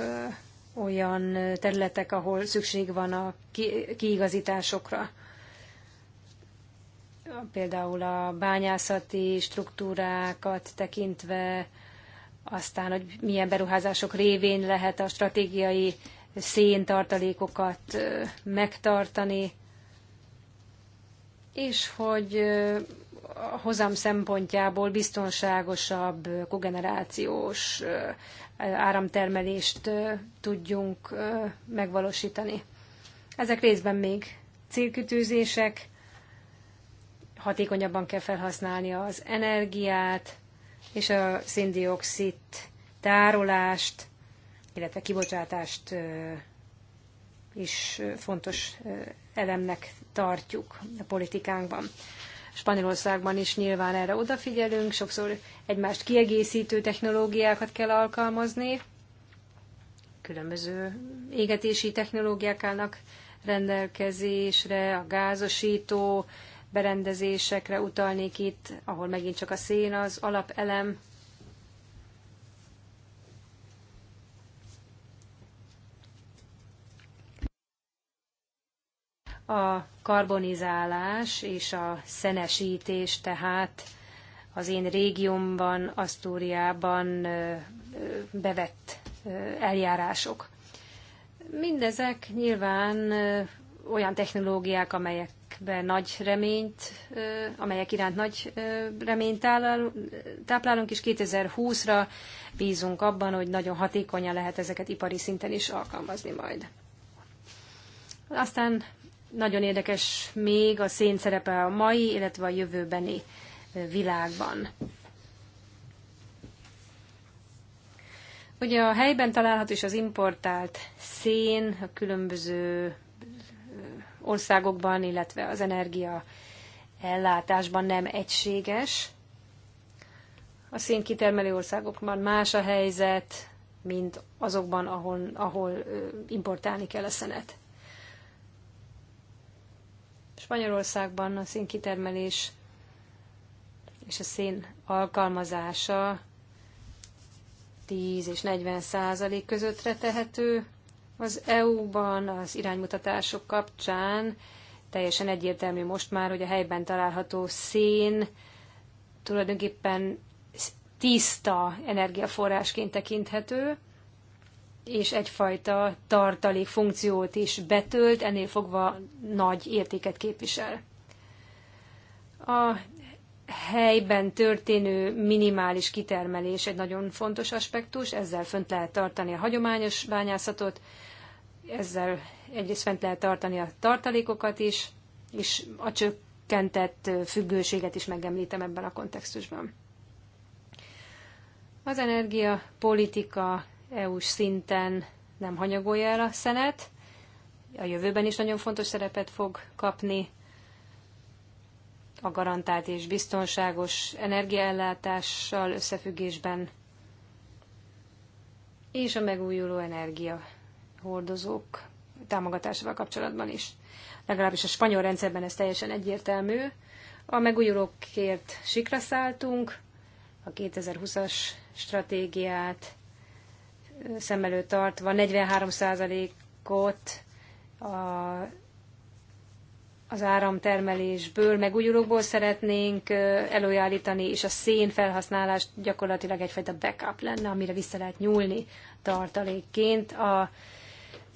olyan területek, ahol szükség van a kiigazításokra például a bányászati struktúrákat tekintve, aztán, hogy milyen beruházások révén lehet a stratégiai széntartalékokat megtartani, és hogy a hozam szempontjából biztonságosabb kogenerációs áramtermelést tudjunk megvalósítani. Ezek részben még célkütőzések, hatékonyabban kell felhasználni az energiát és a széndiokszid tárolást, illetve kibocsátást is fontos elemnek tartjuk a politikánkban. Spanyolországban is nyilván erre odafigyelünk, sokszor egymást kiegészítő technológiákat kell alkalmazni, különböző égetési technológiákának rendelkezésre, a gázosító, berendezésekre utalnék itt, ahol megint csak a szén az alapelem. A karbonizálás és a szenesítés tehát az én régiómban, Asztúriában bevett eljárások. Mindezek nyilván olyan technológiák, amelyek amelyekben nagy reményt, amelyek iránt nagy reményt táplálunk, és 2020-ra bízunk abban, hogy nagyon hatékonyan lehet ezeket ipari szinten is alkalmazni majd. Aztán nagyon érdekes még a szén szerepe a mai, illetve a jövőbeni világban. Ugye a helyben található és az importált szén, a különböző országokban, illetve az energia ellátásban nem egységes. A szénkitermelő országokban más a helyzet, mint azokban, ahol, ahol importálni kell a szenet. Spanyolországban a szénkitermelés és a szén alkalmazása 10 és 40 százalék közöttre tehető az EU-ban az iránymutatások kapcsán teljesen egyértelmű most már, hogy a helyben található szén tulajdonképpen tiszta energiaforrásként tekinthető, és egyfajta tartalék funkciót is betölt, ennél fogva nagy értéket képvisel. A helyben történő minimális kitermelés egy nagyon fontos aspektus, ezzel fönt lehet tartani a hagyományos bányászatot, ezzel egyrészt fent lehet tartani a tartalékokat is, és a csökkentett függőséget is megemlítem ebben a kontextusban. Az energiapolitika EU-s szinten nem hanyagolja el a szenet, a jövőben is nagyon fontos szerepet fog kapni, a garantált és biztonságos energiaellátással összefüggésben, és a megújuló energia hordozók támogatásával kapcsolatban is. Legalábbis a spanyol rendszerben ez teljesen egyértelmű. A megújulókért sikra szálltunk, a 2020-as stratégiát szem előtt tartva 43%-ot a az áramtermelésből, megújulókból szeretnénk előállítani, és a szén felhasználás gyakorlatilag egyfajta backup lenne, amire vissza lehet nyúlni tartalékként a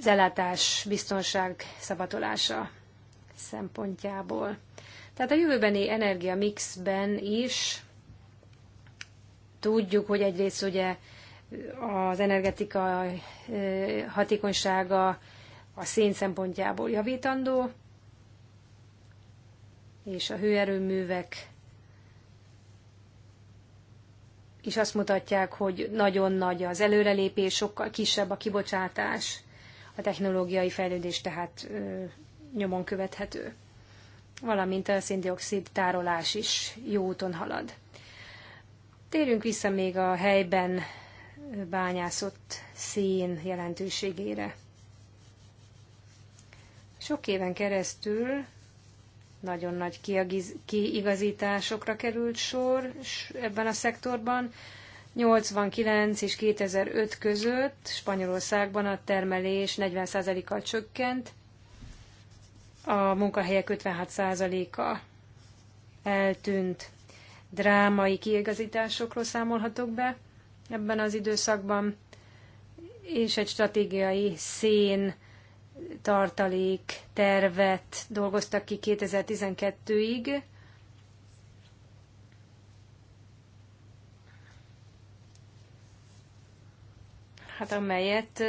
ellátás biztonság szabatolása szempontjából. Tehát a jövőbeni energia mixben is tudjuk, hogy egyrészt ugye az energetika hatékonysága a szén szempontjából javítandó, és a hőerőművek is azt mutatják, hogy nagyon nagy az előrelépés, sokkal kisebb a kibocsátás, a technológiai fejlődés tehát ö, nyomon követhető. Valamint a széndiokszid tárolás is jó úton halad. Térjünk vissza még a helyben bányászott szén jelentőségére. Sok éven keresztül nagyon nagy kiigazításokra került sor ebben a szektorban. 89 és 2005 között Spanyolországban a termelés 40%-kal csökkent, a munkahelyek 56%-a eltűnt. Drámai kiigazításokról számolhatok be ebben az időszakban, és egy stratégiai szén tartalék tervet dolgoztak ki 2012-ig. Hát amelyet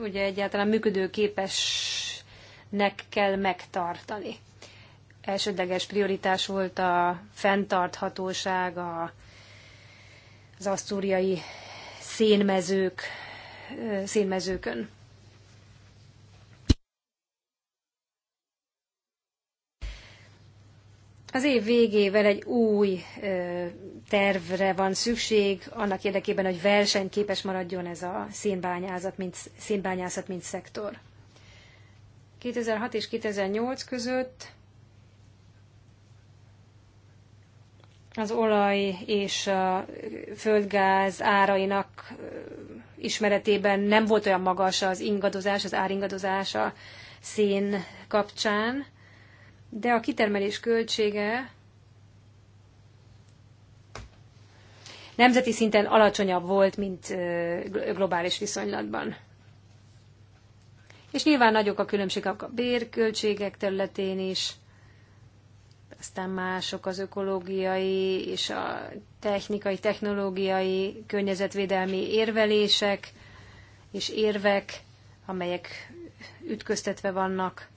ugye egyáltalán működőképesnek kell megtartani. Elsődleges prioritás volt a fenntarthatóság, a, az asztúriai szénmezők, szénmezőkön. Az év végével egy új tervre van szükség, annak érdekében, hogy versenyképes maradjon ez a szénbányászat, mint, szénbányászat, mint szektor. 2006 és 2008 között az olaj és a földgáz árainak ismeretében nem volt olyan magas az ingadozás, az áringadozás a szén kapcsán, de a kitermelés költsége nemzeti szinten alacsonyabb volt, mint globális viszonylatban. És nyilván nagyok a különbségek a bérköltségek területén is, aztán mások az ökológiai és a technikai, technológiai, környezetvédelmi érvelések és érvek, amelyek ütköztetve vannak.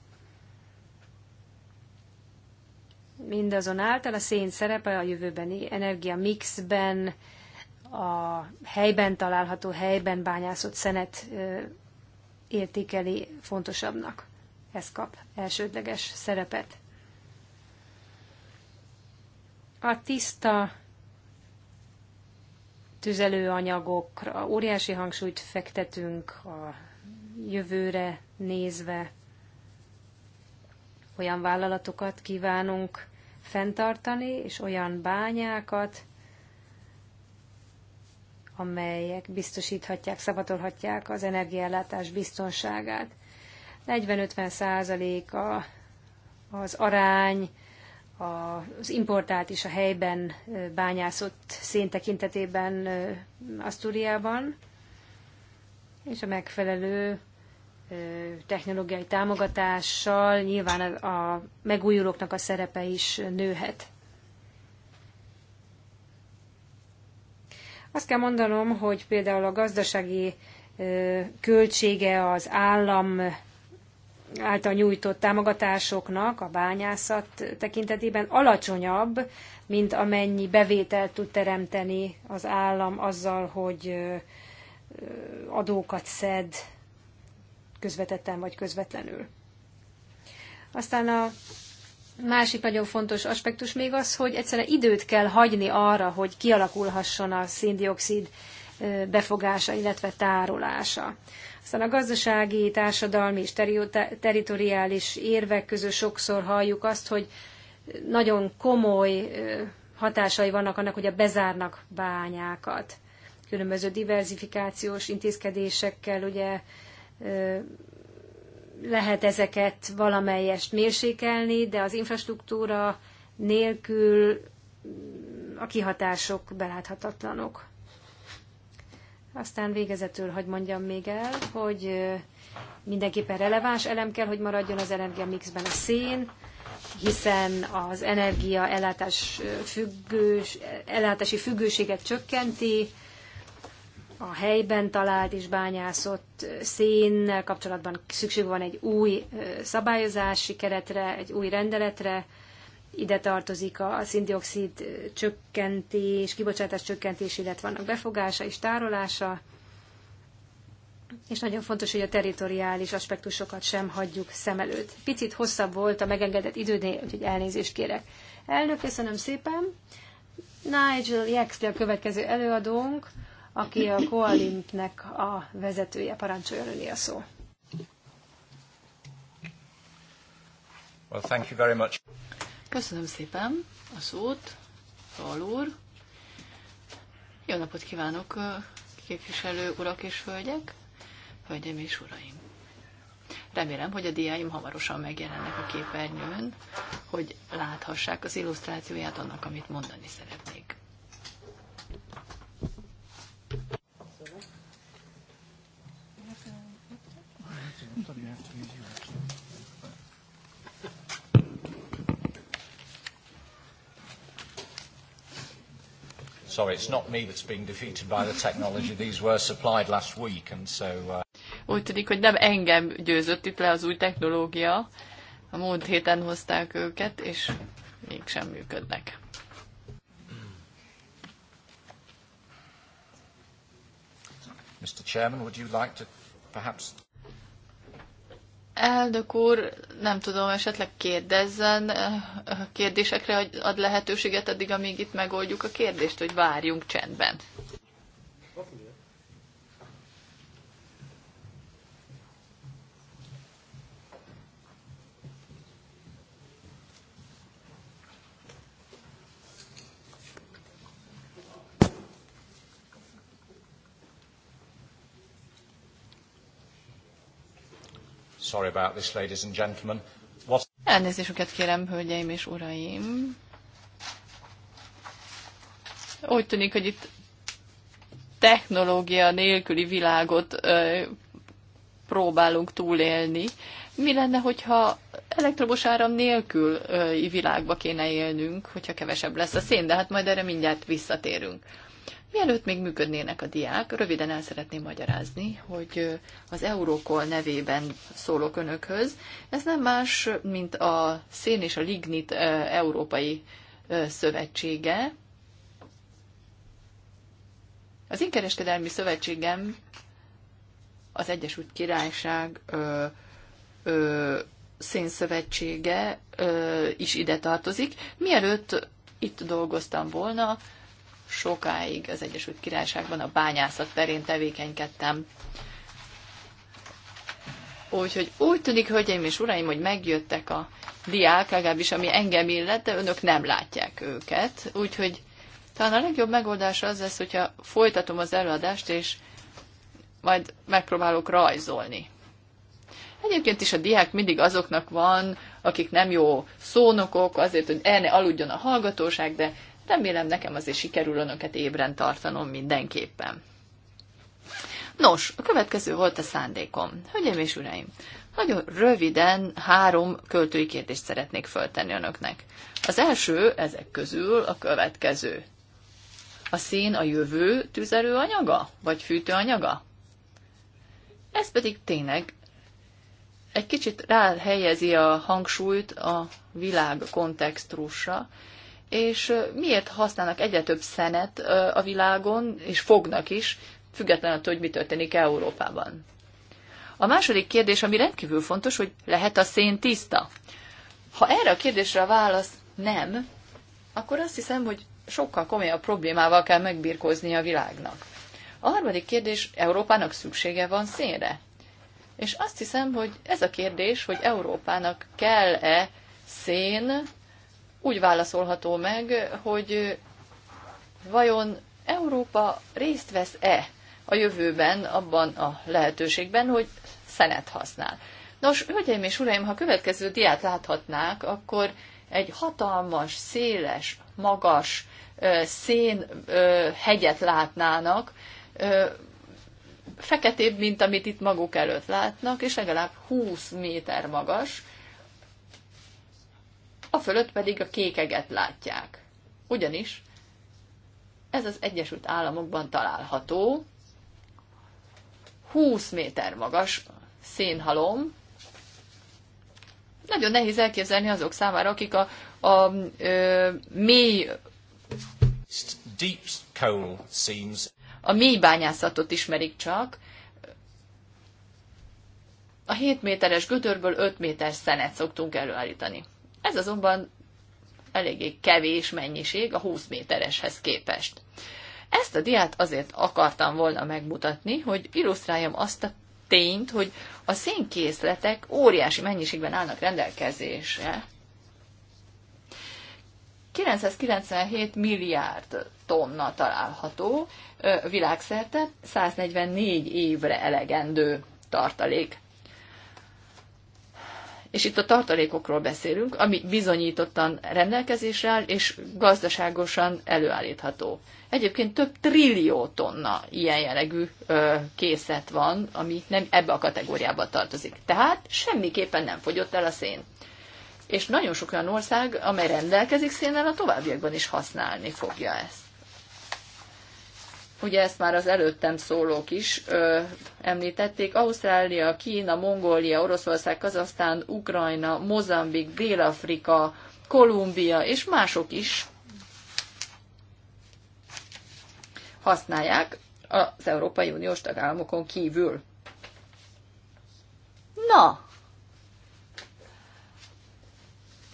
Mindazonáltal a szén szerepe a jövőbeni energia mixben, a helyben található, helyben bányászott szenet értékeli fontosabbnak. Ez kap elsődleges szerepet. A tiszta tüzelőanyagokra óriási hangsúlyt fektetünk a jövőre nézve. Olyan vállalatokat kívánunk fenntartani, és olyan bányákat, amelyek biztosíthatják, szabadolhatják az energiállátás biztonságát. 40-50 százalék az arány, az importált és a helyben bányászott szén tekintetében Asztúriában, és a megfelelő technológiai támogatással nyilván a megújulóknak a szerepe is nőhet. Azt kell mondanom, hogy például a gazdasági költsége az állam által nyújtott támogatásoknak a bányászat tekintetében alacsonyabb, mint amennyi bevételt tud teremteni az állam azzal, hogy adókat szed közvetetten vagy közvetlenül. Aztán a másik nagyon fontos aspektus még az, hogy egyszerűen időt kell hagyni arra, hogy kialakulhasson a széndiokszid befogása, illetve tárolása. Aztán a gazdasági, társadalmi és teritoriális érvek közül sokszor halljuk azt, hogy nagyon komoly hatásai vannak annak, hogy a bezárnak bányákat. Különböző diversifikációs intézkedésekkel ugye lehet ezeket valamelyest mérsékelni, de az infrastruktúra nélkül a kihatások beláthatatlanok. Aztán végezetül, hogy mondjam még el, hogy mindenképpen releváns elem kell, hogy maradjon az energia mixben a szén, hiszen az energia ellátás függős, ellátási függőséget csökkenti, a helyben talált és bányászott szénnel kapcsolatban szükség van egy új szabályozási keretre, egy új rendeletre. Ide tartozik a szindioxid csökkentés, kibocsátás csökkentés, illetve vannak befogása és tárolása. És nagyon fontos, hogy a teritoriális aspektusokat sem hagyjuk szem előtt. Picit hosszabb volt a megengedett időnél, úgyhogy elnézést kérek. Elnök, köszönöm szépen! Nigel Jexley a következő előadónk aki a Koalimpnek a vezetője. Parancsoljon öné a szó. Well, thank you very much. Köszönöm szépen a szót, úr. Jó napot kívánok, képviselő urak és hölgyek, hölgyeim és uraim. Remélem, hogy a diáim hamarosan megjelennek a képernyőn, hogy láthassák az illusztrációját annak, amit mondani szeretnék. Sorry, it's not me that's being defeated by the technology. These were supplied last week, and so... Uh... Úgy tudik, hogy nem engem győzött itt le az új technológia. A múlt héten hozták őket, és mégsem működnek. Mr. Chairman, would you like to perhaps... Elnök úr, nem tudom, esetleg kérdezzen eh, eh, kérdésekre, hogy ad lehetőséget addig, amíg itt megoldjuk a kérdést, hogy várjunk csendben. Sorry about this, ladies and gentlemen. What... Elnézésüket kérem, hölgyeim és uraim. Úgy tűnik, hogy itt technológia nélküli világot ö, próbálunk túlélni. Mi lenne, hogyha elektromos áram nélkül ö, világba kéne élnünk, hogyha kevesebb lesz a szén, de hát majd erre mindjárt visszatérünk. Mielőtt még működnének a diák, röviden el szeretném magyarázni, hogy az Eurókol nevében szólok önökhöz. Ez nem más, mint a Szén és a Lignit Európai Szövetsége. Az én kereskedelmi szövetségem az Egyesült Királyság ö, ö, szénszövetsége ö, is ide tartozik. Mielőtt itt dolgoztam volna, sokáig az Egyesült Királyságban a bányászat terén tevékenykedtem. Úgyhogy úgy tűnik, hölgyeim és uraim, hogy megjöttek a diák, legalábbis ami engem illet, de önök nem látják őket. Úgyhogy talán a legjobb megoldás az lesz, hogyha folytatom az előadást, és majd megpróbálok rajzolni. Egyébként is a diák mindig azoknak van, akik nem jó szónokok, azért, hogy el ne aludjon a hallgatóság, de Remélem nekem azért sikerül önöket ébren tartanom mindenképpen. Nos, a következő volt a szándékom. Hölgyeim és uraim, nagyon röviden három költői kérdést szeretnék föltenni önöknek. Az első ezek közül a következő. A szén a jövő tüzelőanyaga? Vagy fűtőanyaga? Ez pedig tényleg egy kicsit ráhelyezi a hangsúlyt a világ kontextusra, és miért használnak egyre több szenet a világon, és fognak is, függetlenül attól, hogy mi történik Európában. A második kérdés, ami rendkívül fontos, hogy lehet a szén tiszta? Ha erre a kérdésre a válasz nem, akkor azt hiszem, hogy sokkal komolyabb problémával kell megbirkózni a világnak. A harmadik kérdés, Európának szüksége van szénre? És azt hiszem, hogy ez a kérdés, hogy Európának kell-e szén, úgy válaszolható meg, hogy vajon Európa részt vesz-e a jövőben abban a lehetőségben, hogy szenet használ. Nos, hölgyeim és uraim, ha következő diát láthatnák, akkor egy hatalmas, széles, magas szén hegyet látnának, feketébb, mint amit itt maguk előtt látnak, és legalább 20 méter magas, a fölött pedig a kékeget látják. Ugyanis ez az Egyesült Államokban található, 20 méter magas szénhalom. Nagyon nehéz elképzelni azok számára, akik a, a ö, mély a mély bányászatot ismerik csak. A 7 méteres gödörből 5 méter szenet szoktunk előállítani. Ez azonban eléggé kevés mennyiség a 20 métereshez képest. Ezt a diát azért akartam volna megmutatni, hogy illusztráljam azt a tényt, hogy a szénkészletek óriási mennyiségben állnak rendelkezésre. 997 milliárd tonna található világszerte, 144 évre elegendő tartalék és itt a tartalékokról beszélünk, ami bizonyítottan rendelkezésre áll, és gazdaságosan előállítható. Egyébként több trillió tonna ilyen jellegű ö, készlet van, ami nem ebbe a kategóriába tartozik. Tehát semmiképpen nem fogyott el a szén. És nagyon sok olyan ország, amely rendelkezik szénnel, a továbbiakban is használni fogja ezt ugye ezt már az előttem szólók is ö, említették, Ausztrália, Kína, Mongólia, Oroszország, Kazasztán, Ukrajna, Mozambik, Dél-Afrika, Kolumbia és mások is használják az Európai Uniós tagállamokon kívül. Na,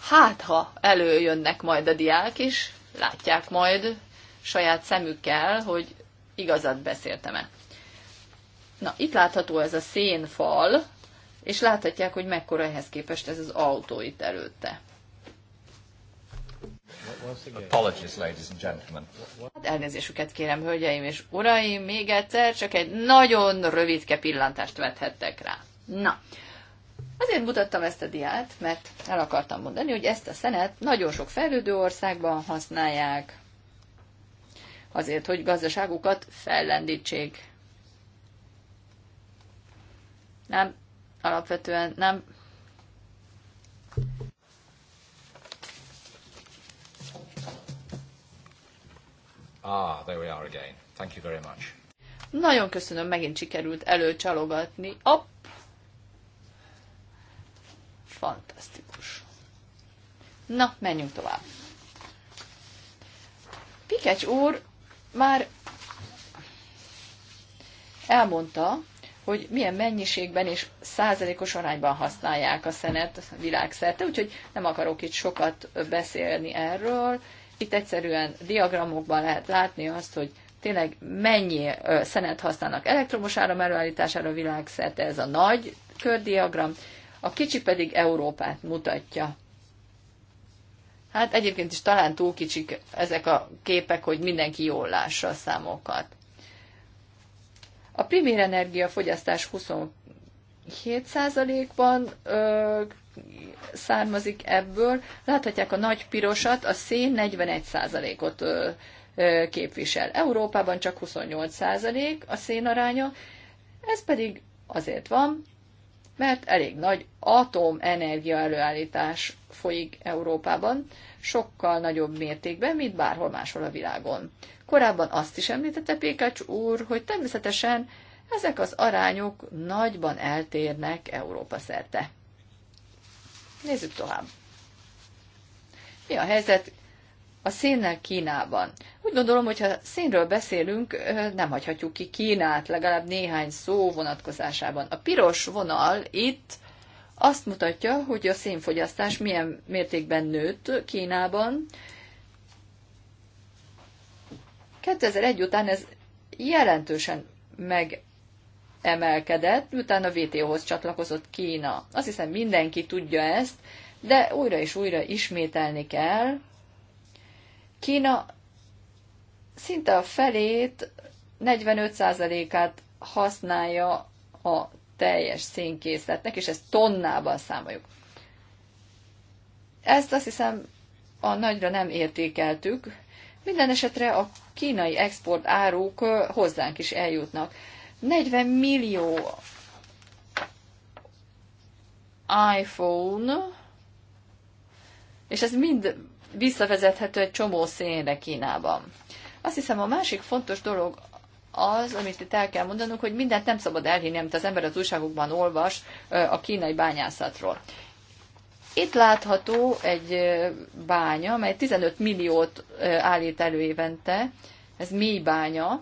hát ha előjönnek majd a diák is, látják majd saját szemükkel, hogy igazat beszéltem-e. Na, itt látható ez a szénfal, és láthatják, hogy mekkora ehhez képest ez az autó itt előtte. Apologies, ladies and gentlemen. Hát elnézésüket kérem, hölgyeim és uraim, még egyszer csak egy nagyon rövidke pillantást vethettek rá. Na, azért mutattam ezt a diát, mert el akartam mondani, hogy ezt a szenet nagyon sok fejlődő országban használják, azért, hogy gazdaságukat fellendítsék. Nem, alapvetően nem. Ah, there we are again. Thank you very much. Nagyon köszönöm, megint sikerült előcsalogatni. Op. Fantasztikus. Na, menjünk tovább. Pikecs úr már elmondta, hogy milyen mennyiségben és százalékos arányban használják a szenet világszerte, úgyhogy nem akarok itt sokat beszélni erről. Itt egyszerűen diagramokban lehet látni azt, hogy tényleg mennyi szenet használnak elektromos áram előállítására világszerte, ez a nagy kördiagram, a kicsi pedig Európát mutatja. Hát egyébként is talán túl kicsik ezek a képek, hogy mindenki jól lássa a számokat. A primér energiafogyasztás 27%-ban származik ebből. Láthatják a nagy pirosat, a szén 41%-ot képvisel. Európában csak 28% a szén aránya, ez pedig azért van, mert elég nagy atomenergia előállítás folyik Európában, sokkal nagyobb mértékben, mint bárhol máshol a világon. Korábban azt is említette Pékács úr, hogy természetesen ezek az arányok nagyban eltérnek Európa szerte. Nézzük tovább. Mi a helyzet a szénnel Kínában. Úgy gondolom, hogy ha szénről beszélünk, nem hagyhatjuk ki Kínát, legalább néhány szó vonatkozásában. A piros vonal itt azt mutatja, hogy a szénfogyasztás milyen mértékben nőtt Kínában. 2001 után ez jelentősen emelkedett. miután a WTO-hoz csatlakozott Kína. Azt hiszem mindenki tudja ezt, de újra és újra ismételni kell, Kína szinte a felét, 45%-át használja a teljes szénkészletnek, és ezt tonnában számoljuk. Ezt azt hiszem a nagyra nem értékeltük. Minden esetre a kínai export áruk hozzánk is eljutnak. 40 millió iPhone, és ez mind visszavezethető egy csomó szénre Kínában. Azt hiszem, a másik fontos dolog az, amit itt el kell mondanunk, hogy mindent nem szabad elhinni, amit az ember az újságokban olvas a kínai bányászatról. Itt látható egy bánya, mely 15 milliót állít elő évente, ez mély bánya,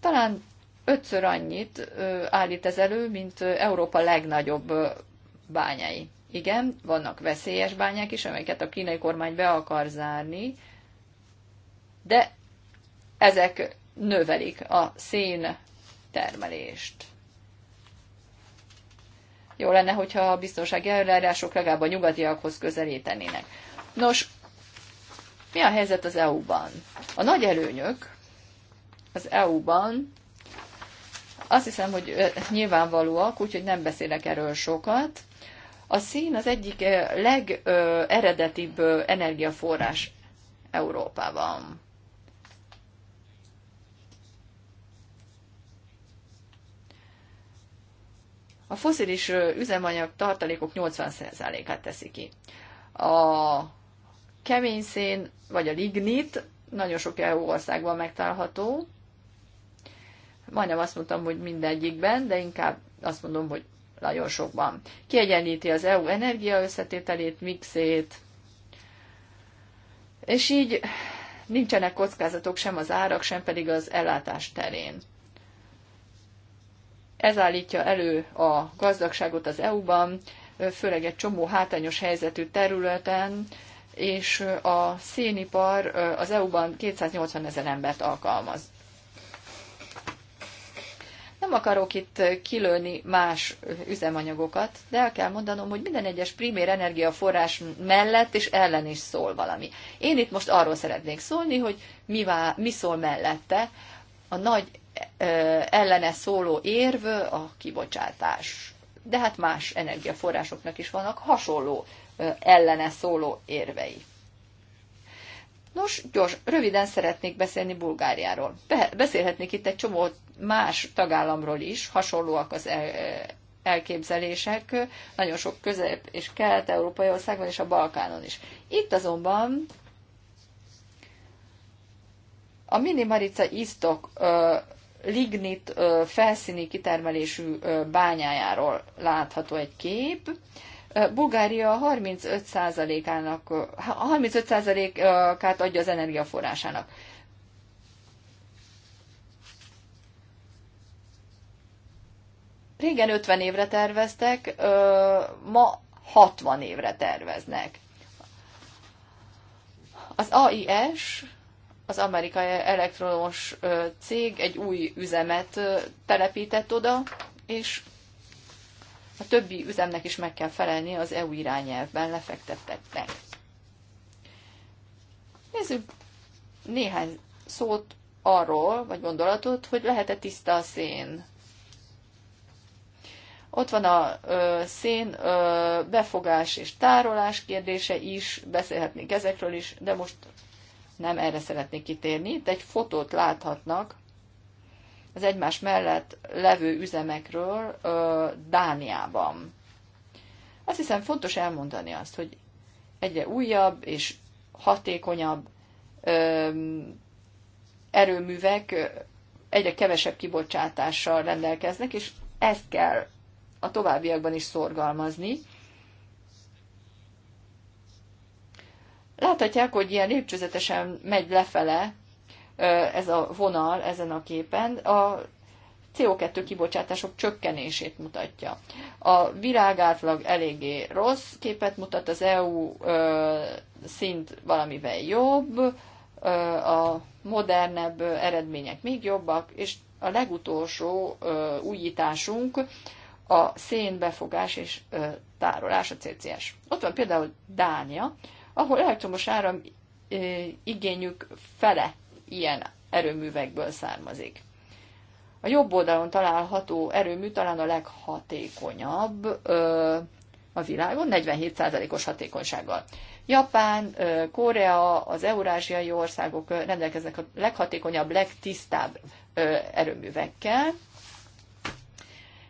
talán ötször annyit állít ez elő, mint Európa legnagyobb bányai. Igen, vannak veszélyes bányák is, amelyeket a kínai kormány be akar zárni, de ezek növelik a szén termelést. Jó lenne, hogyha a biztonsági előrások legalább a nyugatiakhoz közelítenének. Nos, mi a helyzet az EU-ban? A nagy előnyök az EU-ban azt hiszem, hogy nyilvánvalóak, úgyhogy nem beszélek erről sokat. A szén az egyik legeredetibb energiaforrás Európában. A foszilis üzemanyag tartalékok 80%-át teszi ki. A kemény szén, vagy a lignit nagyon sok EU országban megtalálható. Majdnem azt mondtam, hogy mindegyikben, de inkább azt mondom, hogy nagyon sokban. Kiegyenlíti az EU energia összetételét, mixét, és így nincsenek kockázatok sem az árak, sem pedig az ellátás terén. Ez állítja elő a gazdagságot az EU-ban, főleg egy csomó hátrányos helyzetű területen, és a szénipar az EU-ban 280 ezer embert alkalmaz. Nem akarok itt kilőni más üzemanyagokat, de el kell mondanom, hogy minden egyes primér energiaforrás mellett és ellen is szól valami. Én itt most arról szeretnék szólni, hogy mi, vá, mi szól mellette. A nagy ö, ellene szóló érv a kibocsátás. De hát más energiaforrásoknak is vannak hasonló ö, ellene szóló érvei. Nos, gyors, röviden szeretnék beszélni Bulgáriáról. Beszélhetnék itt egy csomó más tagállamról is, hasonlóak az elképzelések, nagyon sok közép- és kelet-európai országban és a Balkánon is. Itt azonban a Minimarica Istok lignit felszíni kitermelésű bányájáról látható egy kép. Bulgária 35%-ának, 35%-át adja az energiaforrásának. Régen 50 évre terveztek, ma 60 évre terveznek. Az AIS, az amerikai elektronos cég egy új üzemet telepített oda, és a többi üzemnek is meg kell felelni az EU irányelvben lefektetteknek. Nézzük néhány szót arról, vagy gondolatot, hogy lehet-e tiszta a szén. Ott van a ö, szén ö, befogás és tárolás kérdése is, beszélhetnénk ezekről is, de most nem erre szeretnék kitérni. Itt egy fotót láthatnak az egymás mellett levő üzemekről Dániában. Azt hiszem fontos elmondani azt, hogy egyre újabb és hatékonyabb erőművek egyre kevesebb kibocsátással rendelkeznek, és ezt kell a továbbiakban is szorgalmazni. Láthatják, hogy ilyen lépcsőzetesen megy lefele ez a vonal ezen a képen, a CO2 kibocsátások csökkenését mutatja. A világátlag eléggé rossz képet mutat, az EU szint valamivel jobb, a modernebb eredmények még jobbak, és a legutolsó újításunk a szénbefogás és tárolás, a CCS. Ott van például Dánia, ahol elektromos áram igényük fele ilyen erőművekből származik. A jobb oldalon található erőmű talán a leghatékonyabb ö, a világon, 47%-os hatékonysággal. Japán, Korea, az eurázsiai országok rendelkeznek a leghatékonyabb, legtisztább erőművekkel.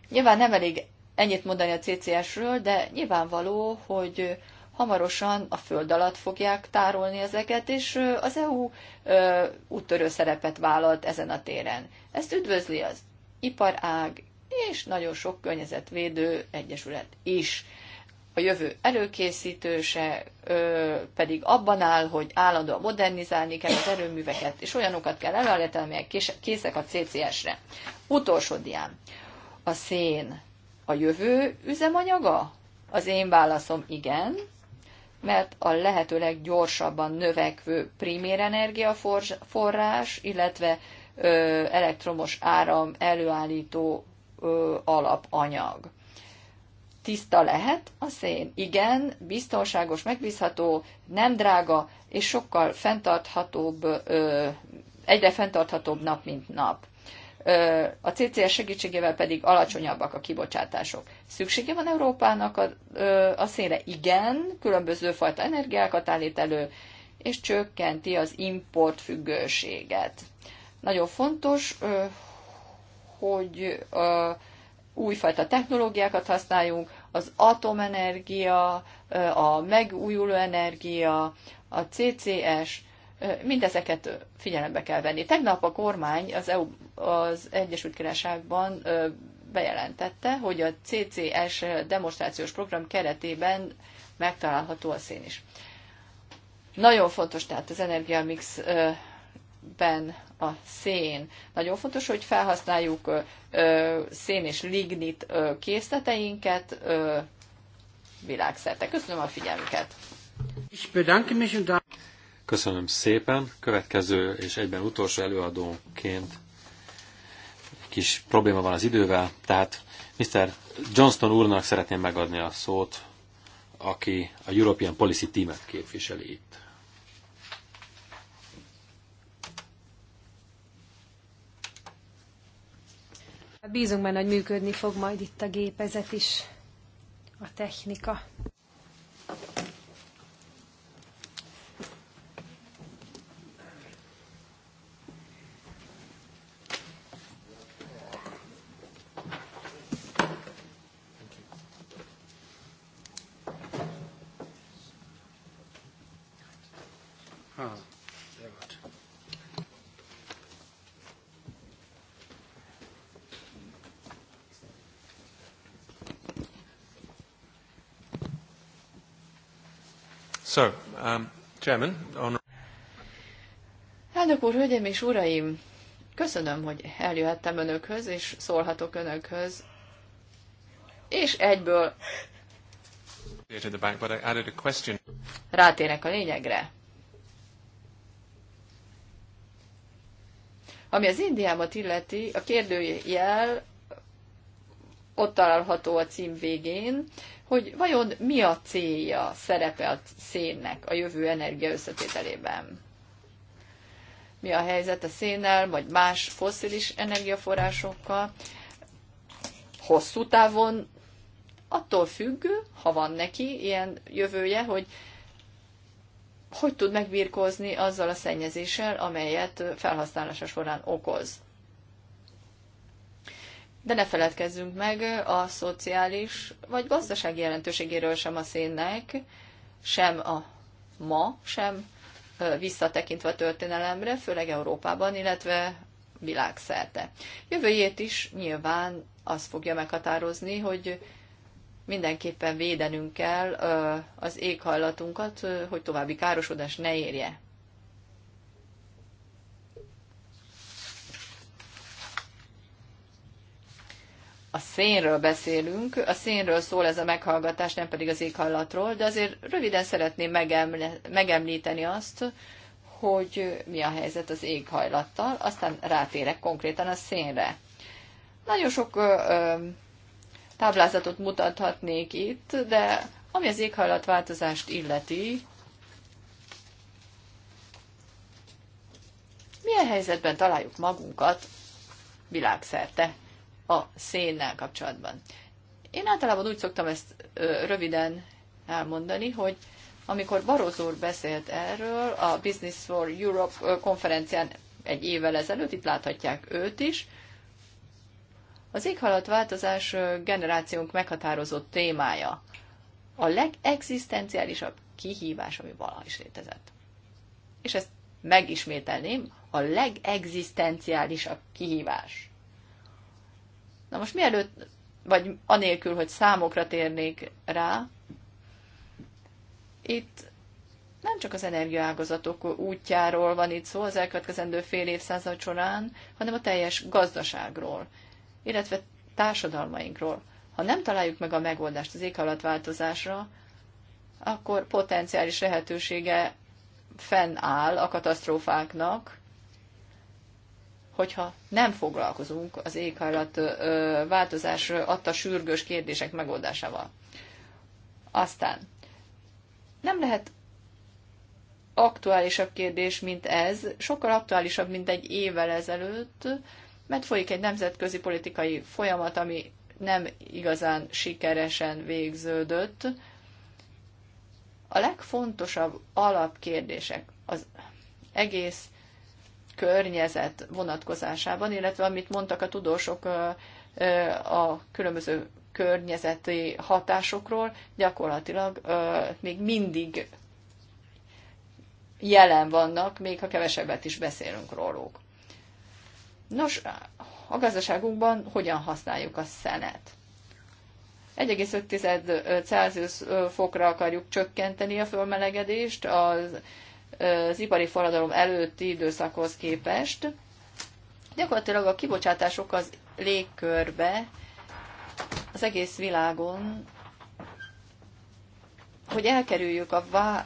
Nyilván nem elég ennyit mondani a CCS-ről, de nyilvánvaló, hogy hamarosan a föld alatt fogják tárolni ezeket, és az EU úttörő szerepet vállalt ezen a téren. Ezt üdvözli az iparág és nagyon sok környezetvédő egyesület is. A jövő előkészítőse ö, pedig abban áll, hogy állandóan modernizálni kell az erőműveket, és olyanokat kell előállítani, amelyek készek a CCS-re. Utolsó dián. A szén a jövő üzemanyaga? Az én válaszom igen, mert a lehető leggyorsabban növekvő primér energiaforrás, illetve elektromos áram előállító alapanyag. Tiszta lehet a szén? Igen, biztonságos, megbízható, nem drága, és sokkal fenntarthatóbb, egyre fenntarthatóbb nap, mint nap a CCS segítségével pedig alacsonyabbak a kibocsátások. Szüksége van Európának a, a szére? Igen, különböző fajta energiákat állít elő, és csökkenti az import függőséget. Nagyon fontos, hogy újfajta technológiákat használjunk, az atomenergia, a megújuló energia, a CCS, mindezeket figyelembe kell venni. Tegnap a kormány az, EU, az Egyesült Királyságban bejelentette, hogy a CCS demonstrációs program keretében megtalálható a szén is. Nagyon fontos tehát az energiamixben a szén. Nagyon fontos, hogy felhasználjuk szén és lignit készleteinket világszerte. Köszönöm a figyelmüket! Köszönöm szépen. Következő és egyben utolsó előadónként kis probléma van az idővel, tehát Mr. Johnston úrnak szeretném megadni a szót, aki a European Policy Team-et képviseli itt. Bízunk benne, hogy működni fog majd itt a gépezet is, a technika. So, um, Chairman, on... Elnök úr, hölgyeim és uraim! Köszönöm, hogy eljöhettem önökhöz, és szólhatok önökhöz. És egyből Rátérek a lényegre. Ami az Indiámat illeti, a kérdőjel ott található a cím végén, hogy vajon mi a célja, szerepe a szénnek a jövő energia összetételében. Mi a helyzet a szénnel, vagy más fosszilis energiaforrásokkal. Hosszú távon attól függ, ha van neki ilyen jövője, hogy hogy tud megbírkozni azzal a szennyezéssel, amelyet felhasználása során okoz de ne feledkezzünk meg a szociális vagy gazdasági jelentőségéről sem a szénnek, sem a ma, sem visszatekintve a történelemre, főleg Európában, illetve világszerte. Jövőjét is nyilván az fogja meghatározni, hogy mindenképpen védenünk kell az éghajlatunkat, hogy további károsodás ne érje a szénről beszélünk, a szénről szól ez a meghallgatás, nem pedig az éghajlatról, de azért röviden szeretném megemlíteni azt, hogy mi a helyzet az éghajlattal, aztán rátérek konkrétan a szénre. Nagyon sok ö, ö, táblázatot mutathatnék itt, de ami az éghajlatváltozást illeti, milyen helyzetben találjuk magunkat világszerte a szénnel kapcsolatban. Én általában úgy szoktam ezt röviden elmondani, hogy amikor Barroso úr beszélt erről a Business for Europe konferencián egy évvel ezelőtt, itt láthatják őt is, az éghajlatváltozás generációnk meghatározó témája. A legexisztenciálisabb kihívás, ami valaha is létezett. És ezt megismételném, a legexisztenciálisabb kihívás. Na most mielőtt, vagy anélkül, hogy számokra térnék rá, itt nem csak az energiaágazatok útjáról van itt szó az elkövetkezendő fél évszázad során, hanem a teljes gazdaságról, illetve társadalmainkról. Ha nem találjuk meg a megoldást az éghajlatváltozásra, akkor potenciális lehetősége fennáll a katasztrófáknak, hogyha nem foglalkozunk az éghajlat változás adta sürgős kérdések megoldásával. Aztán nem lehet aktuálisabb kérdés, mint ez, sokkal aktuálisabb, mint egy évvel ezelőtt, mert folyik egy nemzetközi politikai folyamat, ami nem igazán sikeresen végződött. A legfontosabb alapkérdések az egész környezet vonatkozásában, illetve amit mondtak a tudósok a különböző környezeti hatásokról, gyakorlatilag még mindig jelen vannak, még ha kevesebbet is beszélünk róluk. Nos, a gazdaságunkban hogyan használjuk a szenet? 1,5 Celsius fokra akarjuk csökkenteni a fölmelegedést, az az ipari forradalom előtti időszakhoz képest. Gyakorlatilag a kibocsátások az légkörbe, az egész világon, hogy elkerüljük a vá...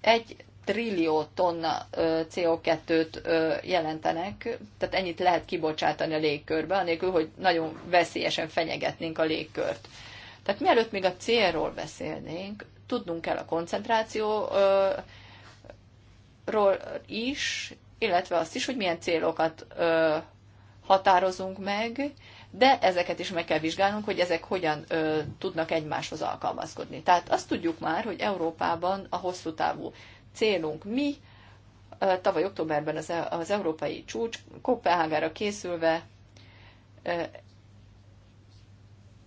egy trillió tonna CO2-t jelentenek, tehát ennyit lehet kibocsátani a légkörbe, anélkül, hogy nagyon veszélyesen fenyegetnénk a légkört. Tehát mielőtt még a célról beszélnénk, tudnunk kell a koncentrációról is, illetve azt is, hogy milyen célokat határozunk meg, de ezeket is meg kell vizsgálnunk, hogy ezek hogyan ö, tudnak egymáshoz alkalmazkodni. Tehát azt tudjuk már, hogy Európában a hosszú távú célunk mi, ö, tavaly októberben az, e-, az európai csúcs Kopenhágára készülve ö,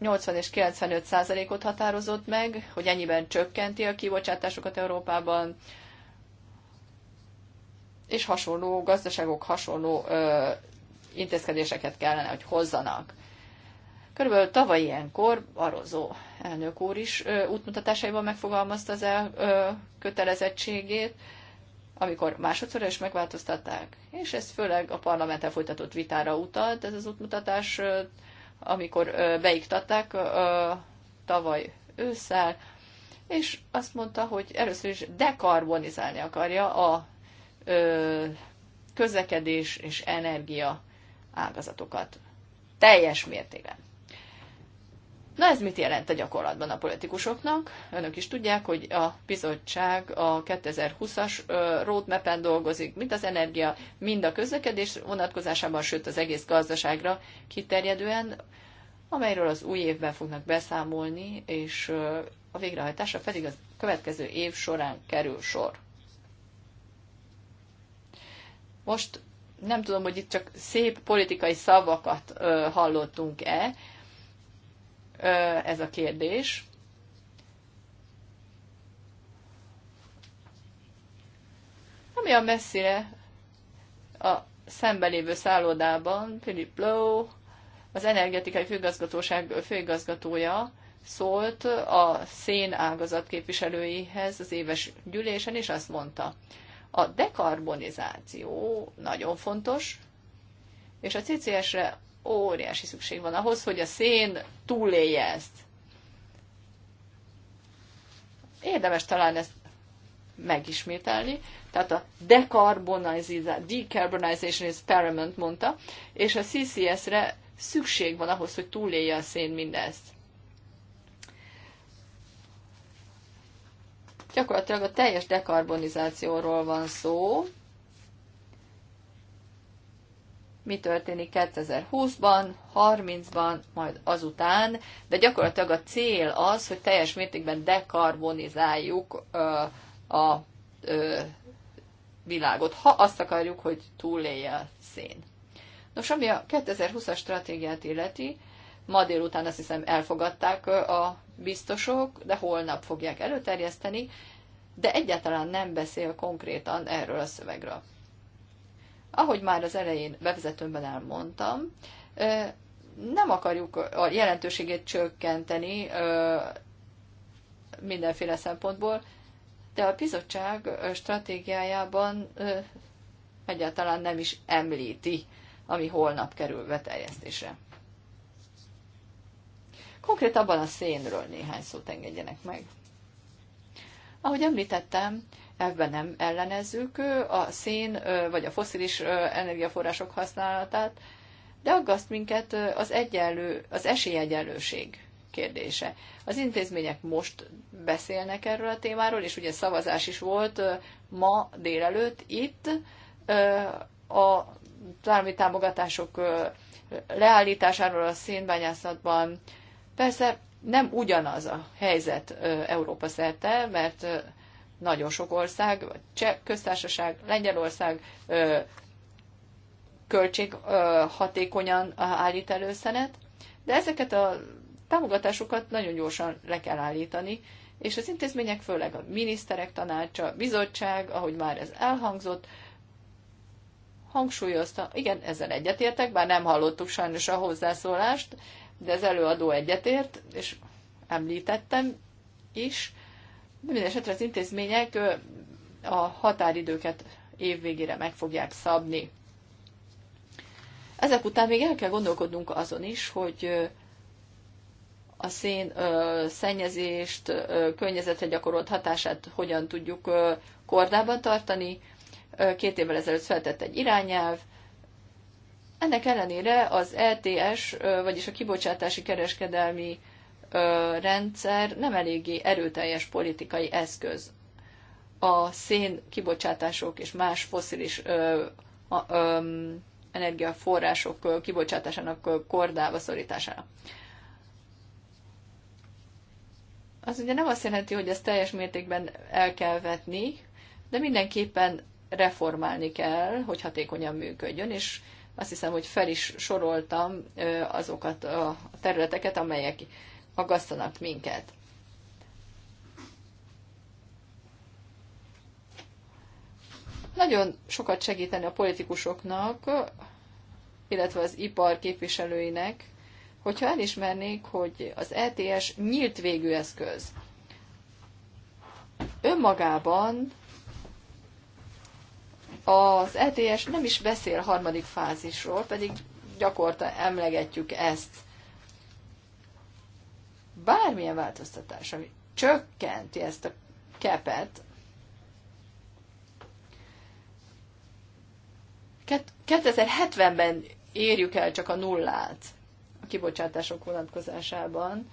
80 és 95 százalékot határozott meg, hogy ennyiben csökkenti a kibocsátásokat Európában, és hasonló gazdaságok hasonló ö, intézkedéseket kellene, hogy hozzanak. Körülbelül tavaly ilyenkor Barozó elnök úr is ö, útmutatásaiban megfogalmazta az elkötelezettségét, amikor másodszor is megváltoztatták, és ez főleg a parlamenttel folytatott vitára utalt, ez az útmutatás ö, amikor beiktatták tavaly ősszel, és azt mondta, hogy először is dekarbonizálni akarja a közlekedés és energia ágazatokat. Teljes mértékben. Na ez mit jelent a gyakorlatban a politikusoknak? Önök is tudják, hogy a bizottság a 2020-as roadmap-en dolgozik, mint az energia, mind a közlekedés vonatkozásában, sőt az egész gazdaságra kiterjedően, amelyről az új évben fognak beszámolni, és a végrehajtásra pedig a következő év során kerül sor. Most nem tudom, hogy itt csak szép politikai szavakat hallottunk-e, ez a kérdés. Nem olyan messzire a szembelévő szállodában Philip Lowe, az energetikai főgazgatóság főigazgatója szólt a szén ágazat képviselőihez az éves gyűlésen, és azt mondta, a dekarbonizáció nagyon fontos, és a CCS-re óriási szükség van ahhoz, hogy a szén túlélje ezt. Érdemes talán ezt megismételni, tehát a Decarbonization Experiment mondta, és a CCS-re szükség van ahhoz, hogy túlélje a szén mindezt. Gyakorlatilag a teljes dekarbonizációról van szó, mi történik 2020-ban, 30-ban, majd azután, de gyakorlatilag a cél az, hogy teljes mértékben dekarbonizáljuk a világot, ha azt akarjuk, hogy túlélje a szén. Nos, ami a 2020-as stratégiát illeti, ma délután azt hiszem elfogadták a biztosok, de holnap fogják előterjeszteni, de egyáltalán nem beszél konkrétan erről a szövegről. Ahogy már az elején bevezetőmben elmondtam, nem akarjuk a jelentőségét csökkenteni mindenféle szempontból, de a bizottság stratégiájában egyáltalán nem is említi, ami holnap kerül beteljesztésre. Konkrétabban a szénről néhány szót engedjenek meg. Ahogy említettem, Ebben nem ellenezzük a szén vagy a foszilis energiaforrások használatát, de aggaszt minket az, egyenlő, az esélyegyenlőség kérdése. Az intézmények most beszélnek erről a témáról, és ugye szavazás is volt ma délelőtt itt a állami támogatások leállításáról a szénbányászatban. Persze nem ugyanaz a helyzet Európa szerte, mert nagyon sok ország, vagy Cseh köztársaság, Lengyelország hatékonyan állít elő szenet, de ezeket a támogatásokat nagyon gyorsan le kell állítani, és az intézmények, főleg a miniszterek tanácsa, bizottság, ahogy már ez elhangzott, hangsúlyozta, igen, ezzel egyetértek, bár nem hallottuk sajnos a hozzászólást, de az előadó egyetért, és említettem is, de minden esetre az intézmények a határidőket év végére meg fogják szabni. Ezek után még el kell gondolkodnunk azon is, hogy a szén ö, szennyezést, ö, környezetre gyakorolt hatását hogyan tudjuk ö, kordában tartani. Ö, két évvel ezelőtt született egy irányelv. Ennek ellenére az ETS, ö, vagyis a kibocsátási kereskedelmi rendszer nem eléggé erőteljes politikai eszköz. A szén kibocsátások és más foszilis energiaforrások kibocsátásának kordába szorítására. Az ugye nem azt jelenti, hogy ezt teljes mértékben el kell vetni, de mindenképpen reformálni kell, hogy hatékonyan működjön, és azt hiszem, hogy fel is soroltam azokat a területeket, amelyek aggasztanak minket. Nagyon sokat segíteni a politikusoknak, illetve az ipar képviselőinek, hogyha elismernék, hogy az ETS nyílt végű eszköz. Önmagában az ETS nem is beszél harmadik fázisról, pedig gyakorta emlegetjük ezt bármilyen változtatás, ami csökkenti ezt a kepet, Ket- 2070-ben érjük el csak a nullát a kibocsátások vonatkozásában,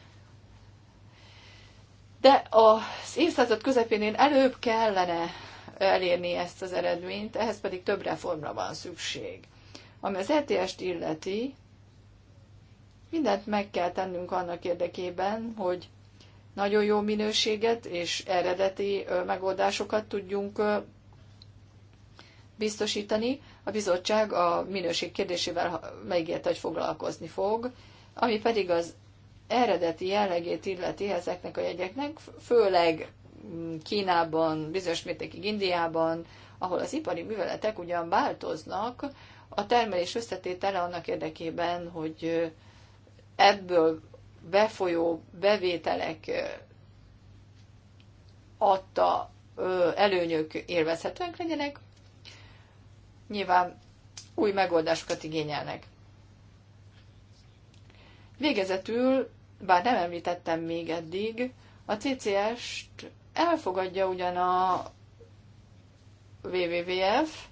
de az évszázad közepénél előbb kellene elérni ezt az eredményt, ehhez pedig több reformra van szükség. Ami az ETS-t illeti, Mindent meg kell tennünk annak érdekében, hogy nagyon jó minőséget és eredeti megoldásokat tudjunk biztosítani. A bizottság a minőség kérdésével megígérte, hogy foglalkozni fog, ami pedig az eredeti jellegét illeti ezeknek a jegyeknek, főleg mm, Kínában, bizonyos mértékig Indiában, ahol az ipari műveletek ugyan változnak, a termelés összetétele annak érdekében, hogy ebből befolyó bevételek adta előnyök élvezhetőek legyenek, nyilván új megoldásokat igényelnek. Végezetül, bár nem említettem még eddig, a CCS-t elfogadja ugyan a WWF,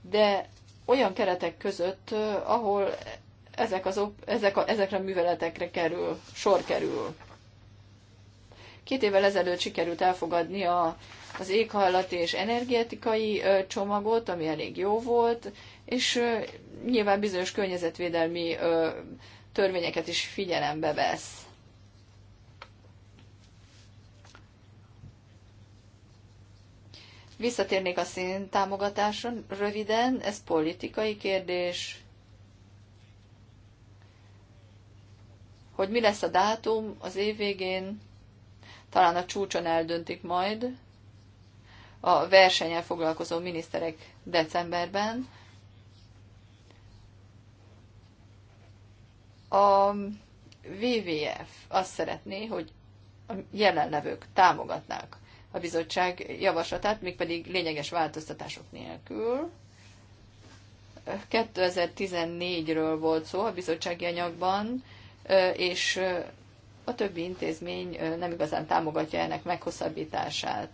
de olyan keretek között, ahol ezek az, ezek a, ezekre a műveletekre kerül, sor kerül. Két évvel ezelőtt sikerült elfogadni a, az éghajlati és energetikai csomagot, ami elég jó volt, és nyilván bizonyos környezetvédelmi törvényeket is figyelembe vesz. Visszatérnék a szén röviden, ez politikai kérdés, hogy mi lesz a dátum az év végén, talán a csúcson eldöntik majd a versenyel foglalkozó miniszterek decemberben. A WWF azt szeretné, hogy a jelenlevők támogatnák a bizottság javaslatát, mégpedig lényeges változtatások nélkül. 2014-ről volt szó a bizottsági anyagban, és a többi intézmény nem igazán támogatja ennek meghosszabbítását.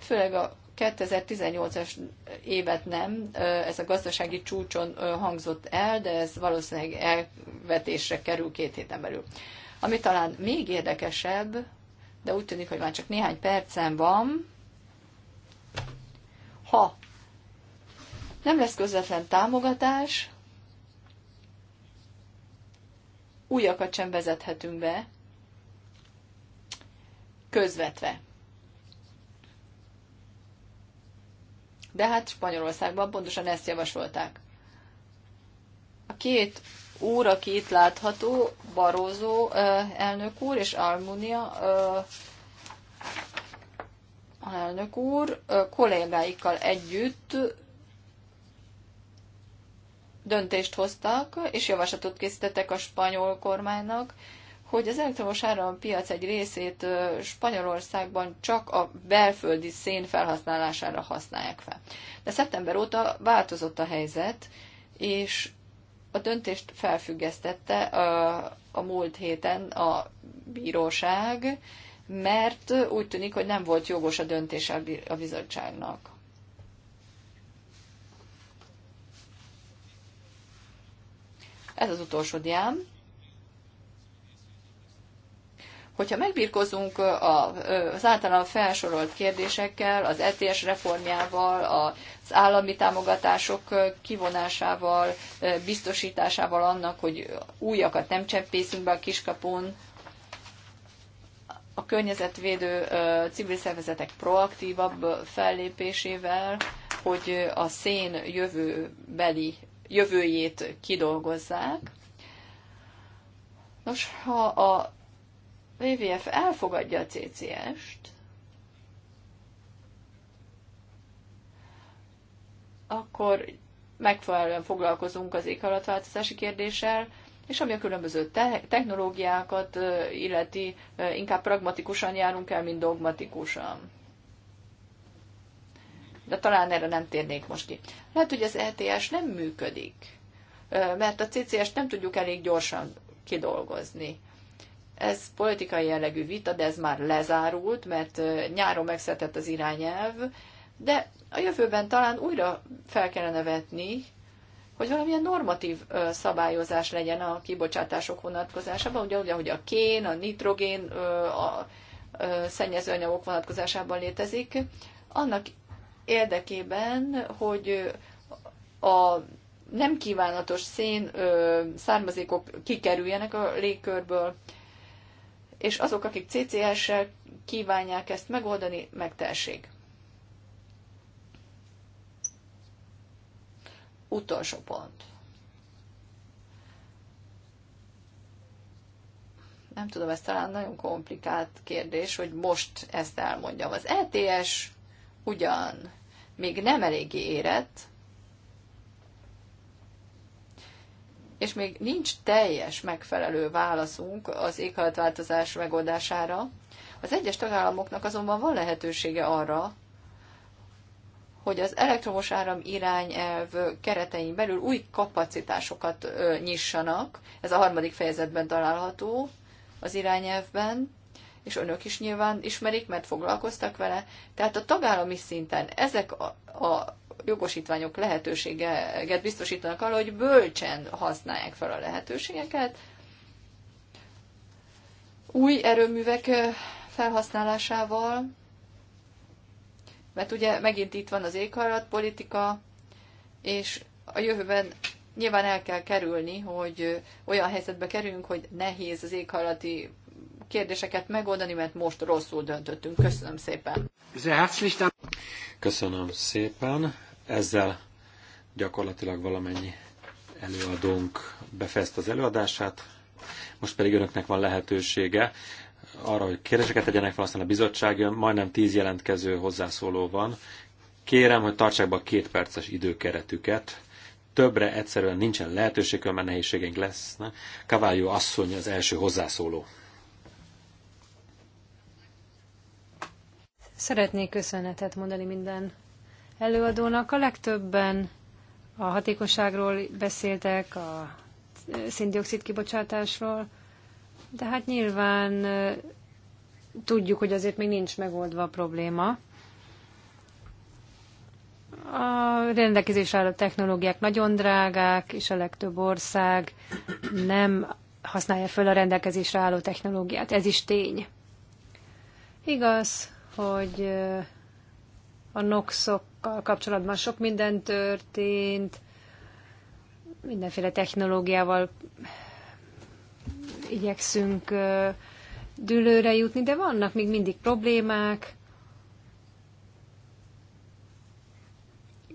Főleg a 2018-as évet nem, ez a gazdasági csúcson hangzott el, de ez valószínűleg elvetésre kerül két héten belül. Ami talán még érdekesebb, de úgy tűnik, hogy már csak néhány percen van, ha nem lesz közvetlen támogatás, újakat sem vezethetünk be közvetve. De hát Spanyolországban pontosan ezt javasolták. A két úr, aki itt látható, Barózó elnök úr és Almunia elnök úr kollégáikkal együtt döntést hoztak, és javaslatot készítettek a spanyol kormánynak, hogy az elektromos árampiac egy részét Spanyolországban csak a belföldi szén felhasználására használják fel. De szeptember óta változott a helyzet, és a döntést felfüggesztette a, a múlt héten a bíróság, mert úgy tűnik, hogy nem volt jogos a döntés a bizottságnak. Ez az utolsó diám. Hogyha megbírkozunk az általán felsorolt kérdésekkel, az ETS reformjával, az állami támogatások kivonásával, biztosításával annak, hogy újakat nem cseppészünk be a kiskapun, a környezetvédő civil szervezetek proaktívabb fellépésével, hogy a szén jövőbeli jövőjét kidolgozzák. Nos, ha a WWF elfogadja a CCS-t, akkor megfelelően foglalkozunk az éghajlatváltozási kérdéssel, és ami a különböző te- technológiákat illeti, inkább pragmatikusan járunk el, mint dogmatikusan de talán erre nem térnék most ki. Lehet, hogy az ETS nem működik, mert a CCS nem tudjuk elég gyorsan kidolgozni. Ez politikai jellegű vita, de ez már lezárult, mert nyáron megszetett az irányelv, de a jövőben talán újra fel kellene vetni, hogy valamilyen normatív szabályozás legyen a kibocsátások vonatkozásában, ugyanúgy, ahogy a kén, a nitrogén, a szennyezőanyagok vonatkozásában létezik, annak érdekében, hogy a nem kívánatos szén származékok kikerüljenek a légkörből, és azok, akik CCS-sel kívánják ezt megoldani, megtelség. Utolsó pont. Nem tudom, ez talán nagyon komplikált kérdés, hogy most ezt elmondjam. Az ETS ugyan még nem eléggé érett, és még nincs teljes megfelelő válaszunk az éghajlatváltozás megoldására, az egyes tagállamoknak azonban van lehetősége arra, hogy az elektromos áram irányelv keretein belül új kapacitásokat nyissanak. Ez a harmadik fejezetben található az irányelvben és önök is nyilván ismerik, mert foglalkoztak vele. Tehát a tagállami szinten ezek a, a jogosítványok lehetőséget biztosítanak arra, hogy bölcsen használják fel a lehetőségeket. Új erőművek felhasználásával, mert ugye megint itt van az politika, és a jövőben nyilván el kell kerülni, hogy olyan helyzetbe kerüljünk, hogy nehéz az éghajlati kérdéseket megoldani, mert most rosszul döntöttünk. Köszönöm szépen. Köszönöm szépen. Ezzel gyakorlatilag valamennyi előadónk befejezte az előadását. Most pedig önöknek van lehetősége arra, hogy kérdéseket tegyenek fel, aztán a bizottság jön. Majdnem tíz jelentkező hozzászóló van. Kérem, hogy tartsák be a két perces időkeretüket. Többre egyszerűen nincsen lehetőség, mert nehézségeink lesznek. Kaváljó asszony az első hozzászóló. Szeretnék köszönetet mondani minden előadónak. A legtöbben a hatékonyságról beszéltek, a széndiokszid kibocsátásról, de hát nyilván tudjuk, hogy azért még nincs megoldva a probléma. A rendelkezésre álló technológiák nagyon drágák, és a legtöbb ország nem használja föl a rendelkezésre álló technológiát. Ez is tény. Igaz, hogy a noxokkal kapcsolatban sok minden történt, mindenféle technológiával igyekszünk dülőre jutni, de vannak még mindig problémák,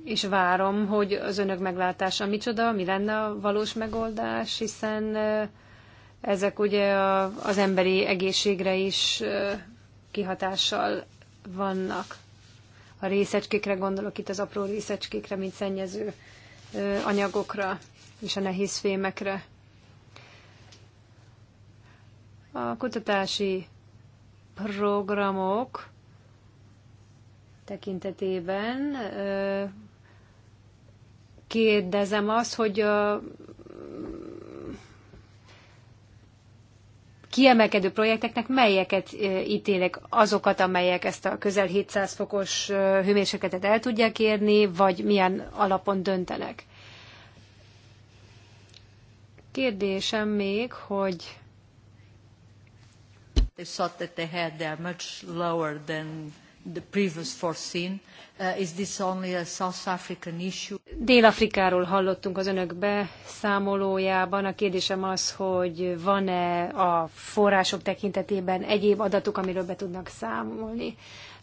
és várom, hogy az önök meglátása micsoda, mi lenne a valós megoldás, hiszen ezek ugye az emberi egészségre is kihatással vannak. A részecskékre gondolok itt az apró részecskékre, mint szennyező anyagokra és a nehéz fémekre. A kutatási programok tekintetében kérdezem azt, hogy a kiemelkedő projekteknek melyeket ítélek? Azokat, amelyek ezt a közel 700 fokos hőmérsékletet el tudják érni, vagy milyen alapon döntenek? Kérdésem még, hogy... They thought that they had much lower than the previous foreseen. Uh, is this only a South African issue? Dél-Afrikáról hallottunk az önök beszámolójában. A kérdésem az, hogy van-e a források tekintetében egyéb adatok, amiről be tudnak számolni.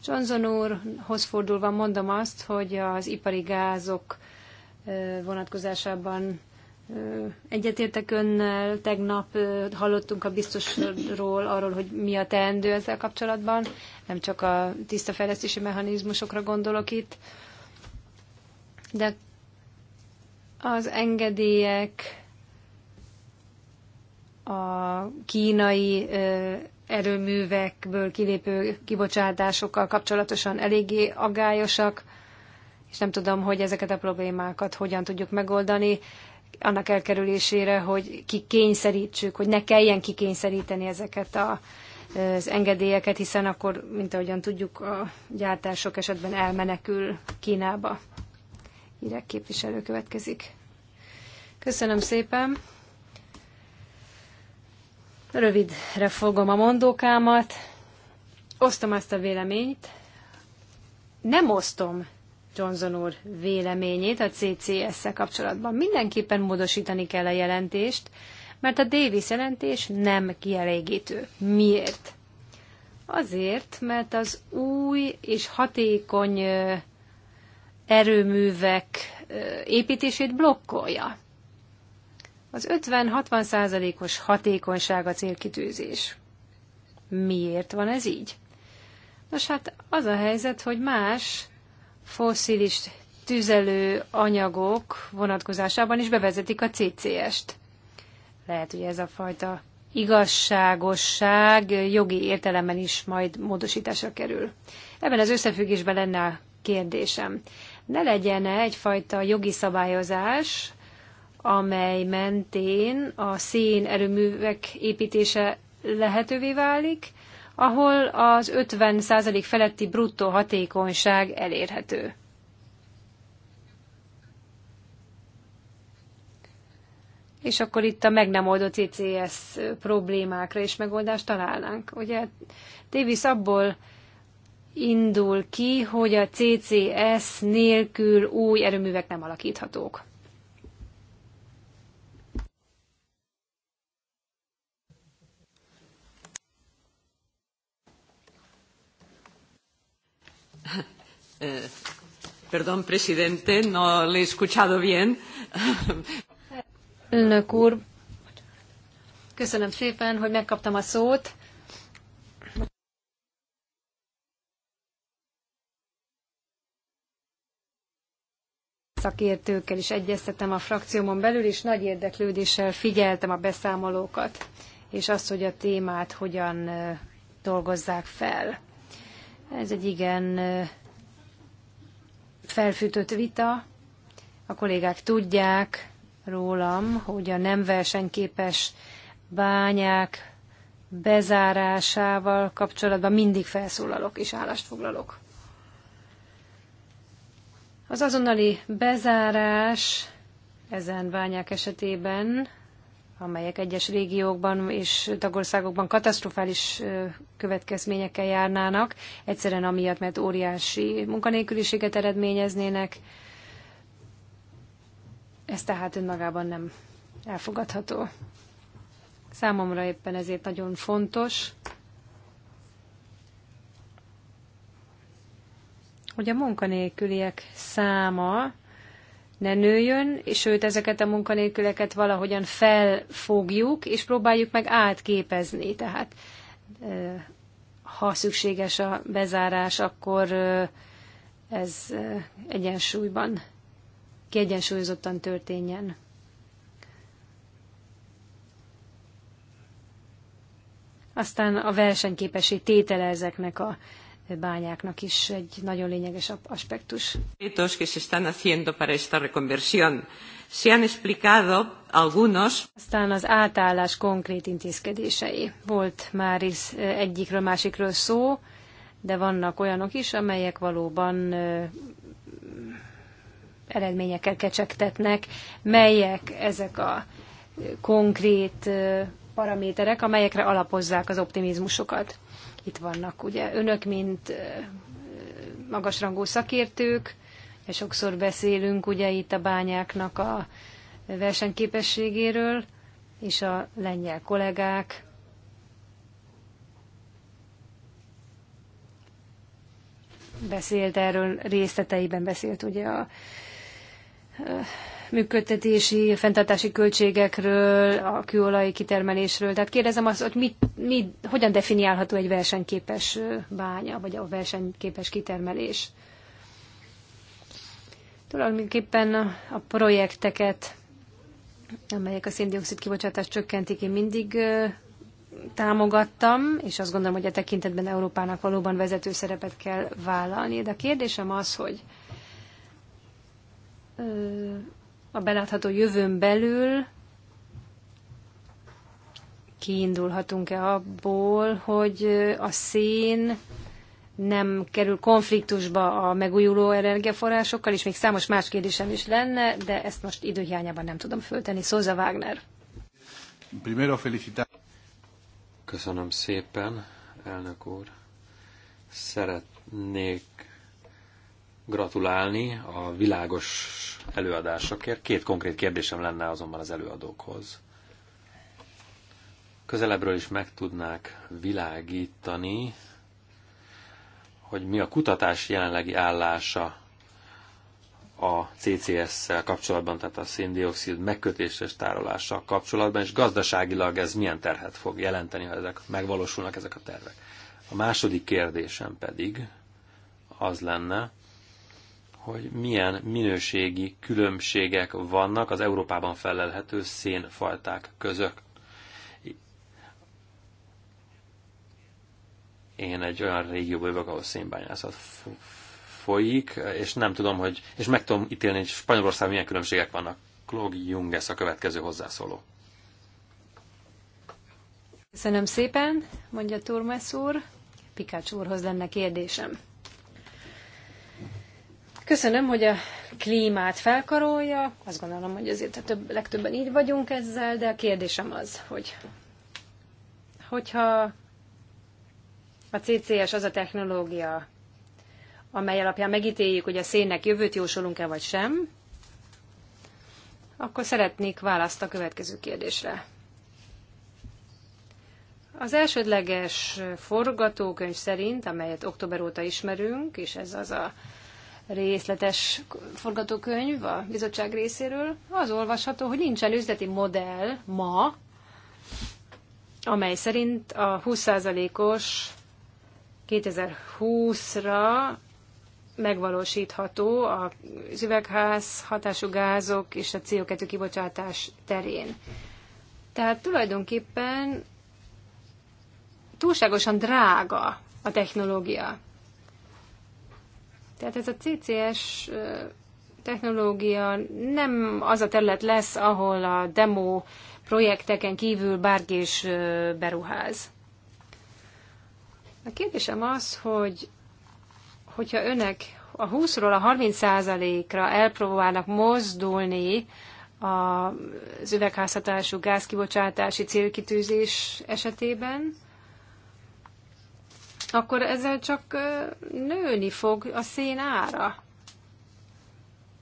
Johnson úrhoz fordulva mondom azt, hogy az ipari gázok vonatkozásában Egyetértek önnel, tegnap hallottunk a biztosról arról, hogy mi a teendő ezzel kapcsolatban, nem csak a tiszta fejlesztési mechanizmusokra gondolok itt, de az engedélyek, a kínai erőművekből kilépő kibocsátásokkal kapcsolatosan eléggé agályosak, és nem tudom, hogy ezeket a problémákat hogyan tudjuk megoldani annak elkerülésére, hogy kikényszerítsük, hogy ne kelljen kikényszeríteni ezeket a az engedélyeket, hiszen akkor, mint ahogyan tudjuk, a gyártások sok esetben elmenekül Kínába. Irek képviselő következik. Köszönöm szépen. Rövidre fogom a mondókámat. Osztom ezt a véleményt. Nem osztom Johnson úr véleményét a CCS-szel kapcsolatban. Mindenképpen módosítani kell a jelentést, mert a Davis jelentés nem kielégítő. Miért? Azért, mert az új és hatékony erőművek építését blokkolja. Az 50-60 százalékos hatékonyság a célkitűzés. Miért van ez így? Nos hát az a helyzet, hogy más fosszilis tüzelő anyagok vonatkozásában is bevezetik a CCS-t. Lehet, hogy ez a fajta igazságosság jogi értelemben is majd módosításra kerül. Ebben az összefüggésben lenne a kérdésem. Ne legyen -e egyfajta jogi szabályozás, amely mentén a szén erőművek építése lehetővé válik, ahol az 50% feletti bruttó hatékonyság elérhető. és akkor itt a meg nem oldott CCS problémákra is megoldást találnánk. Ugye Davis abból indul ki, hogy a CCS nélkül új erőművek nem alakíthatók. Eh, perdón, presidente, no le he escuchado bien. Elnök úr, köszönöm szépen, hogy megkaptam a szót. szakértőkkel is egyeztetem a frakciómon belül, és nagy érdeklődéssel figyeltem a beszámolókat, és azt, hogy a témát hogyan dolgozzák fel. Ez egy igen felfűtött vita. A kollégák tudják, rólam, hogy a nem versenyképes bányák bezárásával kapcsolatban mindig felszólalok és állást foglalok. Az azonnali bezárás ezen bányák esetében, amelyek egyes régiókban és tagországokban katasztrofális következményekkel járnának, egyszerűen amiatt, mert óriási munkanélküliséget eredményeznének, ez tehát önmagában nem elfogadható. Számomra éppen ezért nagyon fontos, hogy a munkanélküliek száma ne nőjön, és őt ezeket a munkanélküleket valahogyan felfogjuk, és próbáljuk meg átképezni. Tehát ha szükséges a bezárás, akkor ez egyensúlyban kiegyensúlyozottan történjen. Aztán a versenyképessé tétele ezeknek a bányáknak is egy nagyon lényeges aspektus. están haciendo para esta reconversión. Se han explicado algunos. Aztán az átállás konkrét intézkedései. Volt már is egyikről másikről szó, de vannak olyanok is, amelyek valóban eredményekkel kecsegtetnek, melyek ezek a konkrét paraméterek, amelyekre alapozzák az optimizmusokat. Itt vannak ugye önök, mint magasrangú szakértők, és sokszor beszélünk ugye itt a bányáknak a versenyképességéről, és a lengyel kollégák beszélt erről részleteiben, beszélt ugye a működtetési, fenntartási költségekről, a kőolaj kitermelésről. Tehát kérdezem azt, hogy mit, mit, hogyan definiálható egy versenyképes bánya, vagy a versenyképes kitermelés. Tulajdonképpen a projekteket, amelyek a széndiokszid kibocsátást csökkentik, én mindig támogattam, és azt gondolom, hogy a tekintetben Európának valóban vezető szerepet kell vállalni. De a kérdésem az, hogy a belátható jövőn belül kiindulhatunk-e abból, hogy a szén nem kerül konfliktusba a megújuló energiaforrásokkal, és még számos más kérdésem is lenne, de ezt most időhiányában nem tudom föltenni. Szóza Wagner. Primero felicitar. Köszönöm szépen, elnök úr. Szeretnék gratulálni a világos előadásokért. Két konkrét kérdésem lenne azonban az előadókhoz. Közelebbről is meg tudnák világítani, hogy mi a kutatás jelenlegi állása a CCS-szel kapcsolatban, tehát a széndiokszid megkötéses tárolással kapcsolatban, és gazdaságilag ez milyen terhet fog jelenteni, ha ezek megvalósulnak ezek a tervek. A második kérdésem pedig az lenne, hogy milyen minőségi különbségek vannak az Európában felelhető szénfajták között. Én egy olyan régióból vagyok, ahol szénbányászat folyik, és nem tudom, hogy, és meg tudom ítélni, hogy Spanyolországban milyen különbségek vannak. Klogi Junges a következő hozzászóló. Köszönöm szépen, mondja Turmes úr. Pikács úrhoz lenne kérdésem. Köszönöm, hogy a klímát felkarolja. Azt gondolom, hogy azért a több, legtöbben így vagyunk ezzel, de a kérdésem az, hogy hogyha a CCS az a technológia, amely alapján megítéljük, hogy a szénnek jövőt jósolunk-e vagy sem, akkor szeretnék választ a következő kérdésre. Az elsődleges forgatókönyv szerint, amelyet október óta ismerünk, és ez az a részletes forgatókönyv a bizottság részéről, az olvasható, hogy nincsen üzleti modell ma, amely szerint a 20%-os 2020-ra megvalósítható a üvegház hatású gázok és a CO2 kibocsátás terén. Tehát tulajdonképpen túlságosan drága a technológia. Tehát ez a CCS technológia nem az a terület lesz, ahol a demo projekteken kívül bárki is beruház. A kérdésem az, hogy hogyha önek a 20-ról a 30 ra elpróbálnak mozdulni az üvegházhatású gázkibocsátási célkitűzés esetében, akkor ezzel csak nőni fog a szén ára.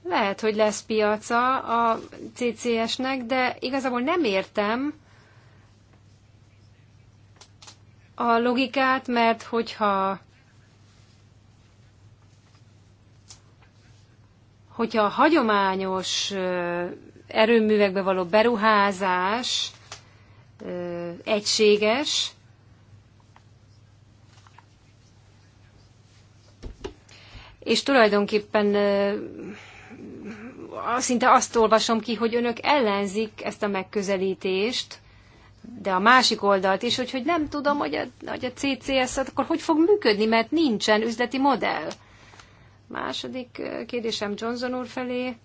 Lehet, hogy lesz piaca a CCS-nek, de igazából nem értem a logikát, mert hogyha hogyha a hagyományos erőművekbe való beruházás egységes, és tulajdonképpen szinte azt olvasom ki, hogy önök ellenzik ezt a megközelítést, de a másik oldalt is, hogy, hogy nem tudom, hogy a, hogy a CCS akkor hogy fog működni, mert nincsen üzleti modell. Második kérdésem Johnson úr felé.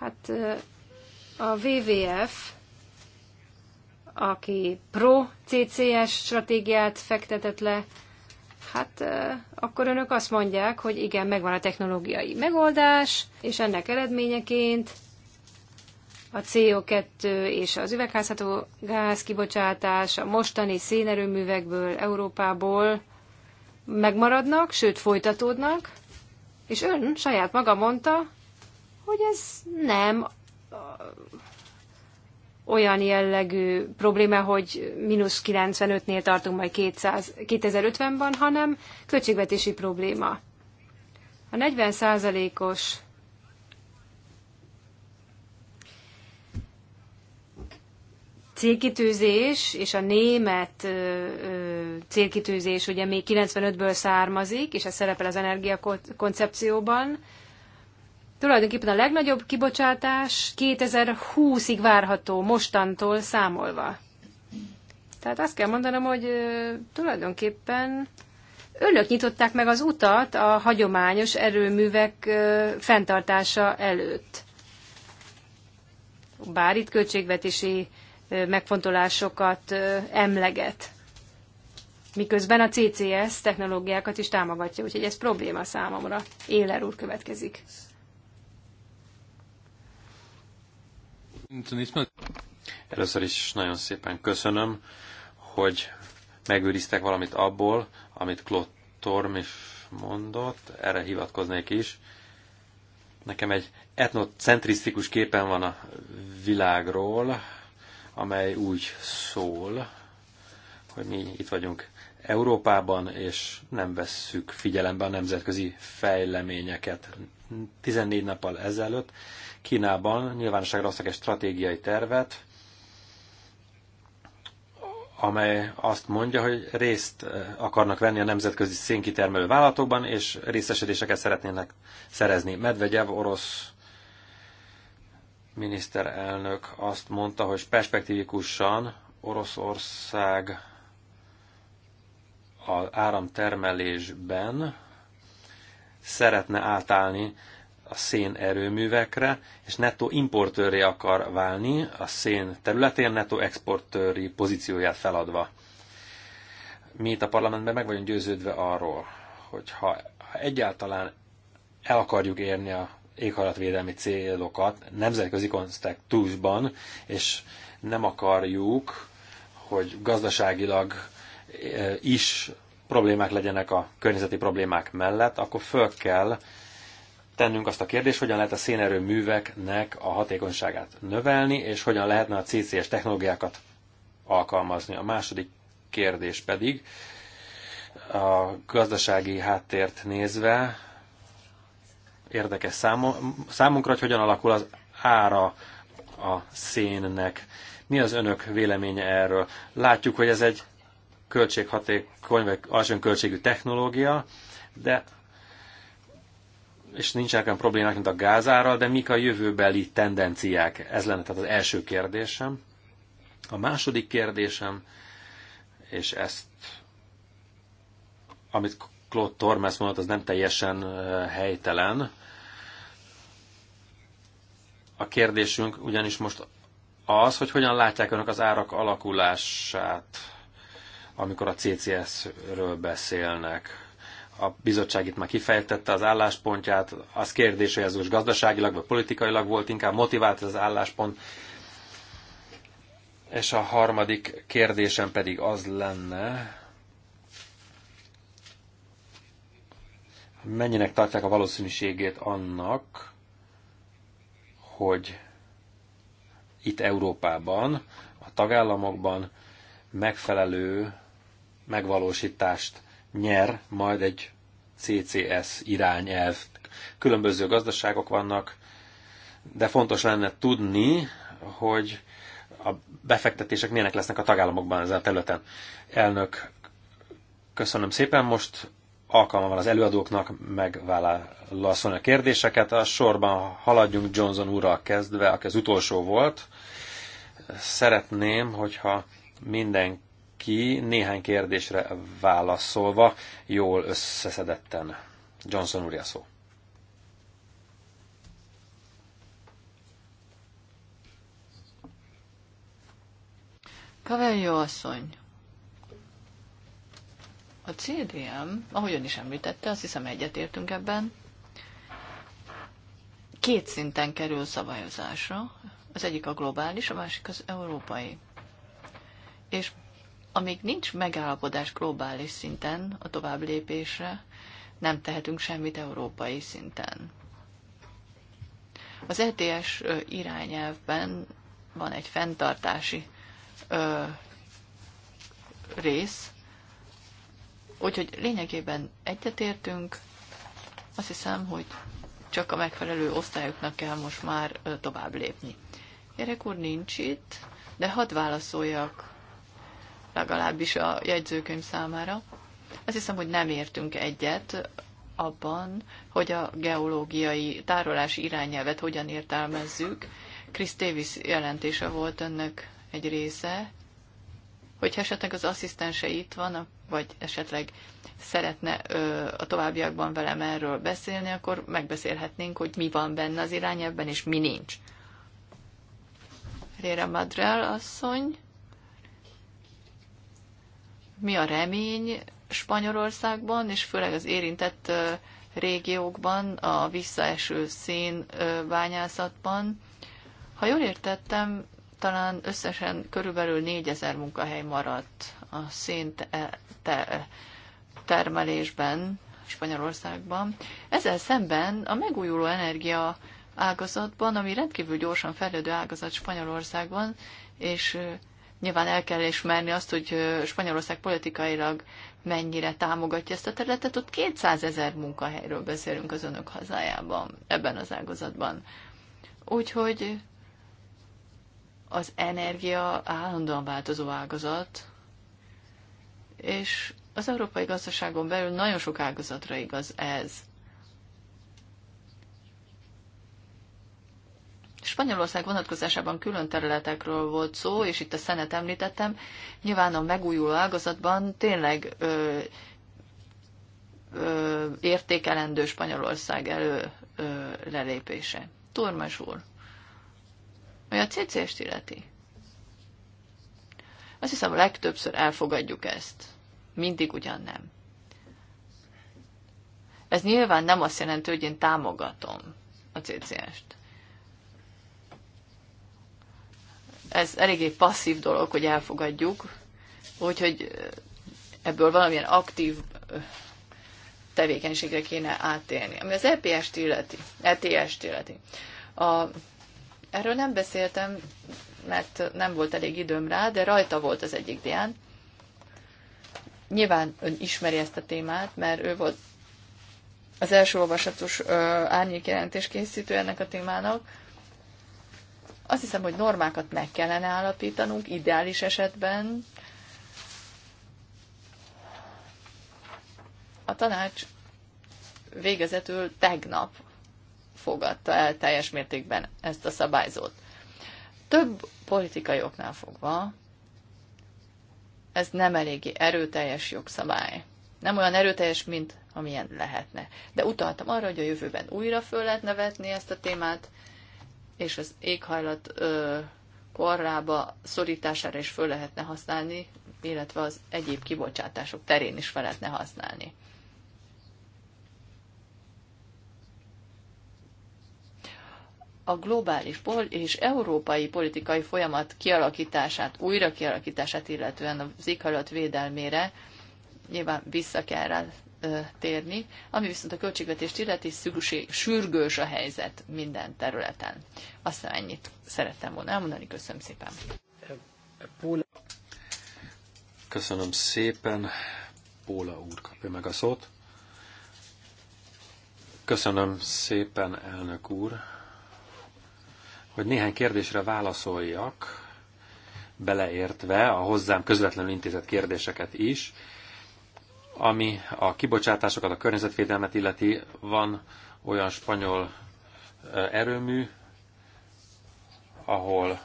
Hát a WWF, aki pro CCS stratégiát fektetett le, hát akkor önök azt mondják, hogy igen, megvan a technológiai megoldás, és ennek eredményeként a CO2 és az üvegházható gáz kibocsátás a mostani szénerőművekből, Európából megmaradnak, sőt folytatódnak, és ön saját maga mondta, hogy ez nem olyan jellegű probléma, hogy mínusz 95-nél tartunk majd 200, 2050-ban, hanem költségvetési probléma. A 40 százalékos célkitűzés és a német célkitűzés ugye még 95-ből származik, és ez szerepel az energiakoncepcióban, Tulajdonképpen a legnagyobb kibocsátás 2020-ig várható mostantól számolva. Tehát azt kell mondanom, hogy tulajdonképpen önök nyitották meg az utat a hagyományos erőművek fenntartása előtt. Bár itt költségvetési megfontolásokat emleget. Miközben a CCS technológiákat is támogatja, úgyhogy ez probléma számomra. Éler úr következik. Először is nagyon szépen köszönöm, hogy megőriztek valamit abból, amit Claude Torm is mondott, erre hivatkoznék is. Nekem egy etnocentrisztikus képen van a világról, amely úgy szól, hogy mi itt vagyunk Európában, és nem vesszük figyelembe a nemzetközi fejleményeket. 14 nappal ezelőtt Kínában nyilvánosságra hoztak egy stratégiai tervet, amely azt mondja, hogy részt eh, akarnak venni a nemzetközi szénkitermelő vállalatokban, és részesedéseket szeretnének szerezni. Medvegyev orosz miniszterelnök azt mondta, hogy perspektívikusan Oroszország az áramtermelésben szeretne átállni a szén erőművekre, és nettó importőré akar válni a szén területén, nettó exportőri pozícióját feladva. Mi itt a parlamentben meg vagyunk győződve arról, hogy ha, ha egyáltalán el akarjuk érni a éghajlatvédelmi célokat nemzetközi kontextusban, és nem akarjuk, hogy gazdaságilag eh, is problémák legyenek a környezeti problémák mellett, akkor föl kell tennünk azt a kérdést, hogyan lehet a szénerőműveknek a hatékonyságát növelni, és hogyan lehetne a CCS technológiákat alkalmazni. A második kérdés pedig a gazdasági háttért nézve érdekes számunkra, hogy hogyan alakul az ára a szénnek. Mi az önök véleménye erről? Látjuk, hogy ez egy költséghatékony, vagy alacsony költségű technológia, de és nincsenek olyan problémák, mint a gázárral, de mik a jövőbeli tendenciák? Ez lenne tehát az első kérdésem. A második kérdésem, és ezt, amit Claude Tormes mondott, az nem teljesen helytelen. A kérdésünk ugyanis most az, hogy hogyan látják önök az árak alakulását, amikor a CCS-ről beszélnek a bizottság itt már kifejtette az álláspontját, az kérdés, hogy ez most gazdaságilag vagy politikailag volt, inkább motivált ez az álláspont. És a harmadik kérdésem pedig az lenne, mennyinek tartják a valószínűségét annak, hogy itt Európában, a tagállamokban megfelelő megvalósítást nyer majd egy CCS irányelv. Különböző gazdaságok vannak, de fontos lenne tudni, hogy a befektetések milyenek lesznek a tagállamokban ezen a területen. Elnök, köszönöm szépen, most alkalma van az előadóknak megválaszolni a kérdéseket. A sorban haladjunk Johnson úrral kezdve, aki az utolsó volt. Szeretném, hogyha mindenki ki, néhány kérdésre válaszolva, jól összeszedetten. Johnson úr, szó. Kaveljó asszony, a CDM, ahogy ön is említette, azt hiszem egyetértünk ebben, két szinten kerül szabályozásra. Az egyik a globális, a másik az európai. És amíg nincs megállapodás globális szinten a tovább lépésre, nem tehetünk semmit európai szinten. Az ETS irányelvben van egy fenntartási ö, rész, úgyhogy lényegében egyetértünk. Azt hiszem, hogy csak a megfelelő osztályoknak kell most már tovább lépni. Gyerek úr nincs itt, de hadd válaszoljak legalábbis a jegyzőkönyv számára. Azt hiszem, hogy nem értünk egyet abban, hogy a geológiai tárolási irányelvet hogyan értelmezzük. Chris Davis jelentése volt ennek egy része, hogyha esetleg az asszisztense itt van, vagy esetleg szeretne ö, a továbbiakban velem erről beszélni, akkor megbeszélhetnénk, hogy mi van benne az irányelvben, és mi nincs. Rére Madrell asszony, mi a remény Spanyolországban, és főleg az érintett régiókban, a visszaeső szénbányászatban, Ha jól értettem, talán összesen körülbelül 4000 munkahely maradt a szén termelésben Spanyolországban. Ezzel szemben a megújuló energia ágazatban, ami rendkívül gyorsan fejlődő ágazat Spanyolországban, és Nyilván el kell ismerni azt, hogy Spanyolország politikailag mennyire támogatja ezt a területet. Ott 200 ezer munkahelyről beszélünk az önök hazájában, ebben az ágazatban. Úgyhogy az energia állandóan változó ágazat, és az európai gazdaságon belül nagyon sok ágazatra igaz ez. Spanyolország vonatkozásában külön területekről volt szó, és itt a szenet említettem, nyilván a megújuló ágazatban tényleg ö, ö, értékelendő Spanyolország elő ö, lelépése. Turmes úr, ami a CCS-t illeti. Azt hiszem, a legtöbbször elfogadjuk ezt. Mindig ugyan nem. Ez nyilván nem azt jelenti, hogy én támogatom a CCS-t. ez eléggé passzív dolog, hogy elfogadjuk, úgyhogy ebből valamilyen aktív tevékenységre kéne átélni. Ami az EPS-t illeti, ETS-t illeti. A, erről nem beszéltem, mert nem volt elég időm rá, de rajta volt az egyik dián. Nyilván ön ismeri ezt a témát, mert ő volt az első olvasatos árnyékjelentés készítő ennek a témának, azt hiszem, hogy normákat meg kellene állapítanunk ideális esetben. A tanács végezetül tegnap fogadta el teljes mértékben ezt a szabályzót. Több politikai oknál fogva ez nem eléggé erőteljes jogszabály. Nem olyan erőteljes, mint amilyen lehetne. De utaltam arra, hogy a jövőben újra föl lehetne vetni ezt a témát, és az éghajlat ö, korrába szorítására is föl lehetne használni, illetve az egyéb kibocsátások terén is fel lehetne használni. a globális és európai politikai folyamat kialakítását, újra kialakítását illetően az éghajlat védelmére nyilván vissza kell rá térni, ami viszont a költségvetést illeti szükség, sürgős a helyzet minden területen. Azt hiszem ennyit szerettem volna elmondani. Köszönöm szépen. Köszönöm szépen. Póla úr kapja meg a szót. Köszönöm szépen, elnök úr, hogy néhány kérdésre válaszoljak, beleértve a hozzám közvetlenül intézett kérdéseket is ami a kibocsátásokat, a környezetvédelmet illeti, van olyan spanyol erőmű, ahol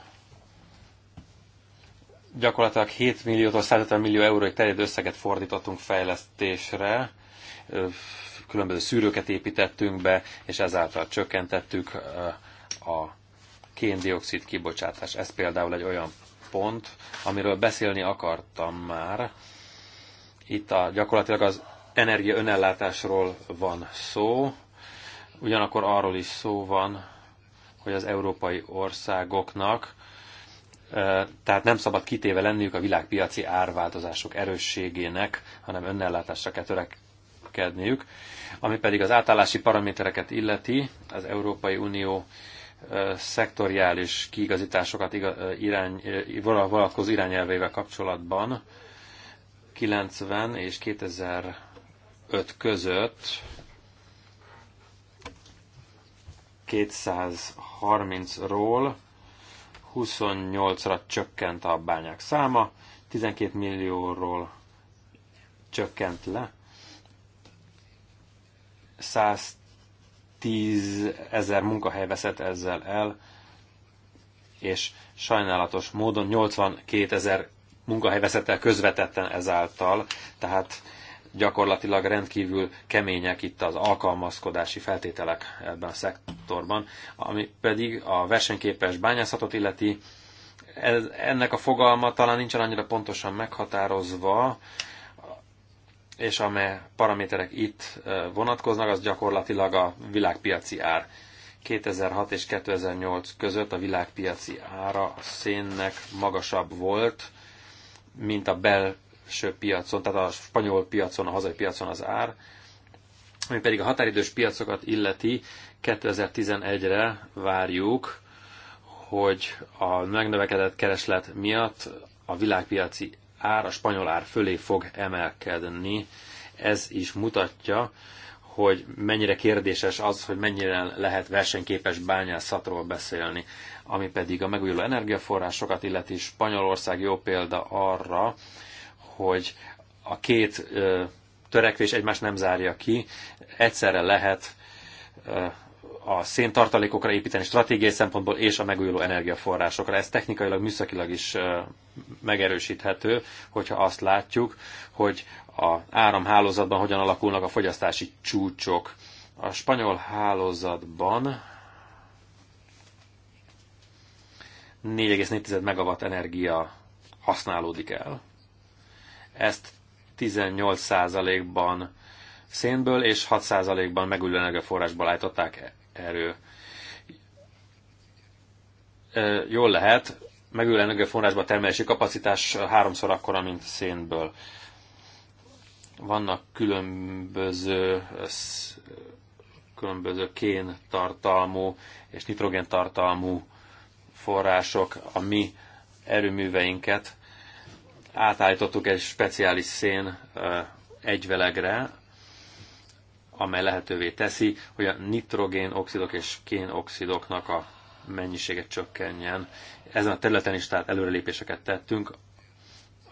gyakorlatilag 7 milliótól 150 millió euróig terjedő összeget fordítottunk fejlesztésre, különböző szűrőket építettünk be, és ezáltal csökkentettük a kéndioxid kibocsátás. Ez például egy olyan pont, amiről beszélni akartam már, itt a, gyakorlatilag az energia önellátásról van szó, ugyanakkor arról is szó van, hogy az európai országoknak e, tehát nem szabad kitéve lenniük a világpiaci árváltozások erősségének, hanem önellátásra kell törekedniük. Ami pedig az átállási paramétereket illeti, az Európai Unió e, szektoriális kiigazításokat e, irány, vonatkozó irányelvével kapcsolatban 90 és 2005 között 230-ról 28-ra csökkent a bányák száma, 12 millióról csökkent le, 110 ezer munkahely veszett ezzel el, és sajnálatos módon 82 ezer munkahelyvezettel közvetetten ezáltal, tehát gyakorlatilag rendkívül kemények itt az alkalmazkodási feltételek ebben a szektorban, ami pedig a versenyképes bányászatot illeti, ez, ennek a fogalma talán nincsen annyira pontosan meghatározva, és amely paraméterek itt vonatkoznak, az gyakorlatilag a világpiaci ár. 2006 és 2008 között a világpiaci ára a szénnek magasabb volt, mint a belső piacon, tehát a spanyol piacon, a hazai piacon az ár, ami pedig a határidős piacokat illeti, 2011-re várjuk, hogy a megnövekedett kereslet miatt a világpiaci ár, a spanyol ár fölé fog emelkedni. Ez is mutatja, hogy mennyire kérdéses az, hogy mennyire lehet versenyképes bányászatról beszélni, ami pedig a megújuló energiaforrásokat illeti Spanyolország jó példa arra, hogy a két törekvés egymást nem zárja ki, egyszerre lehet a széntartalékokra építeni stratégiai szempontból és a megújuló energiaforrásokra. Ez technikailag, műszakilag is megerősíthető, hogyha azt látjuk, hogy a áramhálózatban hogyan alakulnak a fogyasztási csúcsok. A spanyol hálózatban 4,4 megawatt energia használódik el. Ezt 18%-ban szénből és 6%-ban megújuló energiaforrásból állították erő. Jól lehet, megülő energiaforrásban termelési kapacitás háromszor akkora, mint szénből. Vannak különböző különböző kén tartalmú és nitrogén tartalmú források a mi erőműveinket átállítottuk egy speciális szén egyvelegre, amely lehetővé teszi, hogy a nitrogén oxidok és kén oxidoknak a mennyisége csökkenjen. Ezen a területen is tehát előrelépéseket tettünk,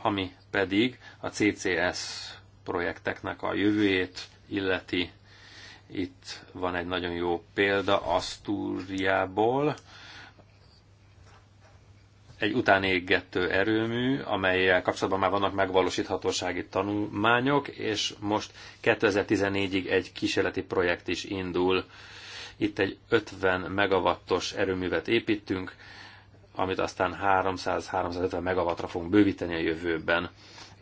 ami pedig a CCS projekteknek a jövőjét illeti. Itt van egy nagyon jó példa Asztúriából, egy utánégető erőmű, amelyel kapcsolatban már vannak megvalósíthatósági tanulmányok, és most 2014-ig egy kísérleti projekt is indul. Itt egy 50 megawattos erőművet építünk, amit aztán 300-350 megawattra fogunk bővíteni a jövőben.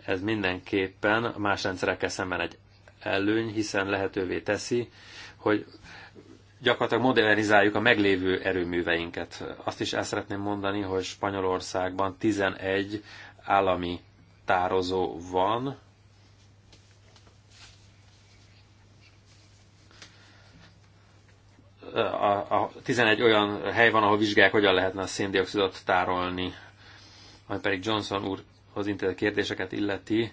Ez mindenképpen más rendszerekkel szemben egy előny, hiszen lehetővé teszi, hogy gyakorlatilag modernizáljuk a meglévő erőműveinket. Azt is el szeretném mondani, hogy Spanyolországban 11 állami tározó van, a, a 11 olyan hely van, ahol vizsgálják, hogyan lehetne a széndiokszidot tárolni, ami pedig Johnson úrhoz intézett kérdéseket illeti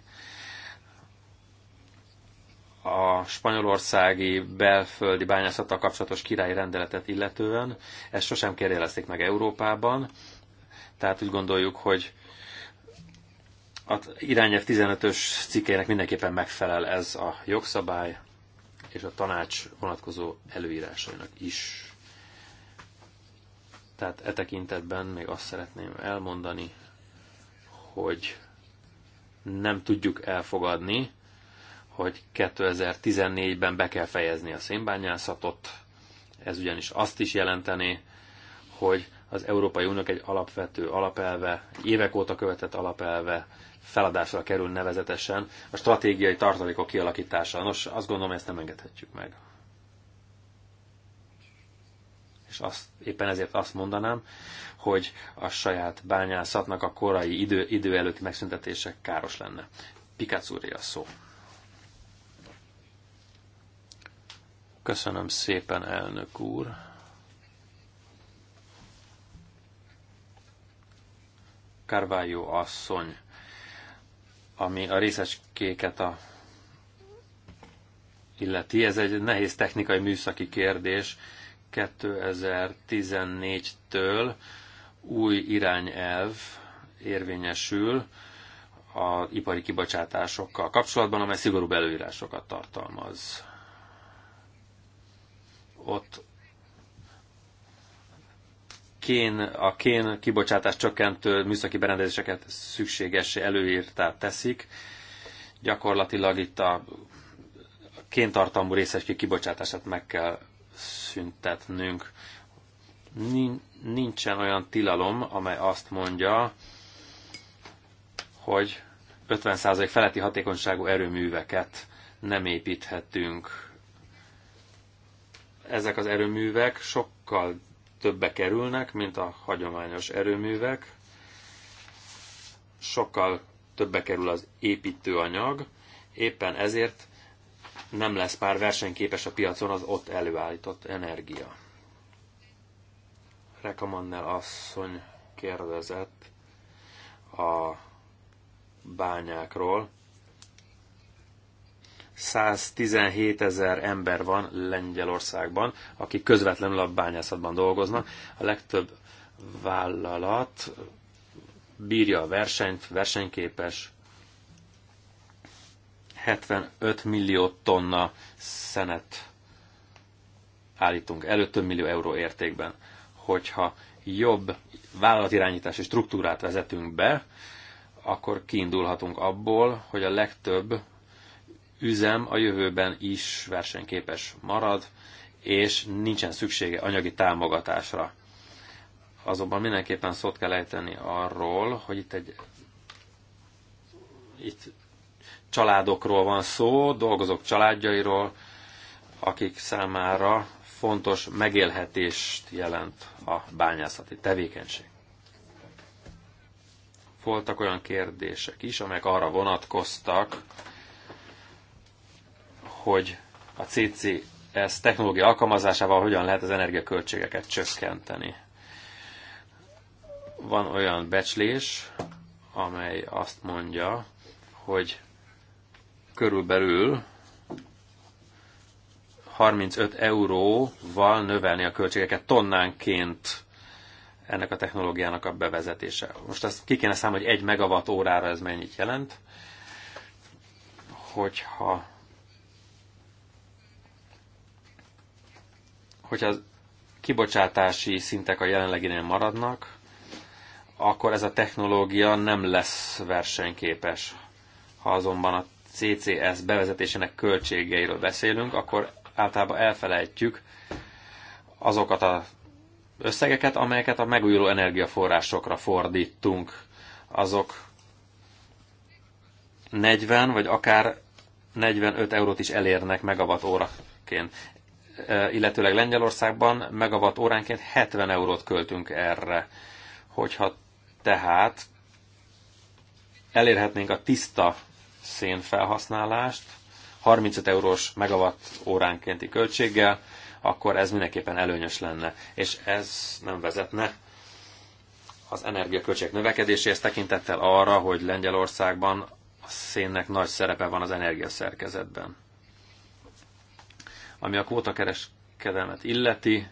a spanyolországi belföldi bányászattal kapcsolatos királyi rendeletet illetően. Ezt sosem kérdelezték meg Európában, tehát úgy gondoljuk, hogy az irányelv 15-ös cikkének mindenképpen megfelel ez a jogszabály, és a tanács vonatkozó előírásainak is. Tehát e tekintetben még azt szeretném elmondani, hogy nem tudjuk elfogadni hogy 2014-ben be kell fejezni a szénbányászatot. Ez ugyanis azt is jelenteni, hogy az Európai Uniónak egy alapvető alapelve, évek óta követett alapelve feladásra kerül nevezetesen a stratégiai tartalékok kialakítása. Nos, azt gondolom, ezt nem engedhetjük meg. És azt, éppen ezért azt mondanám, hogy a saját bányászatnak a korai idő, idő előtti megszüntetése káros lenne. Pikácúré a szó. Köszönöm szépen, elnök úr. Carvalho asszony, ami a részecskéket a illeti. Ez egy nehéz technikai műszaki kérdés. 2014-től új irányelv érvényesül a ipari kibocsátásokkal kapcsolatban, amely szigorú előírásokat tartalmaz ott kén, a kén kibocsátás csökkentő műszaki berendezéseket szükséges előírtát teszik. Gyakorlatilag itt a kéntartalmú részecskék kibocsátását meg kell szüntetnünk. Nincsen olyan tilalom, amely azt mondja, hogy 50% feletti hatékonyságú erőműveket nem építhetünk ezek az erőművek sokkal többe kerülnek, mint a hagyományos erőművek, sokkal többe kerül az építőanyag, éppen ezért nem lesz pár versenyképes a piacon az ott előállított energia. Rekamannel asszony kérdezett a bányákról. 117 ezer ember van Lengyelországban, akik közvetlenül a bányászatban dolgoznak. A legtöbb vállalat bírja a versenyt, versenyképes, 75 millió tonna szenet állítunk elő, több millió euró értékben. Hogyha jobb vállalatirányítási struktúrát vezetünk be, akkor kiindulhatunk abból, hogy a legtöbb üzem a jövőben is versenyképes marad, és nincsen szüksége anyagi támogatásra. Azonban mindenképpen szót kell ejteni arról, hogy itt egy itt családokról van szó, dolgozók családjairól, akik számára fontos megélhetést jelent a bányászati tevékenység. Voltak olyan kérdések is, amelyek arra vonatkoztak, hogy a CCS technológia alkalmazásával hogyan lehet az energiaköltségeket csökkenteni. Van olyan becslés, amely azt mondja, hogy körülbelül 35 euróval növelni a költségeket tonnánként ennek a technológiának a bevezetése. Most azt ki kéne számolni, hogy egy megawatt órára ez mennyit jelent, hogyha hogyha a kibocsátási szintek a jelenleginél maradnak, akkor ez a technológia nem lesz versenyképes. Ha azonban a CCS bevezetésének költségeiről beszélünk, akkor általában elfelejtjük azokat az összegeket, amelyeket a megújuló energiaforrásokra fordítunk. Azok 40 vagy akár 45 eurót is elérnek megawatt óraként. E, illetőleg Lengyelországban megavat óránként 70 eurót költünk erre. Hogyha tehát elérhetnénk a tiszta szénfelhasználást 35 eurós megawatt óránkénti költséggel, akkor ez mindenképpen előnyös lenne, és ez nem vezetne az energiaköltségek növekedéséhez tekintettel arra, hogy Lengyelországban a szénnek nagy szerepe van az energiaszerkezetben. Ami a kvótakereskedelmet illeti,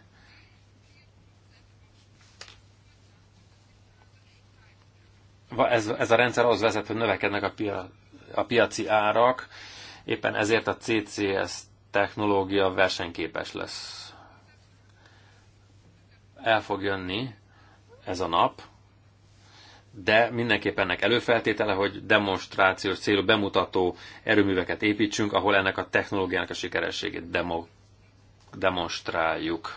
ez, ez a rendszer az vezet, hogy növekednek a, pia, a piaci árak, éppen ezért a CCS technológia versenyképes lesz. El fog jönni ez a nap, de mindenképpen ennek előfeltétele, hogy demonstrációs célú bemutató erőműveket építsünk, ahol ennek a technológiának a sikerességét demo, demonstráljuk.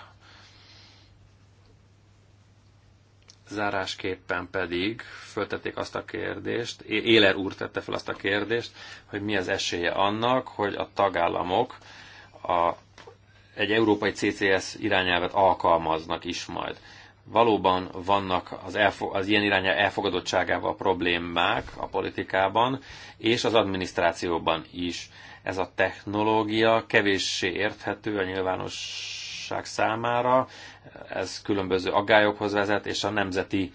Zárásképpen pedig föltették azt a kérdést, Éler úr tette fel azt a kérdést, hogy mi az esélye annak, hogy a tagállamok a, egy európai CCS irányelvet alkalmaznak is majd valóban vannak az, elfog, az ilyen irányá elfogadottságával problémák a politikában, és az adminisztrációban is. Ez a technológia kevéssé érthető a nyilvánosság számára, ez különböző aggályokhoz vezet, és a nemzeti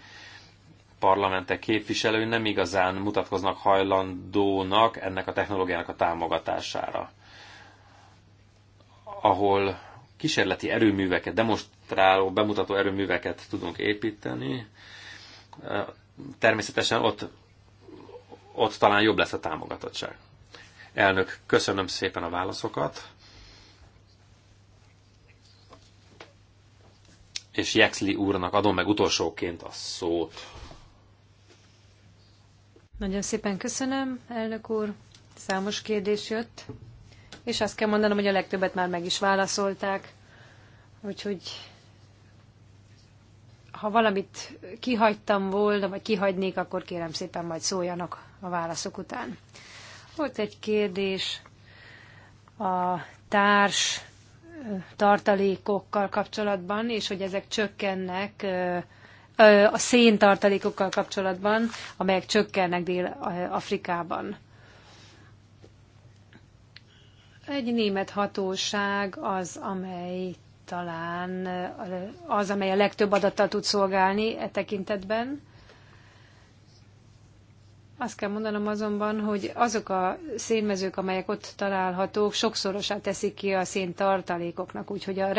parlamentek képviselői nem igazán mutatkoznak hajlandónak ennek a technológiának a támogatására. Ahol kísérleti erőműveket, demonst- demonstráló, bemutató erőműveket tudunk építeni. Természetesen ott, ott talán jobb lesz a támogatottság. Elnök, köszönöm szépen a válaszokat. És Jexli úrnak adom meg utolsóként a szót. Nagyon szépen köszönöm, elnök úr. Számos kérdés jött, és azt kell mondanom, hogy a legtöbbet már meg is válaszolták. Úgyhogy ha valamit kihagytam volna, vagy kihagynék, akkor kérem szépen majd szóljanak a válaszok után. Volt egy kérdés a társ tartalékokkal kapcsolatban, és hogy ezek csökkennek a szén tartalékokkal kapcsolatban, amelyek csökkennek Dél-Afrikában. Egy német hatóság az, amely talán eh, az, amely a legtöbb adattal tud szolgálni e tekintetben. Azt kell mondanom azonban, hogy azok a szénmezők, amelyek ott találhatók, sokszorosá teszik ki a szén tartalékoknak, úgyhogy a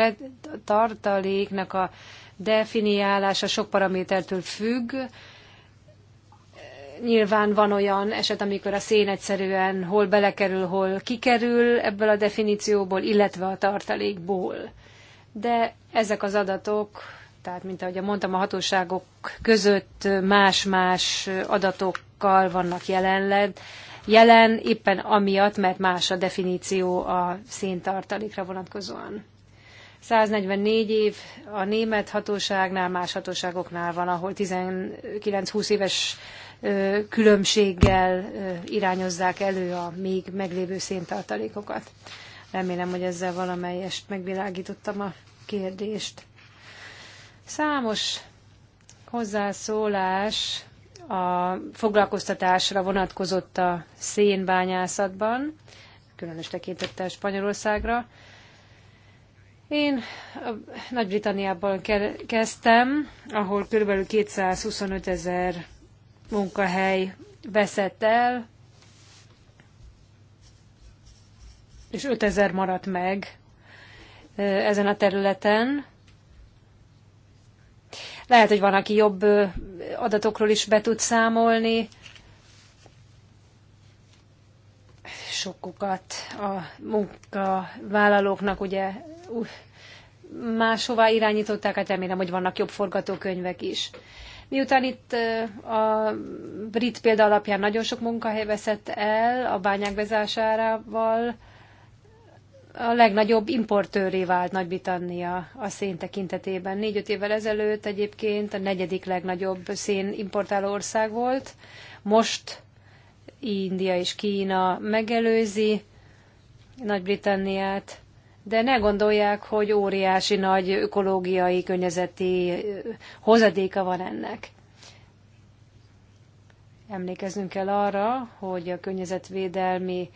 tartaléknak a definiálása sok paramétertől függ. Nyilván van olyan eset, amikor a szén egyszerűen hol belekerül, hol kikerül ebből a definícióból, illetve a tartalékból de ezek az adatok, tehát mint ahogy mondtam, a hatóságok között más-más adatokkal vannak jelenleg, jelen éppen amiatt, mert más a definíció a széntartalékra vonatkozóan. 144 év a német hatóságnál, más hatóságoknál van, ahol 19-20 éves különbséggel irányozzák elő a még meglévő széntartalékokat. Remélem, hogy ezzel valamelyest megvilágítottam a kérdést. Számos hozzászólás a foglalkoztatásra vonatkozott a szénbányászatban, különös tekintettel Spanyolországra. Én Nagy-Britanniában kezdtem, ahol kb. 225 ezer munkahely veszett el, és 5000 maradt meg ezen a területen. Lehet, hogy van, aki jobb adatokról is be tud számolni. Sokukat a munkavállalóknak ugye uh, máshová irányították, hát remélem, hogy vannak jobb forgatókönyvek is. Miután itt a brit példa alapján nagyon sok munkahely veszett el a bányák bezásárával, a legnagyobb importőré vált Nagy-Britannia a szén tekintetében. Négy-öt évvel ezelőtt egyébként a negyedik legnagyobb szénimportáló ország volt. Most India és Kína megelőzi Nagy-Britanniát, de ne gondolják, hogy óriási nagy ökológiai, környezeti hozadéka van ennek. Emlékeznünk kell arra, hogy a környezetvédelmi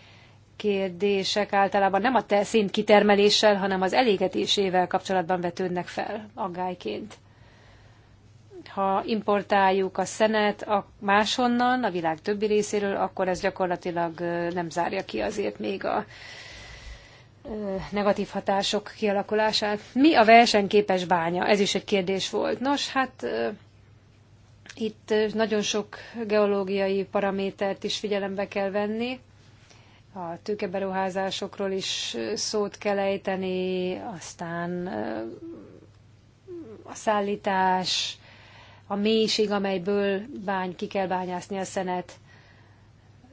kérdések általában nem a szint kitermeléssel, hanem az elégetésével kapcsolatban vetődnek fel aggályként. Ha importáljuk a szenet a máshonnan, a világ többi részéről, akkor ez gyakorlatilag nem zárja ki azért még a negatív hatások kialakulását. Mi a versenyképes bánya? Ez is egy kérdés volt. Nos, hát itt nagyon sok geológiai paramétert is figyelembe kell venni a tőkeberuházásokról is szót kell ejteni, aztán a szállítás, a mélység, amelyből bány, ki kell bányászni a szenet.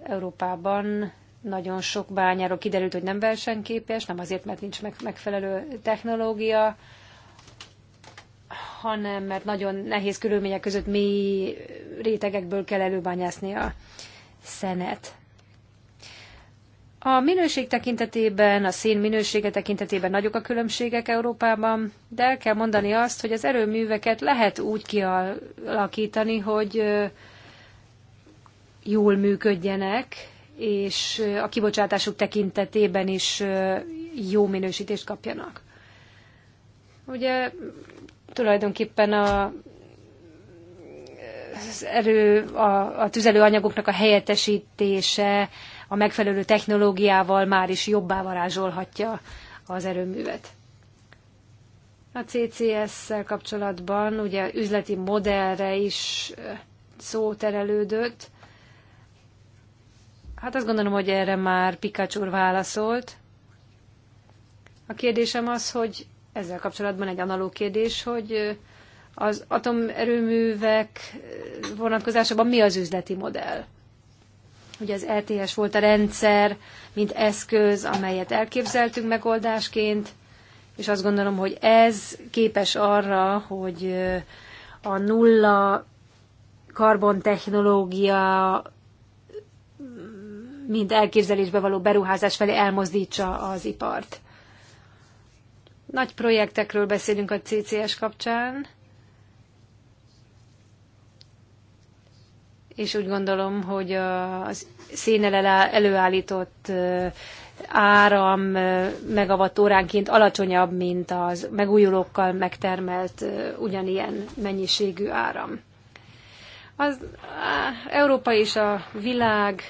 Európában nagyon sok bányáról kiderült, hogy nem versenyképes, nem azért, mert nincs megfelelő technológia, hanem mert nagyon nehéz körülmények között mély rétegekből kell előbányászni a szenet. A minőség tekintetében, a szén minősége tekintetében nagyok a különbségek Európában, de el kell mondani azt, hogy az erőműveket lehet úgy kialakítani, hogy jól működjenek, és a kibocsátásuk tekintetében is jó minősítést kapjanak. Ugye tulajdonképpen a az erő, a, a tüzelőanyagoknak a helyettesítése a megfelelő technológiával már is jobbá varázsolhatja az erőművet. A CCS-szel kapcsolatban ugye üzleti modellre is szó terelődött. Hát azt gondolom, hogy erre már Pikachu válaszolt. A kérdésem az, hogy ezzel kapcsolatban egy analóg kérdés, hogy az atomerőművek vonatkozásában mi az üzleti modell? hogy az LTS volt a rendszer, mint eszköz, amelyet elképzeltünk megoldásként, és azt gondolom, hogy ez képes arra, hogy a nulla karbon technológia mint elképzelésbe való beruházás felé elmozdítsa az ipart. Nagy projektekről beszélünk a CCS kapcsán, és úgy gondolom, hogy a szénele előállított áram megavat óránként alacsonyabb, mint az megújulókkal megtermelt ugyanilyen mennyiségű áram. Az Európa és a világ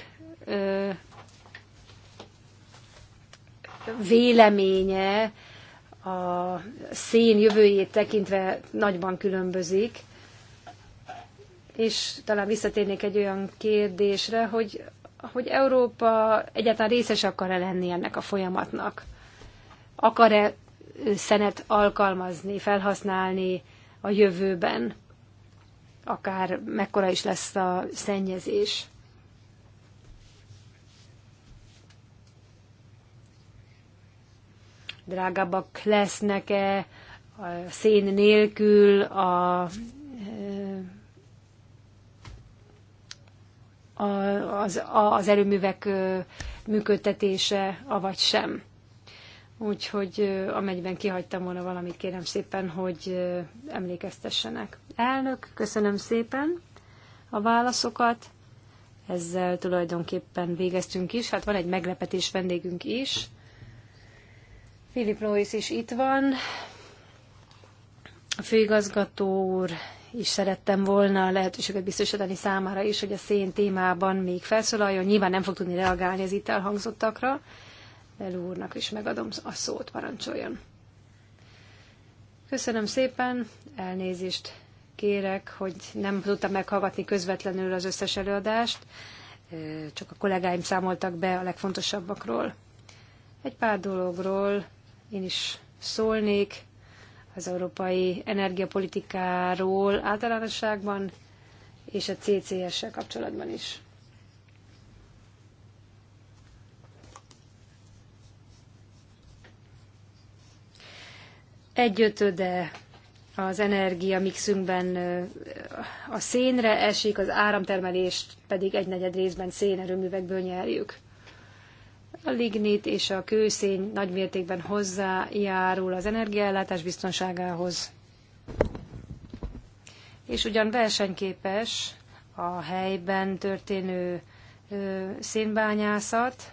véleménye a szén jövőjét tekintve nagyban különbözik és talán visszatérnék egy olyan kérdésre, hogy, hogy Európa egyáltalán részes akar-e lenni ennek a folyamatnak? Akar-e szenet alkalmazni, felhasználni a jövőben, akár mekkora is lesz a szennyezés? Drágábbak lesznek-e a szén nélkül a az, az erőművek működtetése, avagy sem. Úgyhogy amennyiben kihagytam volna valamit, kérem szépen, hogy emlékeztessenek. Elnök, köszönöm szépen a válaszokat. Ezzel tulajdonképpen végeztünk is. Hát van egy meglepetés vendégünk is. Filip Lois is itt van. A főigazgató úr is szerettem volna lehetőséget biztosítani számára is, hogy a szén témában még felszólaljon. Nyilván nem fog tudni reagálni az itt elhangzottakra. El úrnak is megadom a szót, parancsoljon. Köszönöm szépen, elnézést kérek, hogy nem tudtam meghallgatni közvetlenül az összes előadást, csak a kollégáim számoltak be a legfontosabbakról. Egy pár dologról én is szólnék, az európai energiapolitikáról általánosságban, és a CCS-sel kapcsolatban is. Egyötöde az energia mixünkben a szénre esik, az áramtermelést pedig egynegyed részben szénerőművekből nyerjük. A lignit és a kőszény nagymértékben hozzájárul az energiaellátás biztonságához. És ugyan versenyképes a helyben történő szénbányászat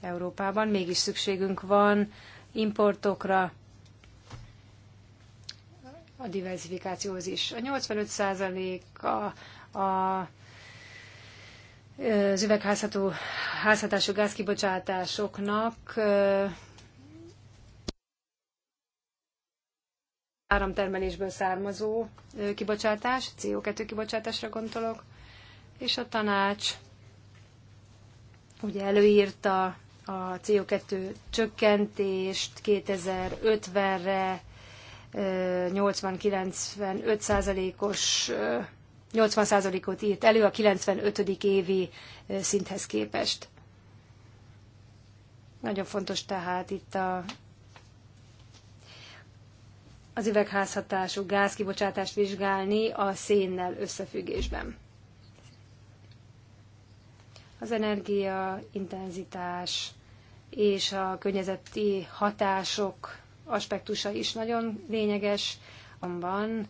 Európában, mégis szükségünk van importokra, a diversifikációhoz is. A 85%-a a az üvegházható házhatású gázkibocsátásoknak áramtermelésből származó kibocsátás, CO2 kibocsátásra gondolok, és a tanács ugye előírta a CO2 csökkentést 2050-re 80-95 százalékos 80%-ot írt elő a 95. évi szinthez képest. Nagyon fontos tehát itt a, az üvegházhatású gázkibocsátást vizsgálni a szénnel összefüggésben. Az energia, intenzitás és a környezeti hatások aspektusa is nagyon lényeges, amban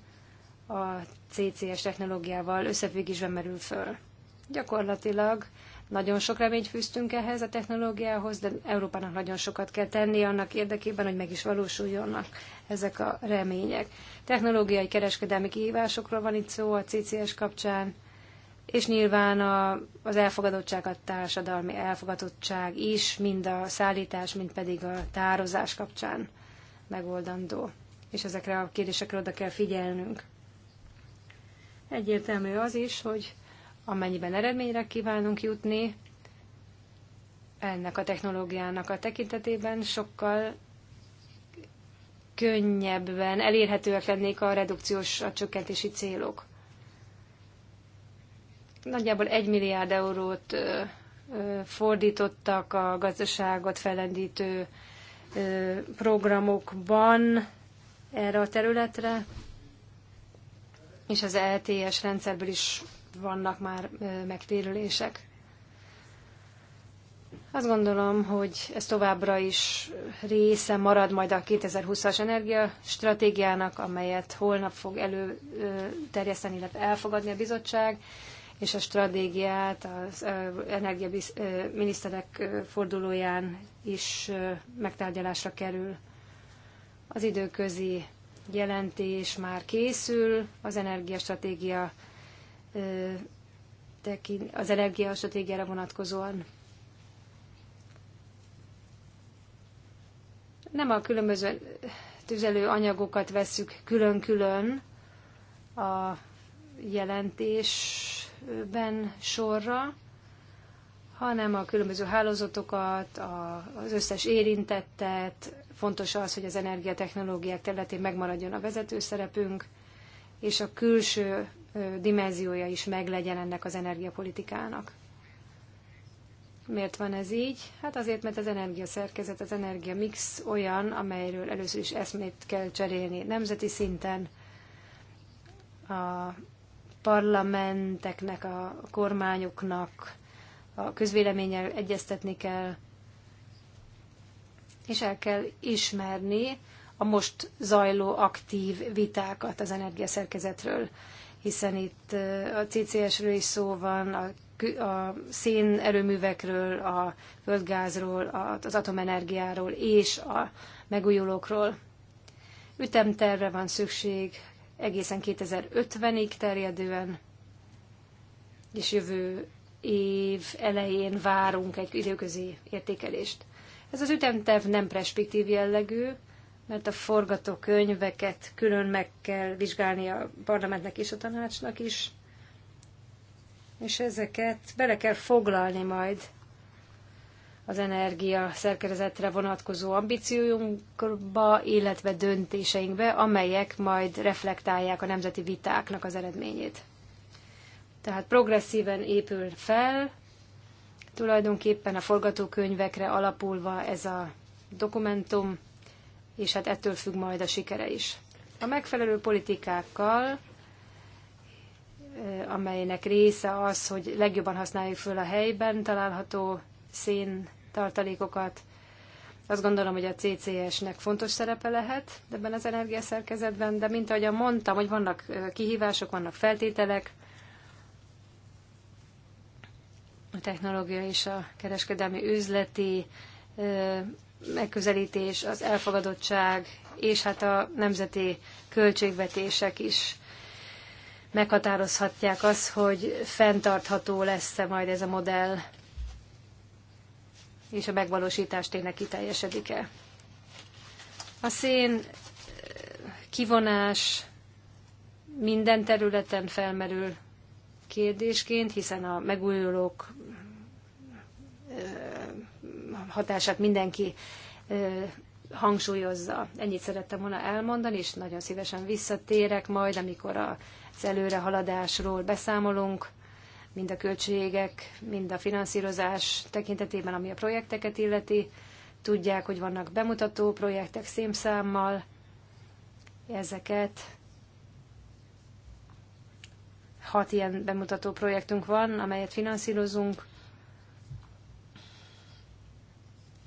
a CCS technológiával összefüggésben merül föl. Gyakorlatilag nagyon sok reményt fűztünk ehhez a technológiához, de Európának nagyon sokat kell tenni annak érdekében, hogy meg is valósuljonnak ezek a remények. Technológiai kereskedelmi kihívásokról van itt szó a CCS kapcsán, és nyilván a, az elfogadottság, a társadalmi elfogadottság is, mind a szállítás, mind pedig a tározás kapcsán megoldandó. És ezekre a kérdésekre oda kell figyelnünk. Egyértelmű az is, hogy amennyiben eredményre kívánunk jutni, ennek a technológiának a tekintetében sokkal könnyebben elérhetőek lennék a redukciós, a csökkentési célok. Nagyjából egy milliárd eurót fordítottak a gazdaságot felendítő programokban erre a területre, és az LTS e rendszerből is vannak már megtérülések. Azt gondolom, hogy ez továbbra is része marad majd a 2020-as energiastratégiának, amelyet holnap fog előterjeszteni, illetve elfogadni a bizottság, és a stratégiát az energiaminiszterek fordulóján is megtárgyalásra kerül. Az időközi jelentés már készül az energiastratégia az energiastratégiára vonatkozóan. Nem a különböző tüzelő anyagokat vesszük külön-külön a jelentésben sorra, hanem a különböző hálózatokat, az összes érintettet, Fontos az, hogy az energiatechnológiák területén megmaradjon a vezető szerepünk, és a külső dimenziója is meglegyen ennek az energiapolitikának. Miért van ez így? Hát azért, mert az energiaszerkezet, az energiamix olyan, amelyről először is eszmét kell cserélni nemzeti szinten, a parlamenteknek, a kormányoknak, a közvéleménnyel egyeztetni kell, és el kell ismerni a most zajló aktív vitákat az energiaszerkezetről, hiszen itt a CCS-ről is szó van, a a erőművekről, a földgázról, az atomenergiáról és a megújulókról. Ütemterve van szükség egészen 2050-ig terjedően, és jövő év elején várunk egy időközi értékelést. Ez az ütemterv nem perspektív jellegű, mert a forgatókönyveket külön meg kell vizsgálni a parlamentnek és a tanácsnak is, és ezeket bele kell foglalni majd az energia szerkezetre vonatkozó ambíciójunkba, illetve döntéseinkbe, amelyek majd reflektálják a nemzeti vitáknak az eredményét. Tehát progresszíven épül fel Tulajdonképpen a forgatókönyvekre alapulva ez a dokumentum, és hát ettől függ majd a sikere is. A megfelelő politikákkal, eh, amelynek része az, hogy legjobban használjuk föl a helyben található szén tartalékokat, azt gondolom, hogy a CCS-nek fontos szerepe lehet ebben az energiaszerkezetben, de mint ahogy mondtam, hogy vannak eh, kihívások, vannak feltételek, a technológia és a kereskedelmi üzleti megközelítés, az elfogadottság, és hát a nemzeti költségvetések is meghatározhatják az, hogy fenntartható lesz-e majd ez a modell, és a megvalósítás tényleg kiteljesedik-e. A szén kivonás minden területen felmerül, kérdésként, hiszen a megújulók hatását mindenki hangsúlyozza. Ennyit szerettem volna elmondani, és nagyon szívesen visszatérek majd, amikor az előrehaladásról beszámolunk, mind a költségek, mind a finanszírozás tekintetében, ami a projekteket illeti. Tudják, hogy vannak bemutató projektek szémszámmal, ezeket Hat ilyen bemutató projektünk van, amelyet finanszírozunk,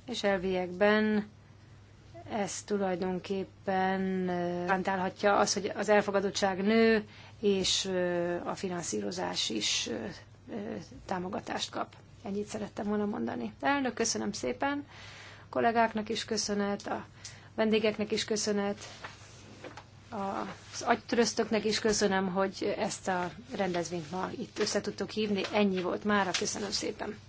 és elviekben ez tulajdonképpen rántálhatja az, hogy az elfogadottság nő, és a finanszírozás is támogatást kap. Ennyit szerettem volna mondani. Elnök, köszönöm szépen, kollégáknak is köszönet, a vendégeknek is köszönet, az agytöröztöknek is köszönöm, hogy ezt a rendezvényt ma itt össze tudtuk hívni. Ennyi volt mára. Köszönöm szépen.